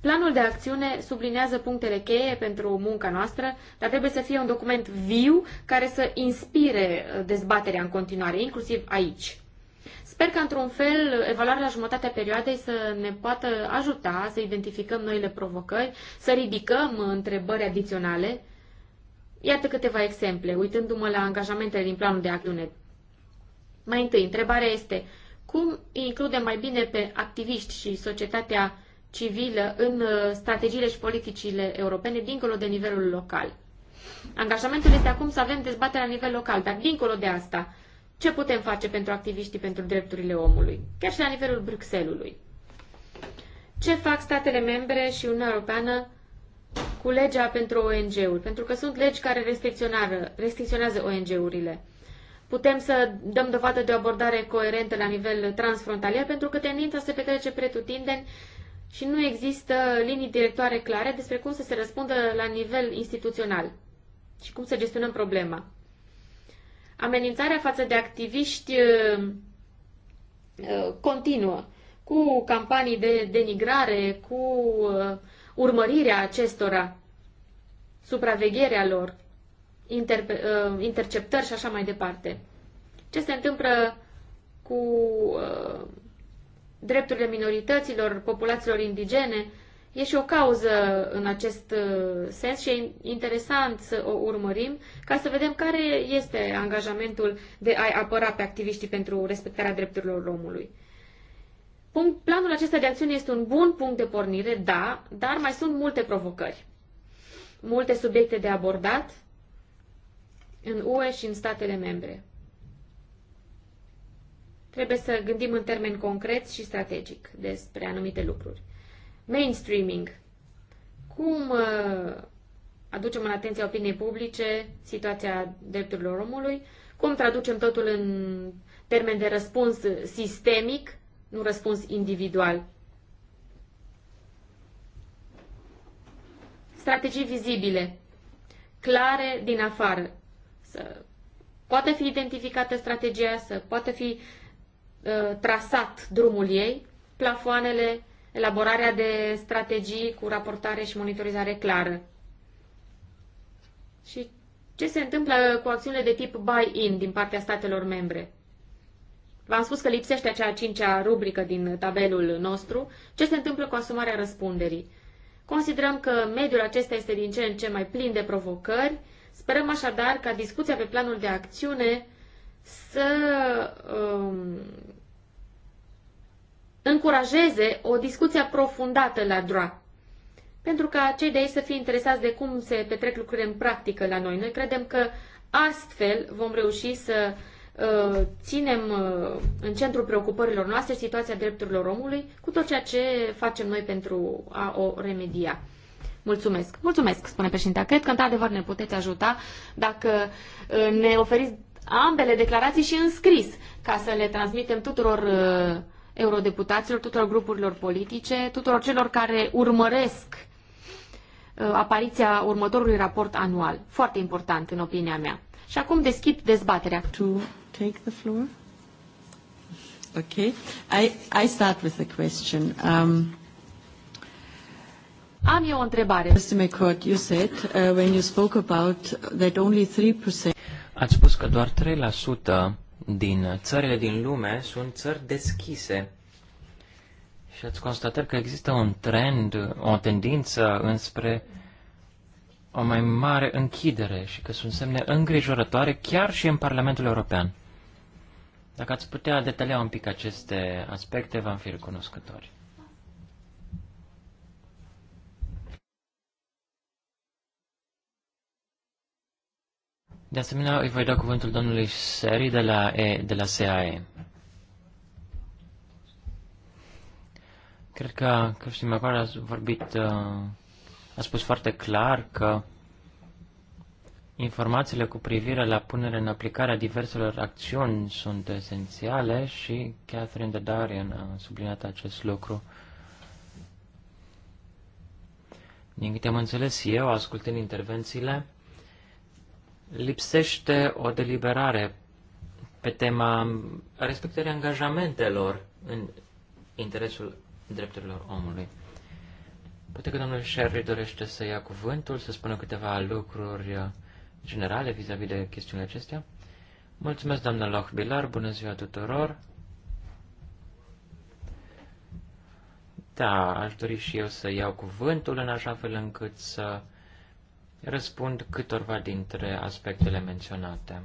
Planul de acțiune sublinează punctele cheie pentru munca noastră, dar trebuie să fie un document viu care să inspire uh, dezbaterea în continuare, inclusiv aici. Sper că, într-un fel, evaluarea la jumătatea perioadei să ne poată ajuta să identificăm noile provocări, să ridicăm întrebări adiționale. Iată câteva exemple, uitându-mă la angajamentele din planul de acțiune. Mai întâi, întrebarea este cum includem mai bine pe activiști și societatea civilă în uh, strategiile și politicile europene, dincolo de nivelul local. Angajamentul este acum să avem dezbatere la nivel local, dar dincolo de asta, ce putem face pentru activiștii pentru drepturile omului, chiar și la nivelul Bruxelului? Ce fac statele membre și Uniunea Europeană cu legea pentru ONG-uri? Pentru că sunt legi care restricționează ONG-urile. Putem să dăm dovadă de o abordare coerentă la nivel transfrontalier, pentru că tendința se petrece pretutindeni și nu există linii directoare clare despre cum să se răspundă la nivel instituțional și cum să gestionăm problema. Amenințarea față de activiști uh, uh, continuă, cu campanii de denigrare, cu uh, urmărirea acestora, supravegherea lor, interceptări și așa mai departe. Ce se întâmplă cu drepturile minorităților, populațiilor indigene. E și o cauză în acest uh, sens și e interesant să o urmărim ca să vedem care este angajamentul de a apăra pe activiștii pentru respectarea drepturilor omului. planul acesta de acțiune este un bun punct de pornire, da, dar mai sunt multe provocări, multe subiecte de abordat în UE și în statele membre. Trebuie să gândim în termen concret și strategic despre anumite lucruri. Mainstreaming. Cum uh, aducem în atenția opiniei publice situația drepturilor omului? Cum traducem totul în termen de răspuns sistemic, nu răspuns individual? Strategii vizibile, clare din afară. Să poate fi identificată strategia, să poate fi Uh, trasat drumul ei, plafoanele, elaborarea de strategii cu raportare și monitorizare clară. Și ce se întâmplă cu acțiunile de tip buy-in din partea statelor membre? V-am spus că lipsește acea cincea rubrică din tabelul nostru. Ce se întâmplă cu asumarea răspunderii? Considerăm că mediul acesta este din ce în ce mai plin de provocări. Sperăm așadar ca discuția pe planul de acțiune să um, încurajeze o discuție aprofundată la DRA. Pentru ca cei de aici să fie interesați de cum se petrec lucrurile în practică la noi. Noi credem că astfel vom reuși să uh, ținem uh, în centrul preocupărilor noastre situația drepturilor omului cu tot ceea ce facem noi pentru a o remedia. Mulțumesc. Mulțumesc, spune președinte. Cred că, într-adevăr, ne puteți ajuta dacă uh, ne oferiți ambele declarații și în scris, ca să le transmitem tuturor uh, eurodeputaților, tuturor grupurilor politice, tuturor celor care urmăresc uh, apariția următorului raport anual. Foarte important, în opinia mea. Și acum deschid dezbaterea. To take the floor? Okay. I, I start with the question. Um, am eu o întrebare. Mr. McCord, you said uh, when you spoke about that only 3% Ați spus că doar 3% din țările din lume sunt țări deschise. Și ați constatat că există un trend, o tendință înspre o mai mare închidere și că sunt semne îngrijorătoare chiar și în Parlamentul European. Dacă ați putea detalia un pic aceste aspecte, v-am fi recunoscători. De asemenea, îi voi da cuvântul domnului Seri de la, e, de la SAE. Cred că Cristin Macar a vorbit, uh, a spus foarte clar că informațiile cu privire la punerea în aplicare a diverselor acțiuni sunt esențiale și Catherine de Darien a subliniat acest lucru. Din câte am înțeles eu, ascultând intervențiile, lipsește o deliberare pe tema respectării angajamentelor în interesul drepturilor omului. Poate că domnul Sherry dorește să ia cuvântul, să spună câteva lucruri uh, generale vis-a-vis -vis de chestiunile acestea. Mulțumesc, doamna Lochbilar, bună ziua tuturor! Da, aș dori și eu să iau cuvântul în așa fel încât să răspund câtorva dintre aspectele menționate.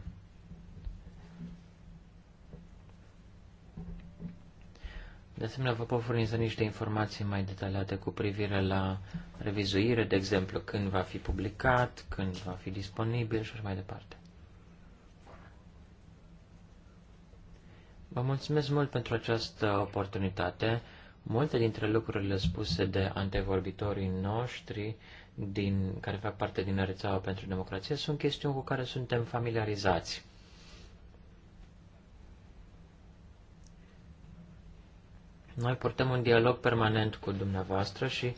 De asemenea, vă pot furniza niște informații mai detaliate cu privire la revizuire, de exemplu, când va fi publicat, când va fi disponibil și așa mai departe. Vă mulțumesc mult pentru această oportunitate. Multe dintre lucrurile spuse de antevorbitorii noștri din, care fac parte din rețeaua pentru democrație sunt chestiuni cu care suntem familiarizați. Noi purtăm un dialog permanent cu dumneavoastră și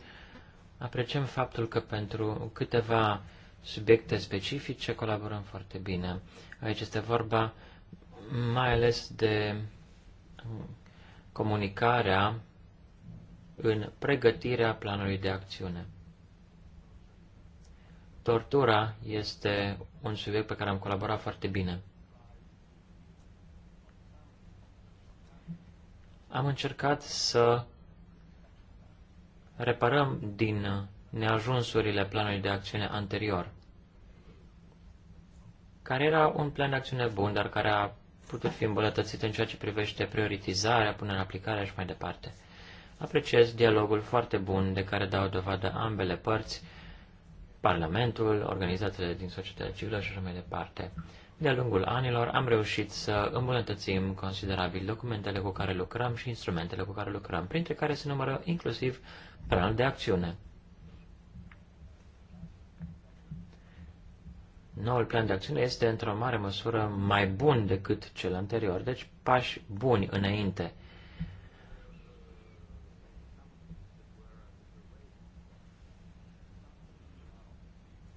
apreciem faptul că pentru câteva subiecte specifice colaborăm foarte bine. Aici este vorba mai ales de comunicarea în pregătirea planului de acțiune. Tortura este un subiect pe care am colaborat foarte bine. Am încercat să reparăm din neajunsurile planului de acțiune anterior, care era un plan de acțiune bun, dar care a putut fi îmbunătățit în ceea ce privește prioritizarea, punerea în aplicare și mai departe. Apreciez dialogul foarte bun de care dau dovadă ambele părți, Parlamentul, organizațiile din societatea civilă și așa mai departe. De-a lungul anilor am reușit să îmbunătățim considerabil documentele cu care lucrăm și instrumentele cu care lucrăm, printre care se numără inclusiv planul de acțiune. Noul plan de acțiune este într-o mare măsură mai bun decât cel anterior, deci pași buni înainte –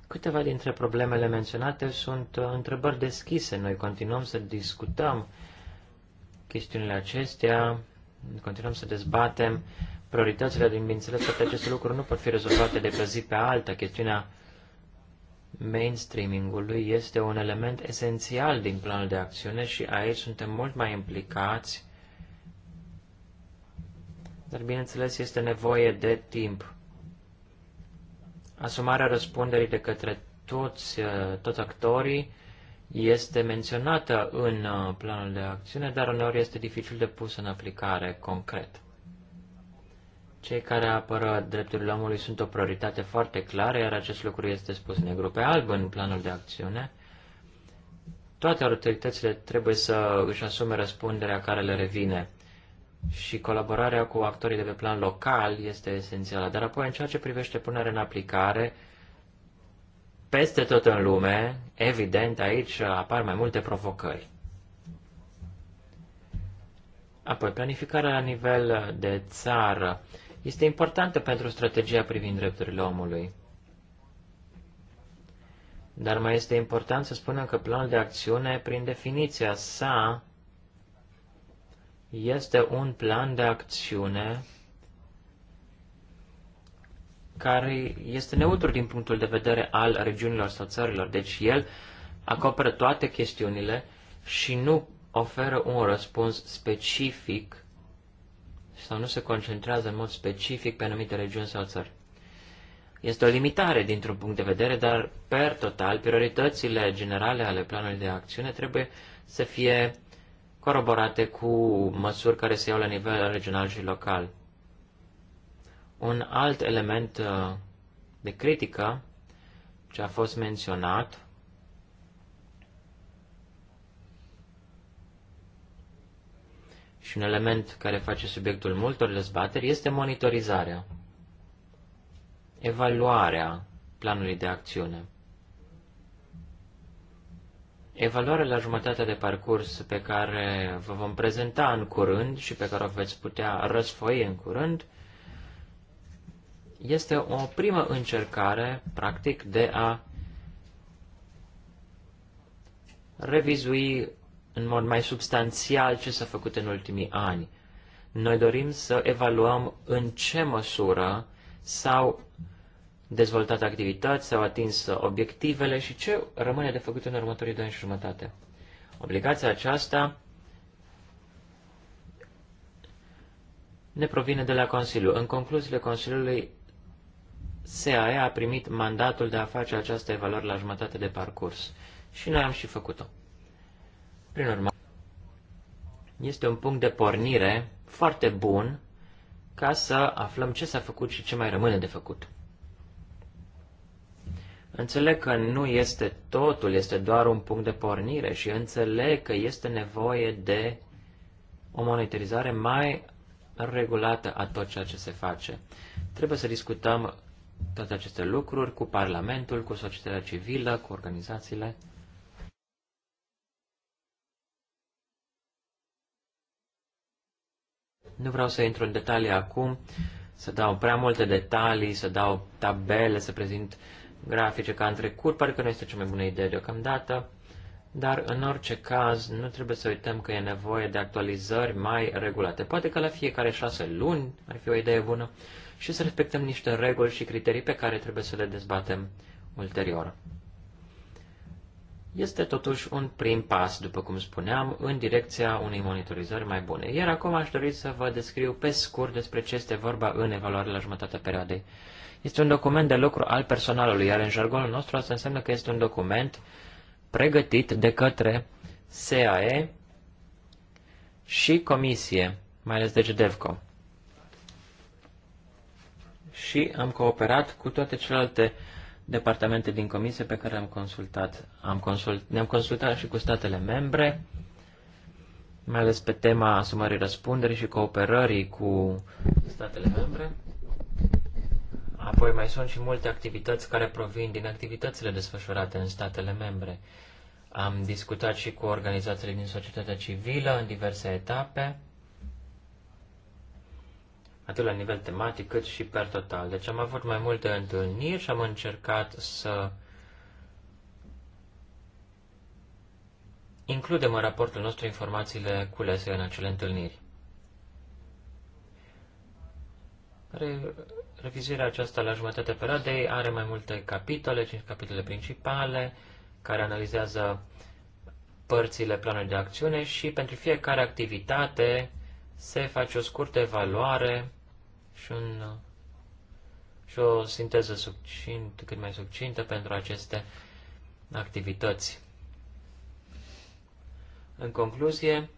Câteva dintre problemele menționate sunt uh, întrebări deschise. Noi continuăm să discutăm chestiunile acestea, continuăm să dezbatem prioritățile, din bineînțeles, toate aceste lucruri nu pot fi rezolvate de pe zi pe alta. Chestiunea mainstreamingului este un element esențial din planul de acțiune și aici suntem mult mai implicați, dar bineînțeles este nevoie de timp asumarea răspunderii de către toți, uh, toți actorii este menționată în uh, planul de acțiune, dar uneori este dificil de pus în aplicare concret. Cei care apără drepturile omului sunt o prioritate foarte clară, iar acest lucru este spus negru pe alb în planul de acțiune. Toate autoritățile trebuie să își asume răspunderea care le revine și colaborarea cu actorii de pe plan local este esențială. Dar apoi, în ceea ce privește punerea în aplicare, peste tot în lume, evident, aici apar mai multe provocări. Apoi, planificarea la nivel de țară este importantă pentru strategia privind drepturile omului. Dar mai este important să spunem că planul de acțiune, prin definiția sa, este un plan de acțiune care este neutru din punctul de vedere al regiunilor sau țărilor. Deci el acoperă toate chestiunile și nu oferă un răspuns specific sau nu se concentrează în mod specific pe anumite regiuni sau țări. Este o limitare dintr-un punct de vedere, dar, per total, prioritățile generale ale planului de acțiune trebuie să fie coroborate cu măsuri care se iau la nivel regional și local. Un alt element uh, de critică ce a fost menționat și un element care face subiectul multor dezbateri este monitorizarea, evaluarea planului de acțiune. Evaluarea la jumătate de parcurs pe care vă vom prezenta în curând și pe care o veți putea răsfoi în curând este o primă încercare, practic, de a revizui în mod mai substanțial ce s-a făcut în ultimii ani. Noi dorim să evaluăm în ce măsură sau dezvoltat activități, s-au atins obiectivele și ce rămâne de făcut în următorii doi ani și jumătate. Obligația aceasta ne provine de la Consiliu. În concluziile Consiliului, SAE a primit mandatul de a face această evaluare la jumătate de parcurs și noi am și făcut-o. Prin urmă, este un punct de pornire foarte bun ca să aflăm ce s-a făcut și ce mai rămâne de făcut. Înțeleg că nu este totul, este doar un punct de pornire și înțeleg că este nevoie de o monitorizare mai regulată a tot ceea ce se face. Trebuie să discutăm toate aceste lucruri cu Parlamentul, cu societatea civilă, cu organizațiile. Nu vreau să intru în detalii acum, să dau prea multe detalii, să dau tabele, să prezint uh, grafice ca în trecut, că nu este cea mai bună idee deocamdată, dar în orice caz nu trebuie să uităm că e nevoie de actualizări mai regulate. Poate că la fiecare șase luni ar fi o idee bună și să respectăm niște reguli și criterii pe care trebuie să le dezbatem ulterior. Este totuși un prim pas, după cum spuneam, în direcția unei monitorizări mai bune. Iar acum aș dori să vă descriu pe scurt despre ce este vorba în evaluarea la jumătatea perioadei. Este un document de lucru al personalului, iar în jargonul nostru asta înseamnă că este un document pregătit de către SAE și Comisie, mai ales de GDEVCO. Și am cooperat cu toate celelalte departamente din comisie pe care am consultat. Am consult, ne-am consultat și cu statele membre, mai ales pe tema asumării răspunderii și cooperării cu statele membre. Apoi mai sunt și multe activități care provin din activitățile desfășurate în statele membre. Am discutat și cu organizațiile din societatea civilă în diverse etape, atât la nivel tematic cât și per total. Deci am avut mai multe întâlniri și am încercat să includem în raportul nostru informațiile culese în acele întâlniri. Revizuirea aceasta la jumătate perioadei are mai multe capitole, cinci capitole principale, care analizează părțile planului de acțiune și pentru fiecare activitate se face o scurtă evaluare și, un, și o sinteză succint, cât mai succintă pentru aceste activități. În concluzie,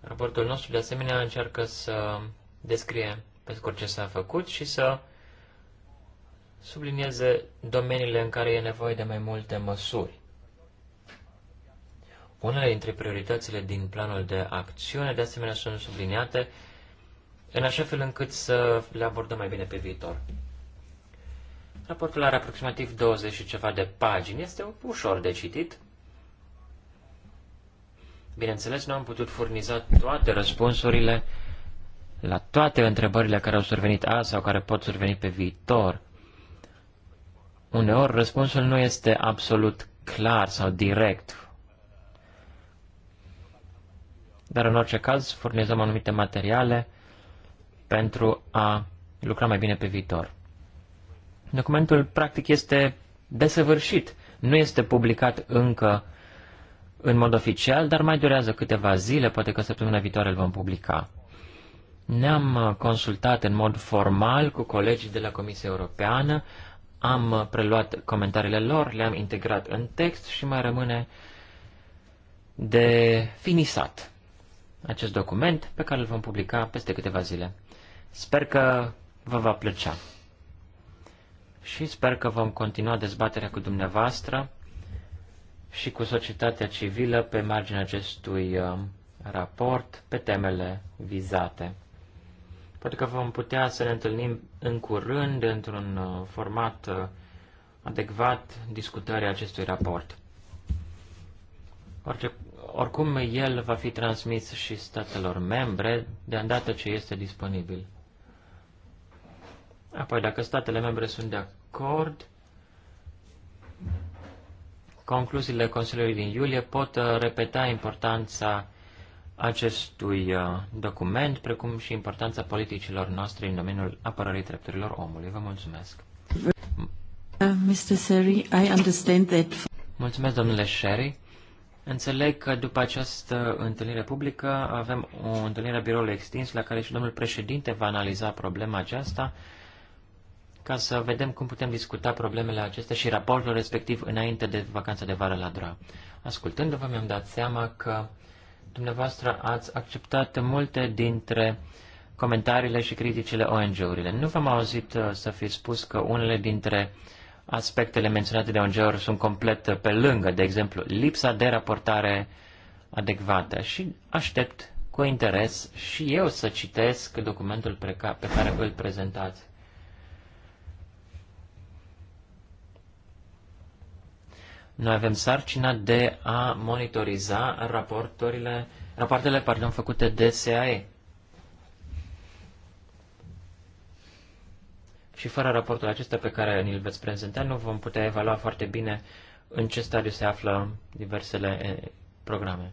raportul nostru de asemenea încearcă să descrie pe ce s-a făcut și să sublinieze domeniile în care e nevoie de mai multe măsuri. Unele dintre prioritățile din planul de acțiune, de asemenea, sunt subliniate în așa fel încât să le abordăm mai bine pe viitor. Raportul are aproximativ 20 și ceva de pagini. Este ușor de citit. Bineînțeles, nu am putut furniza toate răspunsurile la toate întrebările care au survenit azi sau care pot surveni pe viitor. Uneori răspunsul nu este absolut clar sau direct, dar în orice caz furnizăm anumite materiale pentru a lucra mai bine pe viitor. Documentul practic este desăvârșit, nu este publicat încă în mod oficial, dar mai durează câteva zile, poate că săptămâna viitoare îl vom publica. Ne-am uh, consultat în mod formal cu colegii de la Comisia Europeană, am uh, preluat comentariile lor, le-am integrat în text și mai rămâne de finisat acest document pe care îl vom publica peste câteva zile. Sper că vă va plăcea și sper că vom continua dezbaterea cu dumneavoastră și cu societatea civilă pe marginea acestui uh, raport pe temele vizate. Poate că vom putea să ne întâlnim în curând, într-un uh, format uh, adecvat, discutării acestui raport. Orice, oricum, el va fi transmis și statelor membre de îndată ce este disponibil. Apoi, dacă statele membre sunt de acord, concluziile Consiliului din iulie pot uh, repeta importanța acestui uh, document, precum și importanța politicilor noastre în domeniul apărării drepturilor omului. Vă mulțumesc. Uh, Mr. Sherry, I understand that... Mulțumesc, domnule Sherry. Înțeleg că după această întâlnire publică avem o întâlnire a biroului extins la care și domnul președinte va analiza problema aceasta ca să vedem cum putem discuta problemele acestea și raportul respectiv înainte de vacanța de vară la DRA. Ascultându-vă mi-am dat seama că dumneavoastră ați acceptat multe dintre comentariile și criticile ONG-urile. Nu v-am auzit uh, să fi spus că unele dintre aspectele menționate de ONG-uri sunt complet uh, pe lângă, de exemplu, lipsa de raportare adecvată și aștept cu interes și eu să citesc documentul pe care îl prezentați. Noi avem sarcina de a monitoriza raportorile, rapoartele pardon, făcute de SAE. Și fără raportul acesta pe care îl veți prezenta, nu vom putea evalua foarte bine în ce stadiu se află diversele programe.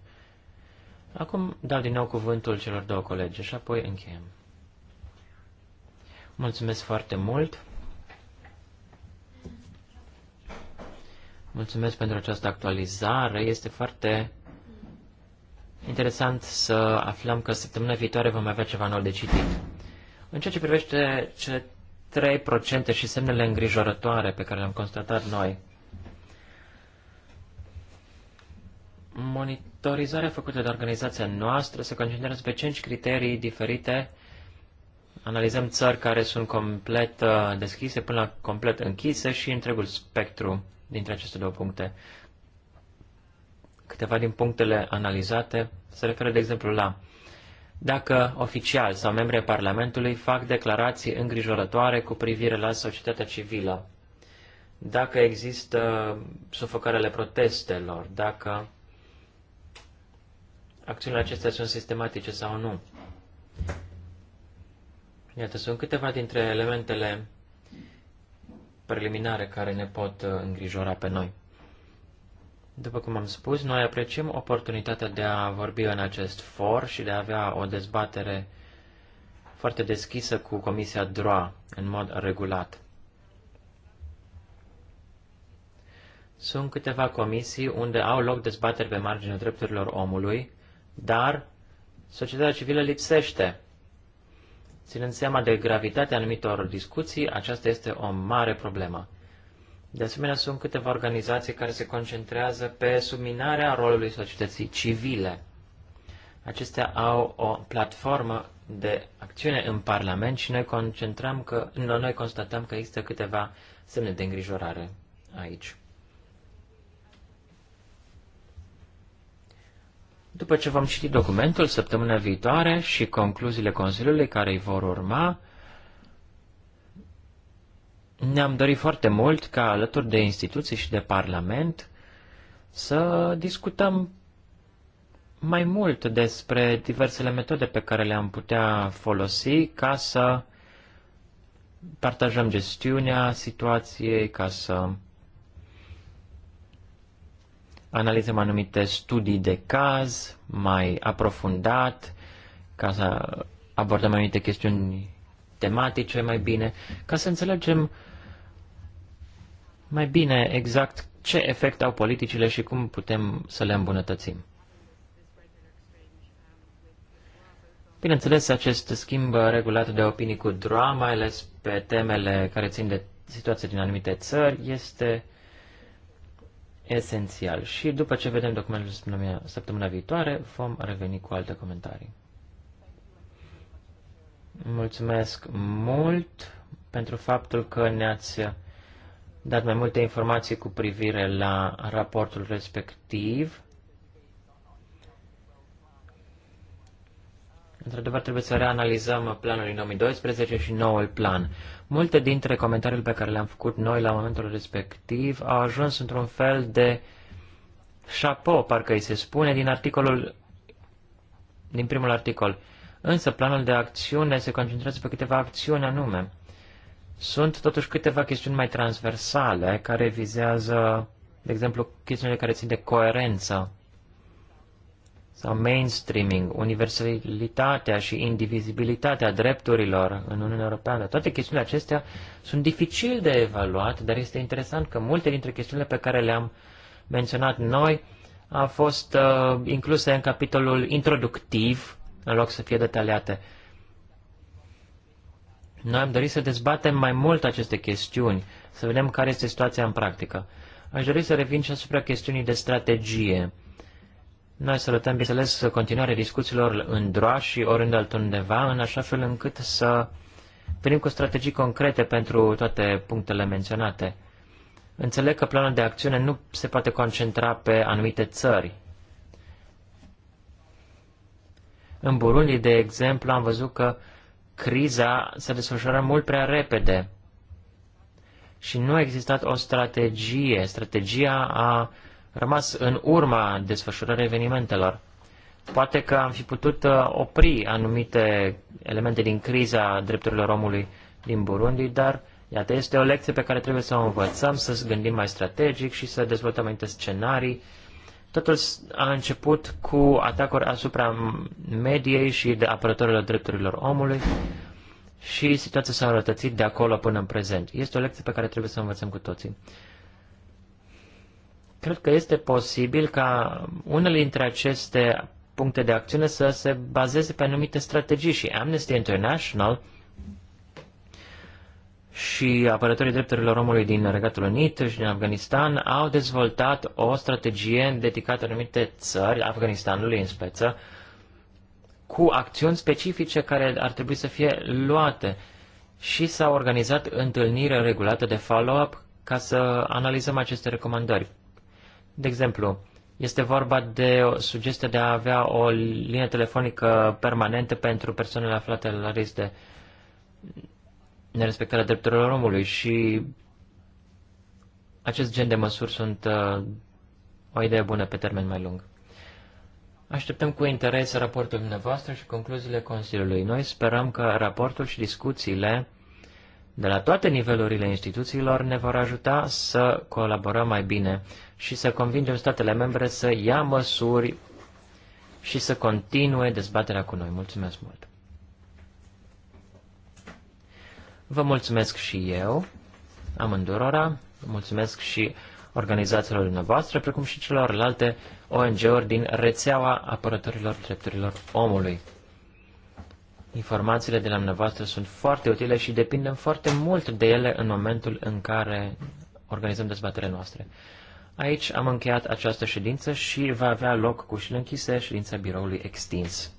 Acum dau din nou cuvântul celor două colegi și apoi încheiem. Mulțumesc foarte mult! Mulțumesc pentru această actualizare. Este foarte interesant să aflăm că săptămâna viitoare vom avea ceva nou de citit. În ceea ce privește cele 3% și semnele îngrijorătoare pe care le-am constatat noi, monitorizarea făcută de organizația noastră se concentrează pe 5 criterii diferite. Analizăm țări care sunt complet uh, deschise până la complet închise și întregul spectru dintre aceste două puncte. Câteva din punctele analizate se referă, de exemplu, la dacă oficiali sau membrii Parlamentului fac declarații îngrijorătoare cu privire la societatea civilă, dacă există sufocarele protestelor, dacă acțiunile acestea sunt sistematice sau nu. Iată, sunt câteva dintre elementele preliminare care ne pot uh, îngrijora pe noi. După cum am spus, noi apreciem oportunitatea de a vorbi în acest for și de a avea o dezbatere foarte deschisă cu Comisia DROA în mod regulat. Sunt câteva comisii unde au loc dezbateri pe marginea drepturilor omului, dar societatea civilă lipsește Ținând seama de gravitatea anumitor discuții, aceasta este o mare problemă. De asemenea, sunt câteva organizații care se concentrează pe subminarea rolului societății civile. Acestea au o platformă de acțiune în Parlament și noi, concentrăm că, noi constatăm că există câteva semne de îngrijorare aici. După ce vom citi documentul săptămâna viitoare și concluziile Consiliului care îi vor urma, ne-am dorit foarte mult ca alături de instituții și de Parlament să discutăm mai mult despre diversele metode pe care le-am putea folosi ca să partajăm gestiunea situației, ca să analizăm anumite studii de caz mai aprofundat, ca să abordăm anumite chestiuni tematice mai bine, ca să înțelegem mai bine exact ce efect au politicile și cum putem să le îmbunătățim. Bineînțeles, acest schimb regulat de opinii cu drama, ales pe temele care țin de situația din anumite țări, este esențial. Și după ce vedem documentul săptămâna viitoare, vom reveni cu alte comentarii. Mulțumesc mult pentru faptul că ne-ați dat mai multe informații cu privire la raportul respectiv. Într-adevăr, trebuie să reanalizăm planul din 2012 și noul plan. Multe dintre comentariile pe care le-am făcut noi la momentul respectiv au ajuns într-un fel de șapo, parcă îi se spune, din articolul, din primul articol. Însă planul de acțiune se concentrează pe câteva acțiuni anume. Sunt totuși câteva chestiuni mai transversale care vizează, de exemplu, chestiunile care țin de coerență sau mainstreaming, universalitatea și indivizibilitatea drepturilor în Uniunea Europeană. Toate chestiunile acestea sunt dificil de evaluat, dar este interesant că multe dintre chestiunile pe care le-am menționat noi au fost uh, incluse în capitolul introductiv, în loc să fie detaliate. Noi am dorit să dezbatem mai mult aceste chestiuni, să vedem care este situația în practică. Aș dori să revin și asupra chestiunii de strategie. Noi salutăm, bineînțeles, continuarea discuțiilor în DROA și oriunde altundeva, în așa fel încât să venim cu strategii concrete pentru toate punctele menționate. Înțeleg că planul de acțiune nu se poate concentra pe anumite țări. În Burundi, de exemplu, am văzut că criza se desfășoară mult prea repede și nu a existat o strategie. Strategia a rămas în urma desfășurării evenimentelor. Poate că am fi putut uh, opri anumite elemente din criza drepturilor omului din Burundi, dar iată, este o lecție pe care trebuie să o învățăm, să gândim mai strategic și să dezvoltăm anumite scenarii. Totul a început cu atacuri asupra mediei și de apărătorilor drepturilor omului și situația s-a înrătățit de acolo până în prezent. Este o lecție pe care trebuie să o învățăm cu toții. Cred că este posibil ca unele dintre aceste puncte de acțiune să se bazeze pe anumite strategii și Amnesty International și apărătorii drepturilor omului din Regatul Unit și din Afganistan au dezvoltat o strategie dedicată anumite țări, Afganistanului în speță, cu acțiuni specifice care ar trebui să fie luate și s-au organizat întâlniri regulate de follow-up ca să analizăm aceste recomandări. De exemplu, este vorba de o sugestie de a avea o linie telefonică permanentă pentru persoanele aflate la risc de nerespectarea drepturilor omului și acest gen de măsuri sunt uh, o idee bună pe termen mai lung. Așteptăm cu interes raportul dumneavoastră și concluziile Consiliului. Noi sperăm că raportul și discuțiile de la toate nivelurile instituțiilor ne vor ajuta să colaborăm mai bine și să convingem statele membre să ia măsuri și să continue dezbaterea cu noi. Mulțumesc mult! Vă mulțumesc și eu, amândurora, mulțumesc și organizațiilor noastre, precum și celorlalte ONG-uri din rețeaua apărătorilor drepturilor omului. Informațiile de la dumneavoastră sunt foarte utile și depindem foarte mult de ele în momentul în care organizăm dezbaterile noastre. Aici am încheiat această ședință și va avea loc cu șile închise ședința biroului extins.